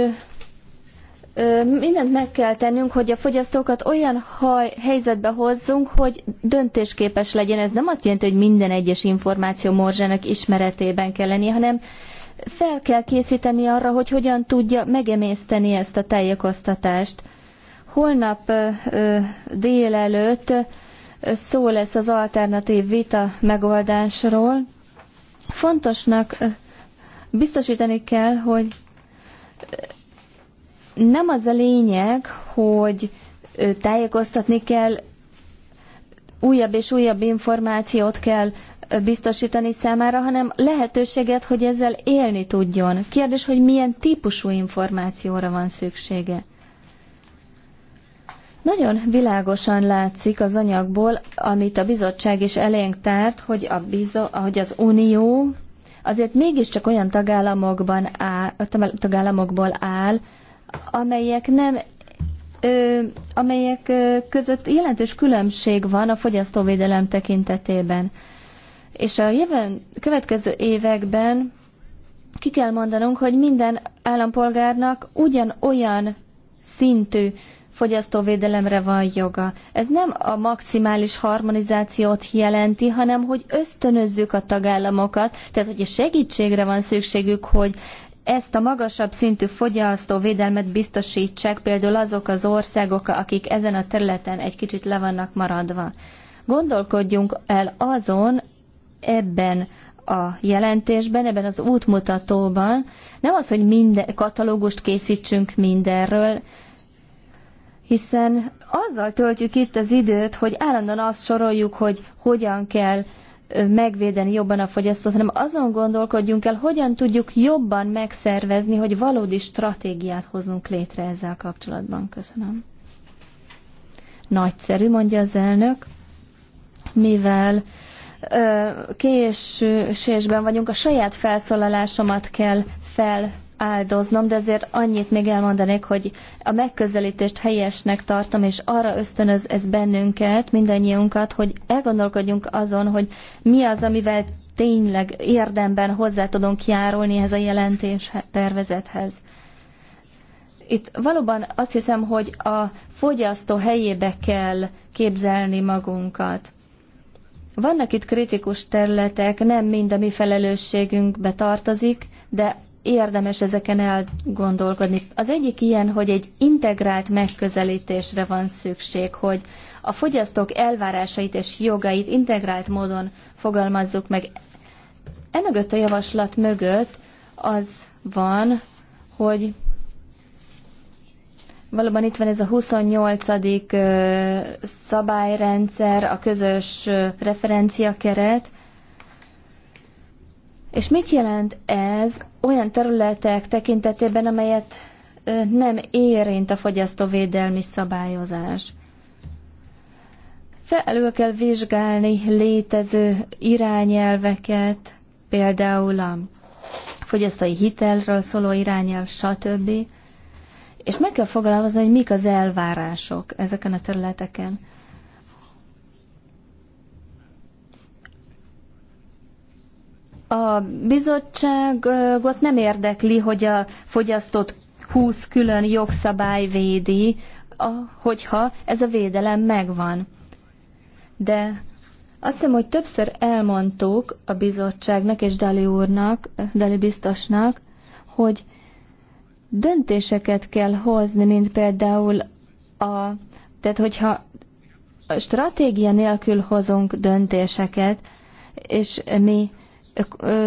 mindent meg kell tennünk, hogy a fogyasztókat olyan haj, helyzetbe hozzunk, hogy döntésképes legyen. Ez nem azt jelenti, hogy minden egyes információ morzsának ismeretében kell lennie, hanem fel kell készíteni arra, hogy hogyan tudja megemészteni ezt a tájékoztatást. Holnap délelőtt szó lesz az alternatív vita megoldásról. Fontosnak biztosítani kell, hogy nem az a lényeg, hogy tájékoztatni kell, újabb és újabb információt kell biztosítani számára, hanem lehetőséget, hogy ezzel élni tudjon. Kérdés, hogy milyen típusú információra van szüksége. Nagyon világosan látszik az anyagból, amit a bizottság is elénk tárt, hogy, a bizo- hogy az Unió azért mégiscsak olyan tagállamokban áll, tagállamokból áll, amelyek nem ö, amelyek között jelentős különbség van a fogyasztóvédelem tekintetében és a jelen következő években ki kell mondanunk, hogy minden állampolgárnak ugyanolyan szintű fogyasztóvédelemre van joga. Ez nem a maximális harmonizációt jelenti, hanem hogy ösztönözzük a tagállamokat, tehát hogy segítségre van szükségük, hogy ezt a magasabb szintű fogyasztóvédelmet biztosítsák például azok az országok, akik ezen a területen egy kicsit le vannak maradva. Gondolkodjunk el azon, ebben a jelentésben, ebben az útmutatóban nem az, hogy minden katalógust készítsünk mindenről, hiszen azzal töltjük itt az időt, hogy állandóan azt soroljuk, hogy hogyan kell megvédeni jobban a fogyasztót, hanem azon gondolkodjunk el, hogyan tudjuk jobban megszervezni, hogy valódi stratégiát hozzunk létre ezzel kapcsolatban. Köszönöm. Nagyszerű, mondja az elnök, mivel késésben vagyunk, a saját felszólalásomat kell feláldoznom, de ezért annyit még elmondanék, hogy a megközelítést helyesnek tartom, és arra ösztönöz ez bennünket, mindannyiunkat, hogy elgondolkodjunk azon, hogy mi az, amivel tényleg érdemben hozzá tudunk járulni ehhez a jelentés tervezethez itt valóban azt hiszem, hogy a fogyasztó helyébe kell képzelni magunkat. Vannak itt kritikus területek, nem mind a mi felelősségünkbe tartozik, de érdemes ezeken elgondolkodni. Az egyik ilyen, hogy egy integrált megközelítésre van szükség, hogy a fogyasztók elvárásait és jogait integrált módon fogalmazzuk meg. Emögött a javaslat mögött az van, hogy Valóban itt van ez a 28. szabályrendszer, a közös referenciakeret. És mit jelent ez olyan területek tekintetében, amelyet nem érint a fogyasztóvédelmi szabályozás? Felül kell vizsgálni létező irányelveket, például a fogyasztói hitelről szóló irányelv, stb. És meg kell foglalkozni, hogy mik az elvárások ezeken a területeken. A bizottságot nem érdekli, hogy a fogyasztott 20 külön jogszabály védi, hogyha ez a védelem megvan. De azt hiszem, hogy többször elmondtuk a bizottságnak és Dali úrnak, Dali biztosnak, hogy döntéseket kell hozni, mint például a, tehát hogyha stratégia nélkül hozunk döntéseket, és mi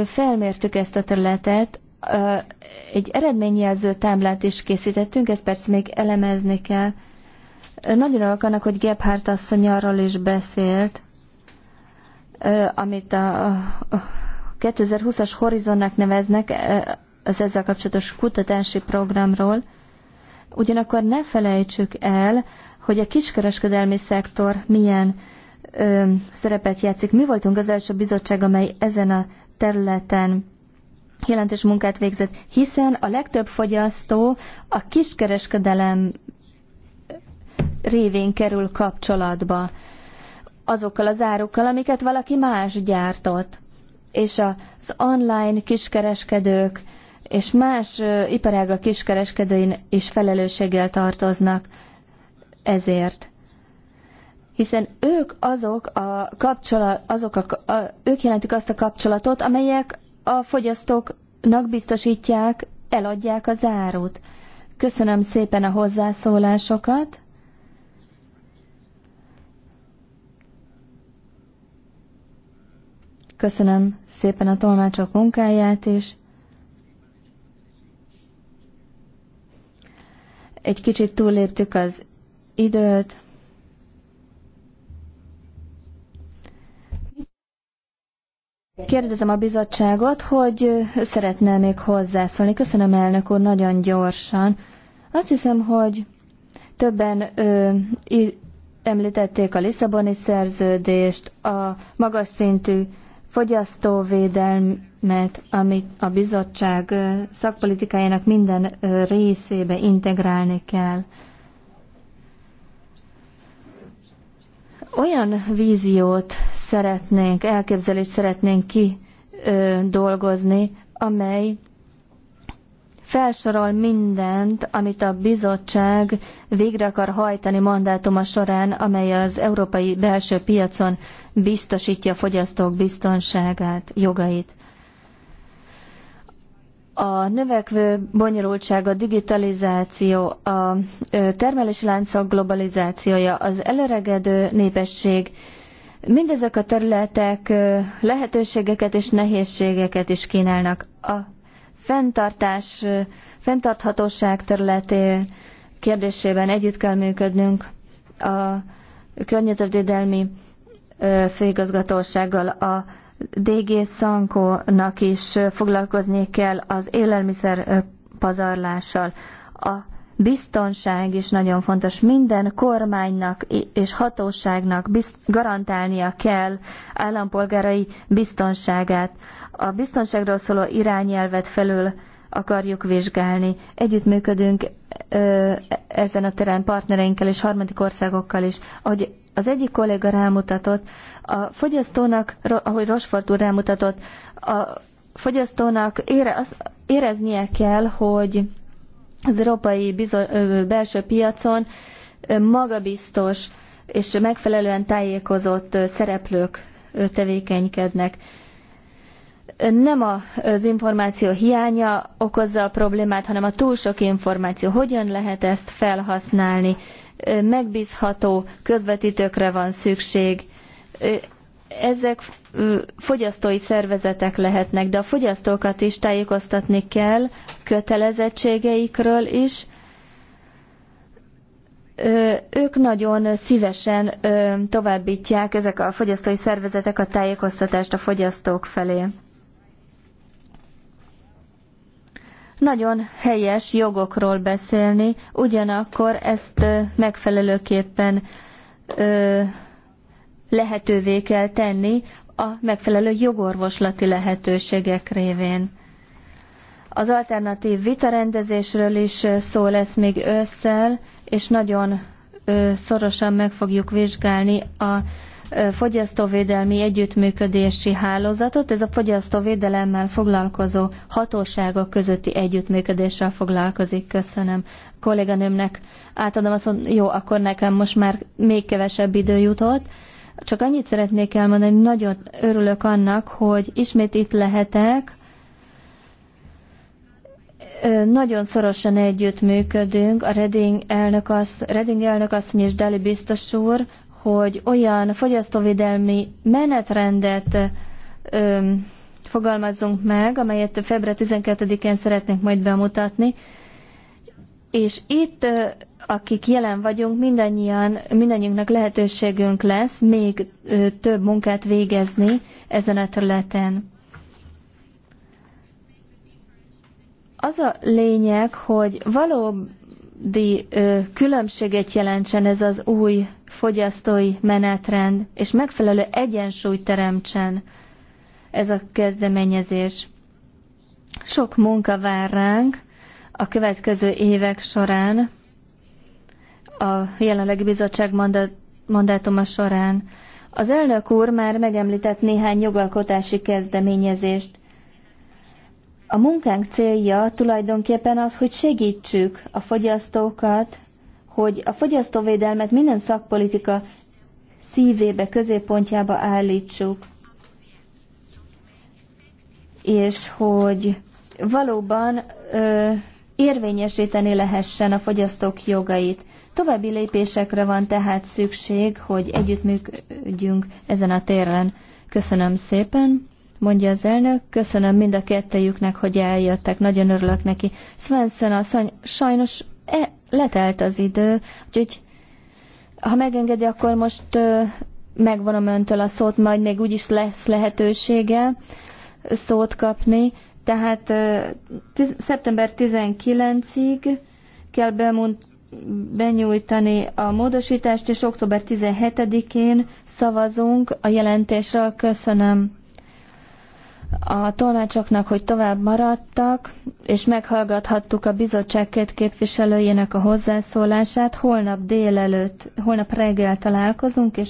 felmértük ezt a területet, egy eredményjelző táblát is készítettünk, ezt persze még elemezni kell. Nagyon örülök annak, hogy Gebhardt asszony arról is beszélt, amit a 2020-as horizonnak neveznek, az ezzel kapcsolatos kutatási programról, ugyanakkor ne felejtsük el, hogy a kiskereskedelmi szektor milyen ö, szerepet játszik. Mi voltunk az első bizottság, amely ezen a területen jelentős munkát végzett, hiszen a legtöbb fogyasztó a kiskereskedelem révén kerül kapcsolatba azokkal az árukkal, amiket valaki más gyártott. És az online kiskereskedők és más iparágak kiskereskedőin is felelősséggel tartoznak ezért. Hiszen ők azok a kapcsolat, azok a, a, ők jelentik azt a kapcsolatot, amelyek a fogyasztóknak biztosítják, eladják az árut. Köszönöm szépen a hozzászólásokat. Köszönöm szépen a tolmácsok munkáját is. egy kicsit túlléptük az időt. Kérdezem a bizottságot, hogy szeretne még hozzászólni. Köszönöm, elnök úr, nagyon gyorsan. Azt hiszem, hogy többen ö, említették a Lisszaboni szerződést, a magas szintű fogyasztóvédelmi mert amit a bizottság szakpolitikájának minden részébe integrálni kell. Olyan víziót szeretnénk, elképzelést szeretnénk ki dolgozni, amely felsorol mindent, amit a bizottság végre akar hajtani mandátuma során, amely az európai belső piacon biztosítja a fogyasztók biztonságát, jogait a növekvő bonyolultság, a digitalizáció, a termelési láncok globalizációja, az eleregedő népesség, mindezek a területek lehetőségeket és nehézségeket is kínálnak. A fenntartás, fenntarthatóság területé kérdésében együtt kell működnünk a környezetvédelmi főigazgatósággal, a DG Szankónak is foglalkozni kell az élelmiszer pazarlással. A biztonság is nagyon fontos. Minden kormánynak és hatóságnak garantálnia kell állampolgárai biztonságát. A biztonságról szóló irányelvet felül akarjuk vizsgálni. Együttműködünk ezen a terén partnereinkkel és harmadik országokkal is. Ahogy az egyik kolléga rámutatott, a fogyasztónak, ahogy Rosfort úr rámutatott, a fogyasztónak az, éreznie kell, hogy az európai bizo- belső piacon magabiztos és megfelelően tájékozott szereplők tevékenykednek nem az információ hiánya okozza a problémát, hanem a túl sok információ. Hogyan lehet ezt felhasználni? Megbízható közvetítőkre van szükség. Ezek fogyasztói szervezetek lehetnek, de a fogyasztókat is tájékoztatni kell kötelezettségeikről is, ők nagyon szívesen továbbítják ezek a fogyasztói szervezetek a tájékoztatást a fogyasztók felé. nagyon helyes jogokról beszélni, ugyanakkor ezt megfelelőképpen lehetővé kell tenni a megfelelő jogorvoslati lehetőségek révén. Az alternatív vitarendezésről is szó lesz még ősszel, és nagyon szorosan meg fogjuk vizsgálni a fogyasztóvédelmi együttműködési hálózatot. Ez a fogyasztóvédelemmel foglalkozó hatóságok közötti együttműködéssel foglalkozik. Köszönöm kolléganőmnek. Átadom azt, hogy jó, akkor nekem most már még kevesebb idő jutott. Csak annyit szeretnék elmondani, hogy nagyon örülök annak, hogy ismét itt lehetek, nagyon szorosan együttműködünk, a Reding elnök, az, Reding elnök asszony és Deli biztos úr, hogy olyan fogyasztóvédelmi menetrendet ö, fogalmazzunk meg, amelyet február 12-én szeretnénk majd bemutatni, és itt, akik jelen vagyunk, mindannyian, mindannyiunknak lehetőségünk lesz még több munkát végezni ezen a területen. Az a lényeg, hogy valódi különbséget jelentsen ez az új fogyasztói menetrend és megfelelő egyensúly teremtsen ez a kezdeményezés. Sok munka vár ránk a következő évek során, a jelenlegi bizottság mandátuma során. Az elnök úr már megemlített néhány jogalkotási kezdeményezést. A munkánk célja tulajdonképpen az, hogy segítsük a fogyasztókat hogy a fogyasztóvédelmet minden szakpolitika szívébe, középpontjába állítsuk, és hogy valóban ö, érvényesíteni lehessen a fogyasztók jogait. További lépésekre van tehát szükség, hogy együttműködjünk ezen a téren. Köszönöm szépen, mondja az elnök. Köszönöm mind a kettejüknek, hogy eljöttek. Nagyon örülök neki. Svensson asszony, sajnos e, letelt az idő, úgyhogy ha megengedi, akkor most megvonom öntől a szót, majd még úgyis lesz lehetősége szót kapni. Tehát szeptember 19-ig kell bemond, benyújtani a módosítást, és október 17-én szavazunk a jelentésről. Köszönöm a tolmácsoknak, hogy tovább maradtak, és meghallgathattuk a bizottság két képviselőjének a hozzászólását. Holnap délelőtt, holnap reggel találkozunk, és